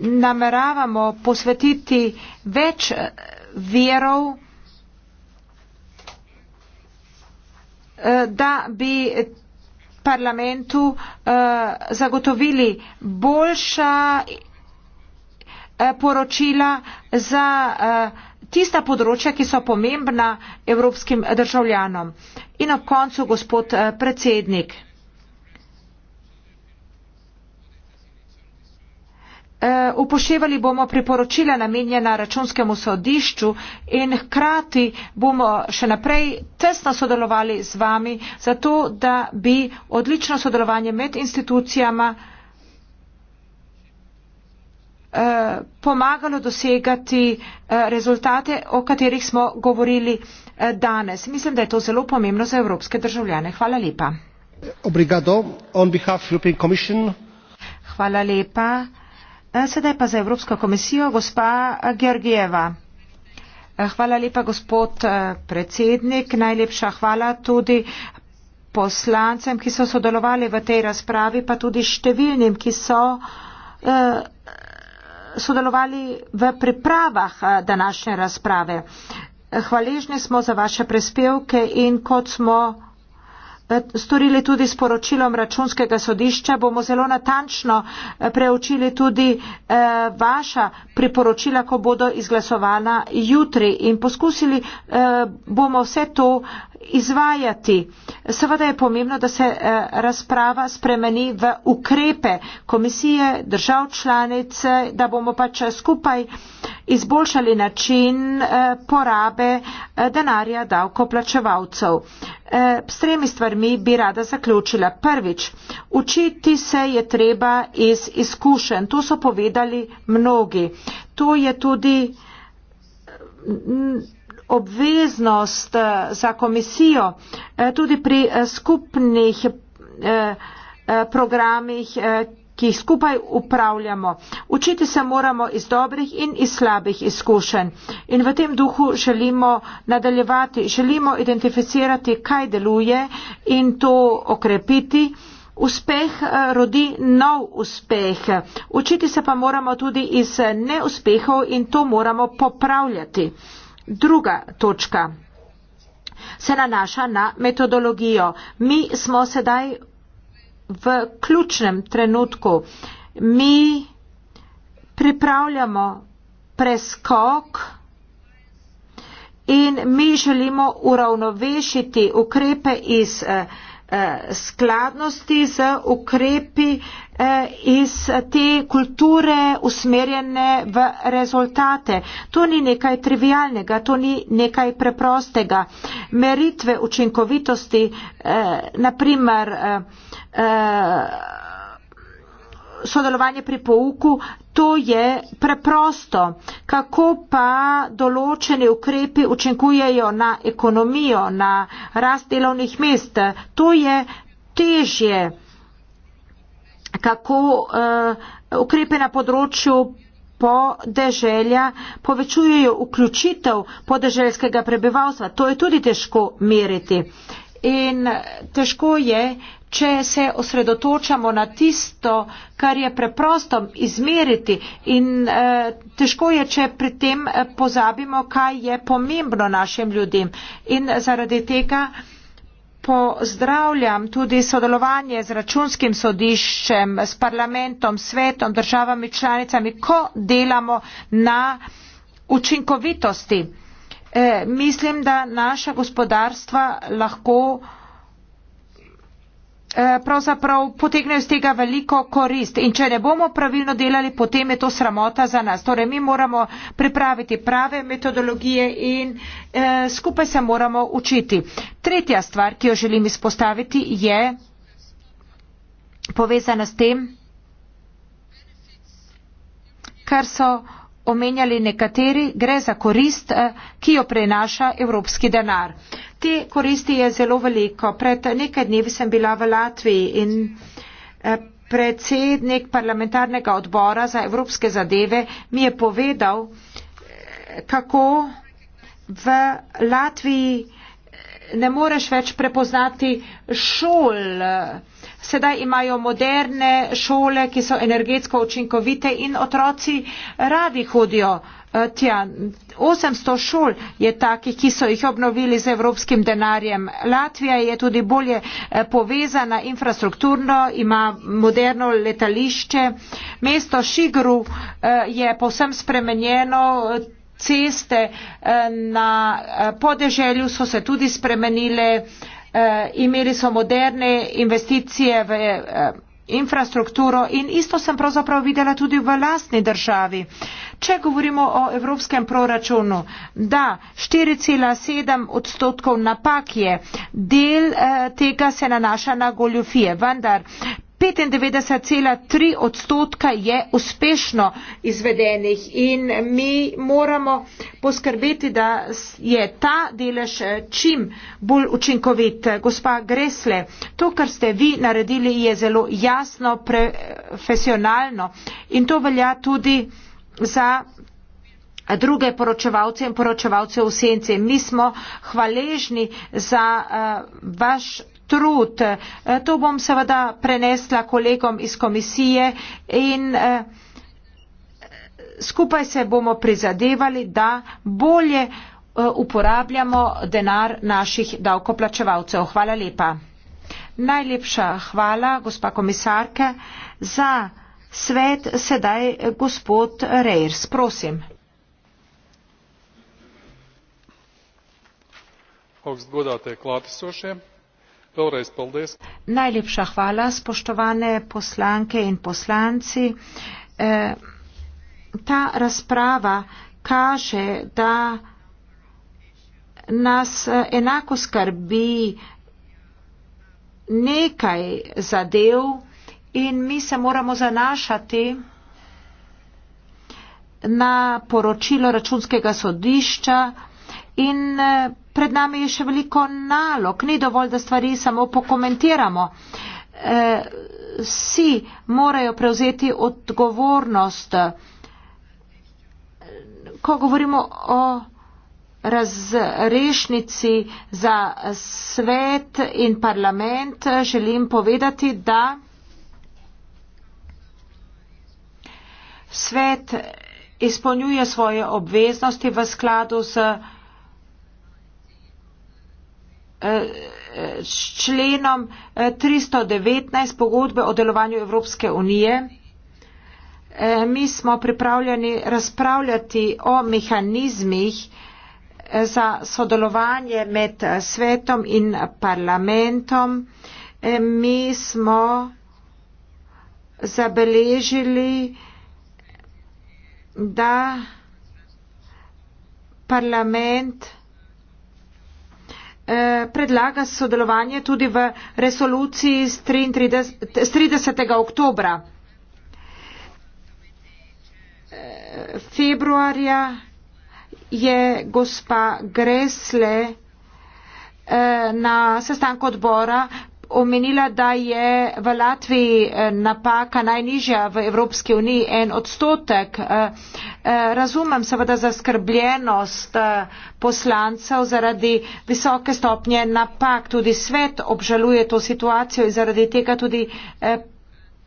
Nameravamo posvetiti več eh, verov, Eh, da bi parlamentu eh, zagotovili boljša eh, poročila za tista področja, ki so pomembna evropskim državljanom. In na koncu, gospod predsednik. Eh, upoštevali bomo priporočila namenjena računskemu sodišču in hkrati bomo še naprej tesno sodelovali z vami, zato da bi odlično sodelovanje med institucijama eh, pomagalo dosegati eh, rezultate, o katerih smo govorili danes. Mislim, da je to zelo pomembno za evropske državljane. Hvala lepa. Obrigado. On behalf of the European Commission. Hvala lepa. Eh, sedaj pa za Evropsko komisijo, gospa eh, Georgieva. Eh, hvala lepa, gospod predsednik. Najlepša hvala tudi poslancem, ki so sodelovali v tej razpravi, pa tudi številnim, ki so sodelovali v pripravah današnje razprave. Hvaležni smo za vaše prispevke in kot smo Eh, storili tudi s poročilom računskega sodišča, bomo zelo natančno eh, preučili tudi eh, vaša priporočila, ko bodo izglasovana jutri in poskusili bomo vse to izvajati. Seveda je pomembno, da se eh, razprava spremeni v ukrepe komisije, držav članic, da bomo pač skupaj izboljšali način eh, porabe eh, denarja davkoplačevalcev. S tremi stvarmi bi rada zaključila. Prvič, učiti se je treba iz izkušenj. To so povedali mnogi. To je tudi obveznost eh, za komisijo eh, tudi pri eh, skupnih programih, ki jih skupaj upravljamo. Učiti se moramo iz dobrih in iz slabih izkušenj. In v tem duhu želimo nadaljevati, želimo identificirati, kaj deluje in to okrepiti. Uspeh rodi nov uspeh. Učiti se pa moramo tudi iz neuspehov in to moramo popravljati druga točka se nanaša na metodologijo. Mi smo sedaj v ključnem trenutku. Mi pripravljamo preskok in mi želimo uravnovešiti ukrepe iz eh, eh skladnosti z ukrepi eh, Eh, iz te kulture usmerjene v rezultate. To ni nekaj trivialnega, to ni nekaj preprostega. Meritve učinkovitosti, eh, naprimer eh, eh, sodelovanje pri pouku, to je preprosto. Kako pa določeni ukrepi učinkujejo na ekonomijo, na rast delovnih mest, to je težje kako uh, ukrepe na področju podeželja povečujejo vključitev podeželjskega prebivalstva. To je tudi težko meriti. In eh, težko je, če se osredotočamo na tisto, kar je preprosto izmeriti. In eh, težko je, če pri tem eh, pozabimo, kaj je pomembno našim ljudem. In zaradi tega. Eh, pozdravljam tudi sodelovanje z računskim sodiščem, s parlamentom, svetom, državami, članicami, ko delamo na učinkovitosti. E, mislim, da naša gospodarstva lahko Eh, pravzaprav potegnejo iz tega veliko korist. In če ne bomo pravilno delali, potem je to sramota za nas. Torej, mi moramo pripraviti prave metodologije in eh, skupaj se moramo učiti. Tretja stvar, ki jo želim izpostaviti, je povezana s tem, kar so omenjali nekateri, gre za korist, eh, ki jo prenaša evropski denar. Eh, Te koristi je zelo veliko. Pred nekaj dnevi sem bila v Latviji in eh, predsednik parlamentarnega odbora za evropske zadeve mi je povedal, eh, kako v Latviji eh, ne moreš več prepoznati šol. Sedaj imajo moderne šole, ki so energetsko učinkovite in otroci radi hodijo Eh, tja, 800 šol je takih, ki so jih obnovili z evropskim denarjem. Latvija je tudi bolje eh, povezana infrastrukturno, ima moderno letališče. Mesto Šigru eh, je povsem spremenjeno, ceste na podeželju so se tudi spremenile, imeli so moderne investicije v infrastrukturo in isto sem pravzaprav videla tudi v lastni državi. Če govorimo o evropskem proračunu, da 4,7 odstotkov napak je, del eh, tega se nanaša na goljofije, vendar petindevetdeset tri odstotka je uspešno izvedenih in mi moramo poskrbeti da je ta delež eh, čim bolj učinkovit gospa gresle to kar ste vi naredili je zelo jasno profesionalno in to velja tudi za druge poročevalce in poročevalce v senci mi smo hvaležni za uh, vaš trud. E, to bom seveda prenesla kolegom iz komisije in e, skupaj se bomo prizadevali, da bolje e, uporabljamo denar naših davkoplačevalcev. Hvala lepa. Najlepša hvala, gospa komisarke, za svet sedaj gospod Reirs. Prosim. Augstgadātie klātesošie, Torej, Najlepša hvala, spoštovane poslanke in poslanci. E, ta razprava kaže, da nas eh, enako skrbi nekaj zadev in mi se moramo zanašati na poročilo računskega sodišča in eh, pred nami je še veliko nalog. Ni dovolj, da stvari samo pokomentiramo. Eh, vsi morajo prevzeti odgovornost. Ko govorimo o razrešnici za svet in parlament, želim povedati, da svet izpolnjuje svoje obveznosti v skladu z Eh, s členom 319 eh, pogodbe o delovanju Evropske unije. Eh, mi smo pripravljeni razpravljati o mehanizmih za sodelovanje med svetom in parlamentom. Mi smo zabeležili, da parlament Eh, predlaga sodelovanje tudi v resoluciji z 30. 30. oktobra. Eh, februarja je gospa Gresle eh, na sestanku odbora omenila, da je v Latviji eh, napaka najnižja v Evropski uniji en odstotek. Eh, eh, razumem seveda zaskrbljenost poslancev zaradi visoke stopnje napak. Tudi svet obžaluje to situacijo in zaradi tega tudi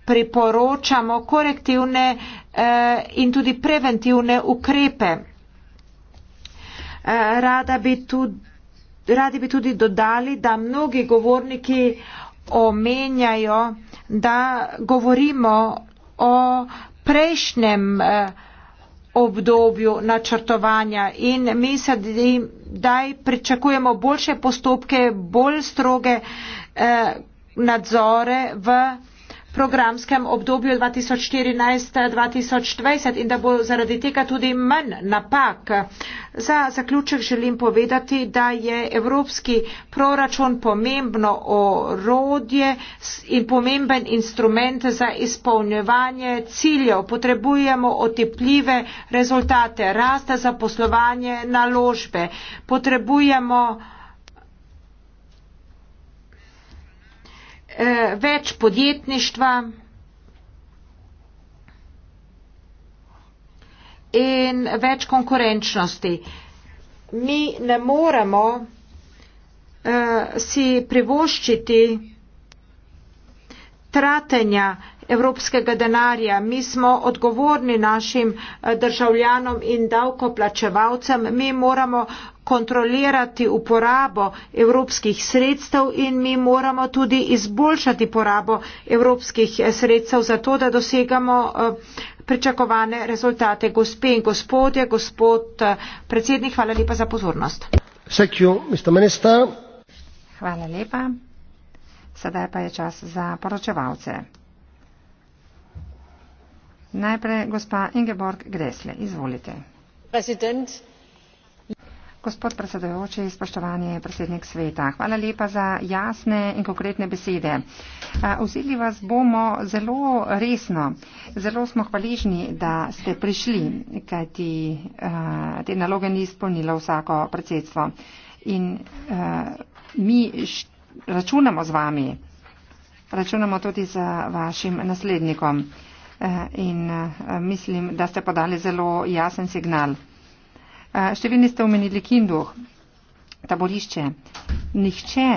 priporočamo korektivne in tudi preventivne ukrepe. Rada bi tudi Radi bi tudi dodali, da mnogi govorniki omenjajo, da govorimo o prejšnjem eh, obdobju načrtovanja in mi sedaj daj pričakujemo boljše postopke, bolj stroge eh, nadzore v programskem obdobju 2014-2020 in da bo zaradi tega tudi manj napak. Za zaključek želim povedati, da je evropski proračun pomembno orodje in pomemben instrument za izpolnjevanje ciljev. Potrebujemo otepljive rezultate, raste za poslovanje naložbe. Potrebujemo eh, več podjetništva in več konkurenčnosti. Mi ne moremo eh, si privoščiti tratenja evropskega denarja. Mi smo odgovorni našim eh, državljanom in davkoplačevalcem. Mi moramo kontrolirati uporabo evropskih sredstev in mi moramo tudi izboljšati porabo evropskih eh, sredstev za to, da dosegamo eh, pričakovane rezultate. Gospe in gospodje, gospod predsednik, hvala lepa za pozornost. Thank you, Mr. Minister. Hvala lepa. Sedaj pa je čas za poročevalce. Najprej gospa Ingeborg Gresle, izvolite. President. Gospod predsedujoči, spoštovani predsednik sveta, hvala lepa za jasne in konkretne besede. Vzeli vas bomo zelo resno, zelo smo hvaležni, da ste prišli, kajti te naloge ni izpolnilo vsako predsedstvo. In mi računamo z vami, računamo tudi z vašim naslednikom eh, in eh, mislim, da ste podali zelo jasen signal. Eh, številni ste omenili Kinduh, taborišče. Nihče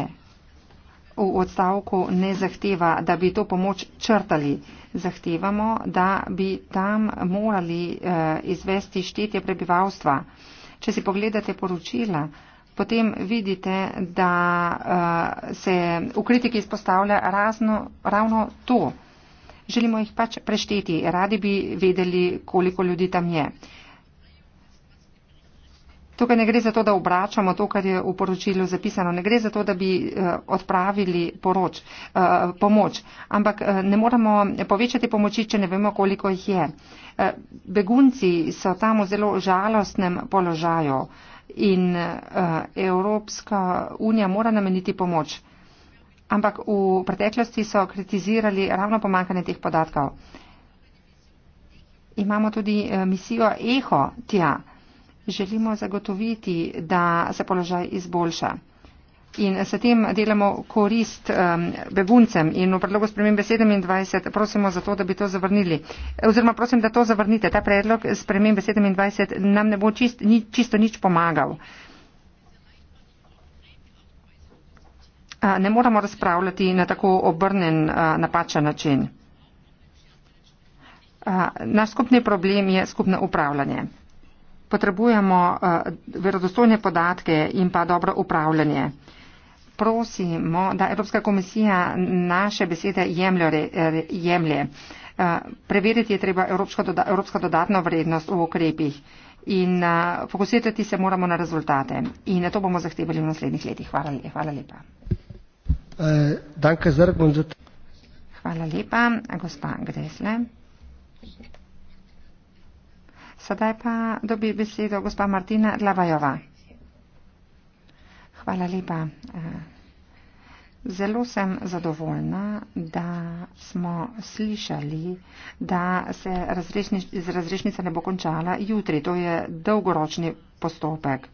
v odstavku ne zahteva, da bi to pomoč črtali. Zahtevamo, da bi tam morali izvesti štetje prebivalstva. Če si pogledate poročila, potem vidite, da uh, se v kritiki izpostavlja razno, ravno to. Želimo jih pač prešteti, radi bi vedeli, koliko ljudi tam je. Tukaj ne gre za to, da obračamo to, kar je v poročilu zapisano, ne gre za to, da bi uh, odpravili poroč, uh, pomoč, ampak uh, ne moramo povečati pomoči, če ne vemo, koliko jih je. Uh, begunci so tam v zelo žalostnem položaju. Uh, in uh, Evropska unija mora nameniti pomoč. Ampak v preteklosti so kritizirali ravno pomankanje teh podatkov. Imamo tudi eh, misijo EHO tja. Želimo zagotoviti, da se položaj izboljša in s tem delamo korist um, beguncem. In v predlogu spremembe 27 prosimo za to, da bi to zavrnili. Oziroma prosim, da to zavrnite. Ta predlog spremembe 27 nam ne bo čist, ni, čisto nič pomagal. Ne moramo razpravljati na tako obrnen, napačen način. Naš skupni problem je skupno upravljanje. Potrebujemo verodostojne podatke in pa dobro upravljanje prosimo, da Evropska komisija naše besede jemlje. jemlje. Eh, preveriti je treba evropsko, evropsko dodatno vrednost v okrepih in eh, fokusirati se moramo na rezultate. In to bomo zahtevali v naslednjih letih. Hvala, hvala lepa. Eh, hvala lepa, gospa Gresle. Sedaj pa dobi besedo gospa Martina Glavajova. Hvala lepa. Eh, zelo sem zadovoljna, da smo slišali, da se razrešnič, razrešnica ne bo končala jutri. To je dolgoročni postopek.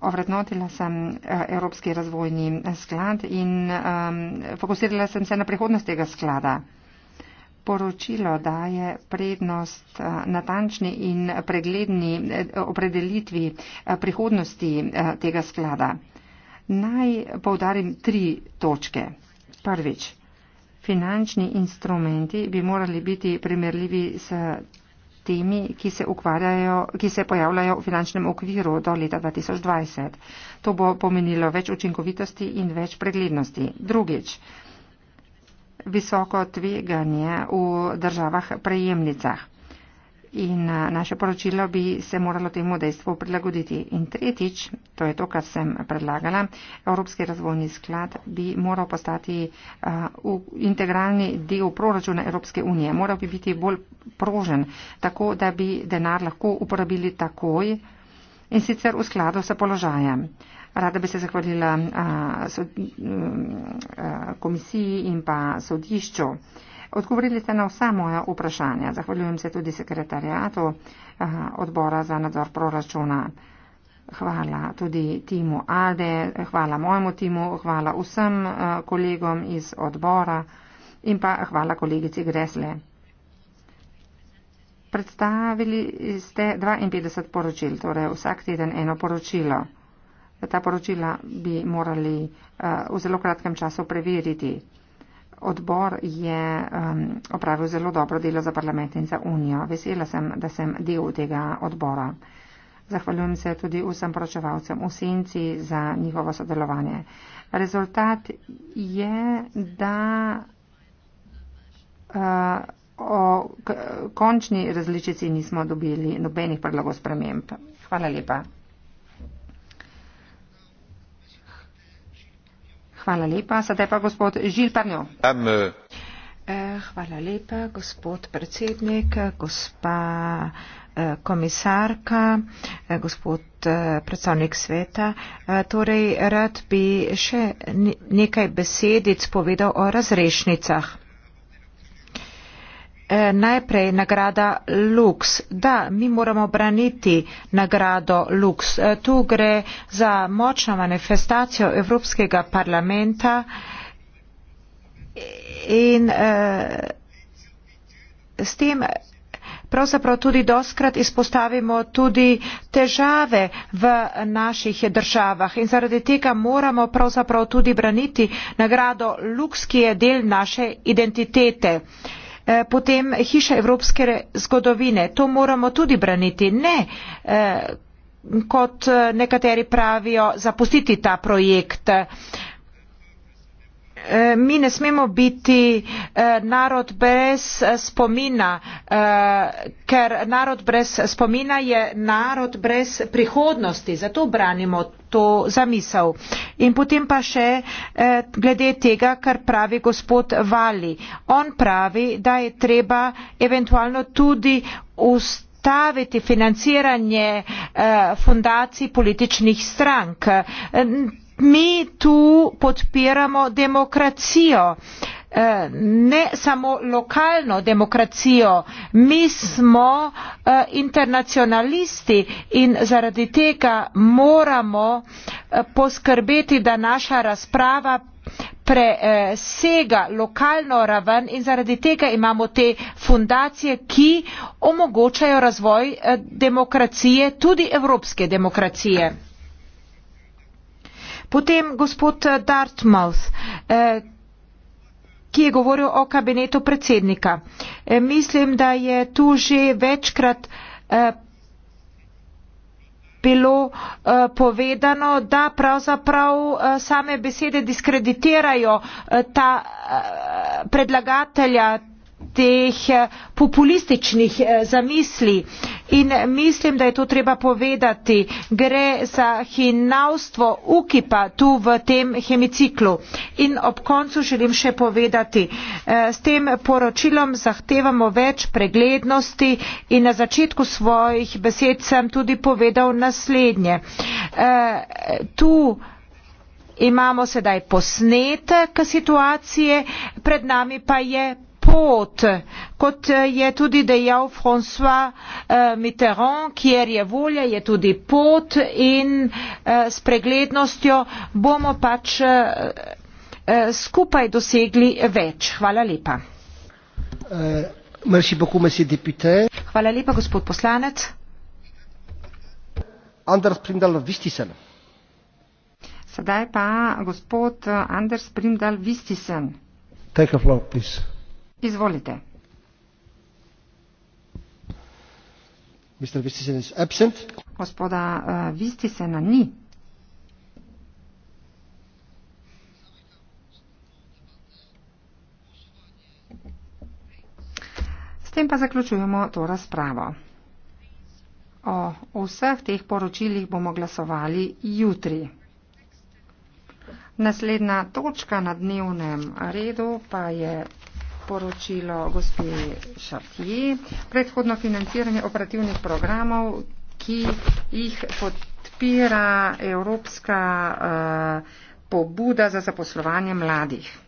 Ovrednotila sem eh, Evropski razvojni sklad in um, fokusirala sem se na prihodnost tega sklada poročilo daje prednost eh, natančni in pregledni eh, opredelitvi eh, prihodnosti tega sklada. Naj povdarim tri točke. Prvič, finančni instrumenti bi morali biti primerljivi s temi, ki se, ki se pojavljajo v finančnem okviru do leta 2020. To bo pomenilo več učinkovitosti in več preglednosti. Drugič, visoko tveganje v državah prejemnicah. In eh, naše poročilo bi se moralo temu dejstvu prilagoditi. In tretjič, to je to, kar sem predlagala, Evropski razvojni sklad bi moral postati uh, integralni del proračuna Evropske unije. Moral bi biti bolj prožen, tako da bi denar lahko uporabili takoj in sicer v skladu s položajem. Uh, Rada bi se zahvalila komisiji in pa sodišču. Odgovorili ste na vsa moja vprašanja. Zahvaljujem se tudi sekretarijatu odbora za nadzor proračuna. Hvala tudi timu Alde, hvala mojemu timu, hvala vsem kolegom iz odbora in pa hvala kolegici Gresle. Predstavili ste 52 poročil, torej vsak teden eno poročilo. Ta poročila bi morali eh, v zelo kratkem času preveriti. Odbor je ehm, opravil zelo dobro delo za parlament in za unijo. Vesela sem, da sem del tega odbora. Zahvaljujem se tudi vsem poročevalcem v senci za njihovo sodelovanje. Rezultat je, da uh, o končni različici nismo dobili nobenih predlogov sprememb. Hvala lepa. Hvala lepa. Sedaj pa gospod Žil Parnjo. Eh, eh, hvala lepa, gospod predsednik, gospa eh, komisarka, gospod predstavnik sveta. Torej, rad bi še nekaj besedic povedal o razrešnicah. Eh, najprej nagrada Lux. Da, mi moramo braniti nagrado Lux. Eh, tu gre za močno manifestacijo Evropskega parlamenta in eh, s tem pravzaprav tudi doskrat izpostavimo tudi težave v naših državah in zaradi tega moramo pravzaprav tudi braniti nagrado Lux, ki je del naše identitete. Eh, potem hiša evropske zgodovine. To moramo tudi braniti. Ne, eh, kot eh, nekateri pravijo, zapustiti ta projekt. Eh, mi ne smemo biti eh, narod brez eh, spomina, ker narod brez spomina je narod brez prihodnosti. Zato branimo to zamisel. In potem pa še glede tega, kar pravi gospod Vali. On pravi, da je treba eventualno tudi ustaviti staviti financiranje eh, fundacij političnih strank. Eh, mi tu podpiramo demokracijo, eh, ne samo lokalno demokracijo, mi smo eh, internacionalisti in zaradi tega moramo eh, poskrbeti, da naša razprava presega lokalno raven in zaradi tega imamo te fundacije, ki omogočajo razvoj demokracije, tudi evropske demokracije. Potem gospod eh, Dartmouth, eh, ki je govoril o kabinetu predsednika. Eh, mislim, da je tu že večkrat eh, bilo eh, povedano, da pravzaprav eh, same besede diskreditirajo eh, ta eh, predlagatelja teh eh, populističnih eh, zamisli in mislim, da je to treba povedati. Gre za hinavstvo ukipa tu v tem hemiciklu. In ob koncu želim še povedati, eh, s tem poročilom zahtevamo več preglednosti in na začetku svojih besed sem tudi povedal naslednje. Tu imamo sedaj posnetek situacije, pred nami pa je pot, kot eh, je tudi dejal François eh, Mitterrand, kjer je volja, je tudi pot in eh, s preglednostjo bomo pač skupaj dosegli več. Hvala lepa. Hvala lepa, gospod poslanec. Anders Prindal Vistisen. Sedaj pa gospod Anders Prindal Vistisen. Take a float, please. Izvolite. Mr. Vistisen is absent. Gospoda uh, Vistisena ni. S tem pa zaključujemo to razpravo. O vseh teh poročilih bomo glasovali jutri. Naslednja točka na dnevnem redu pa je poročilo gospe Šartije. Predhodno financiranje operativnih programov, ki jih podpira Evropska uh, pobuda za zaposlovanje mladih.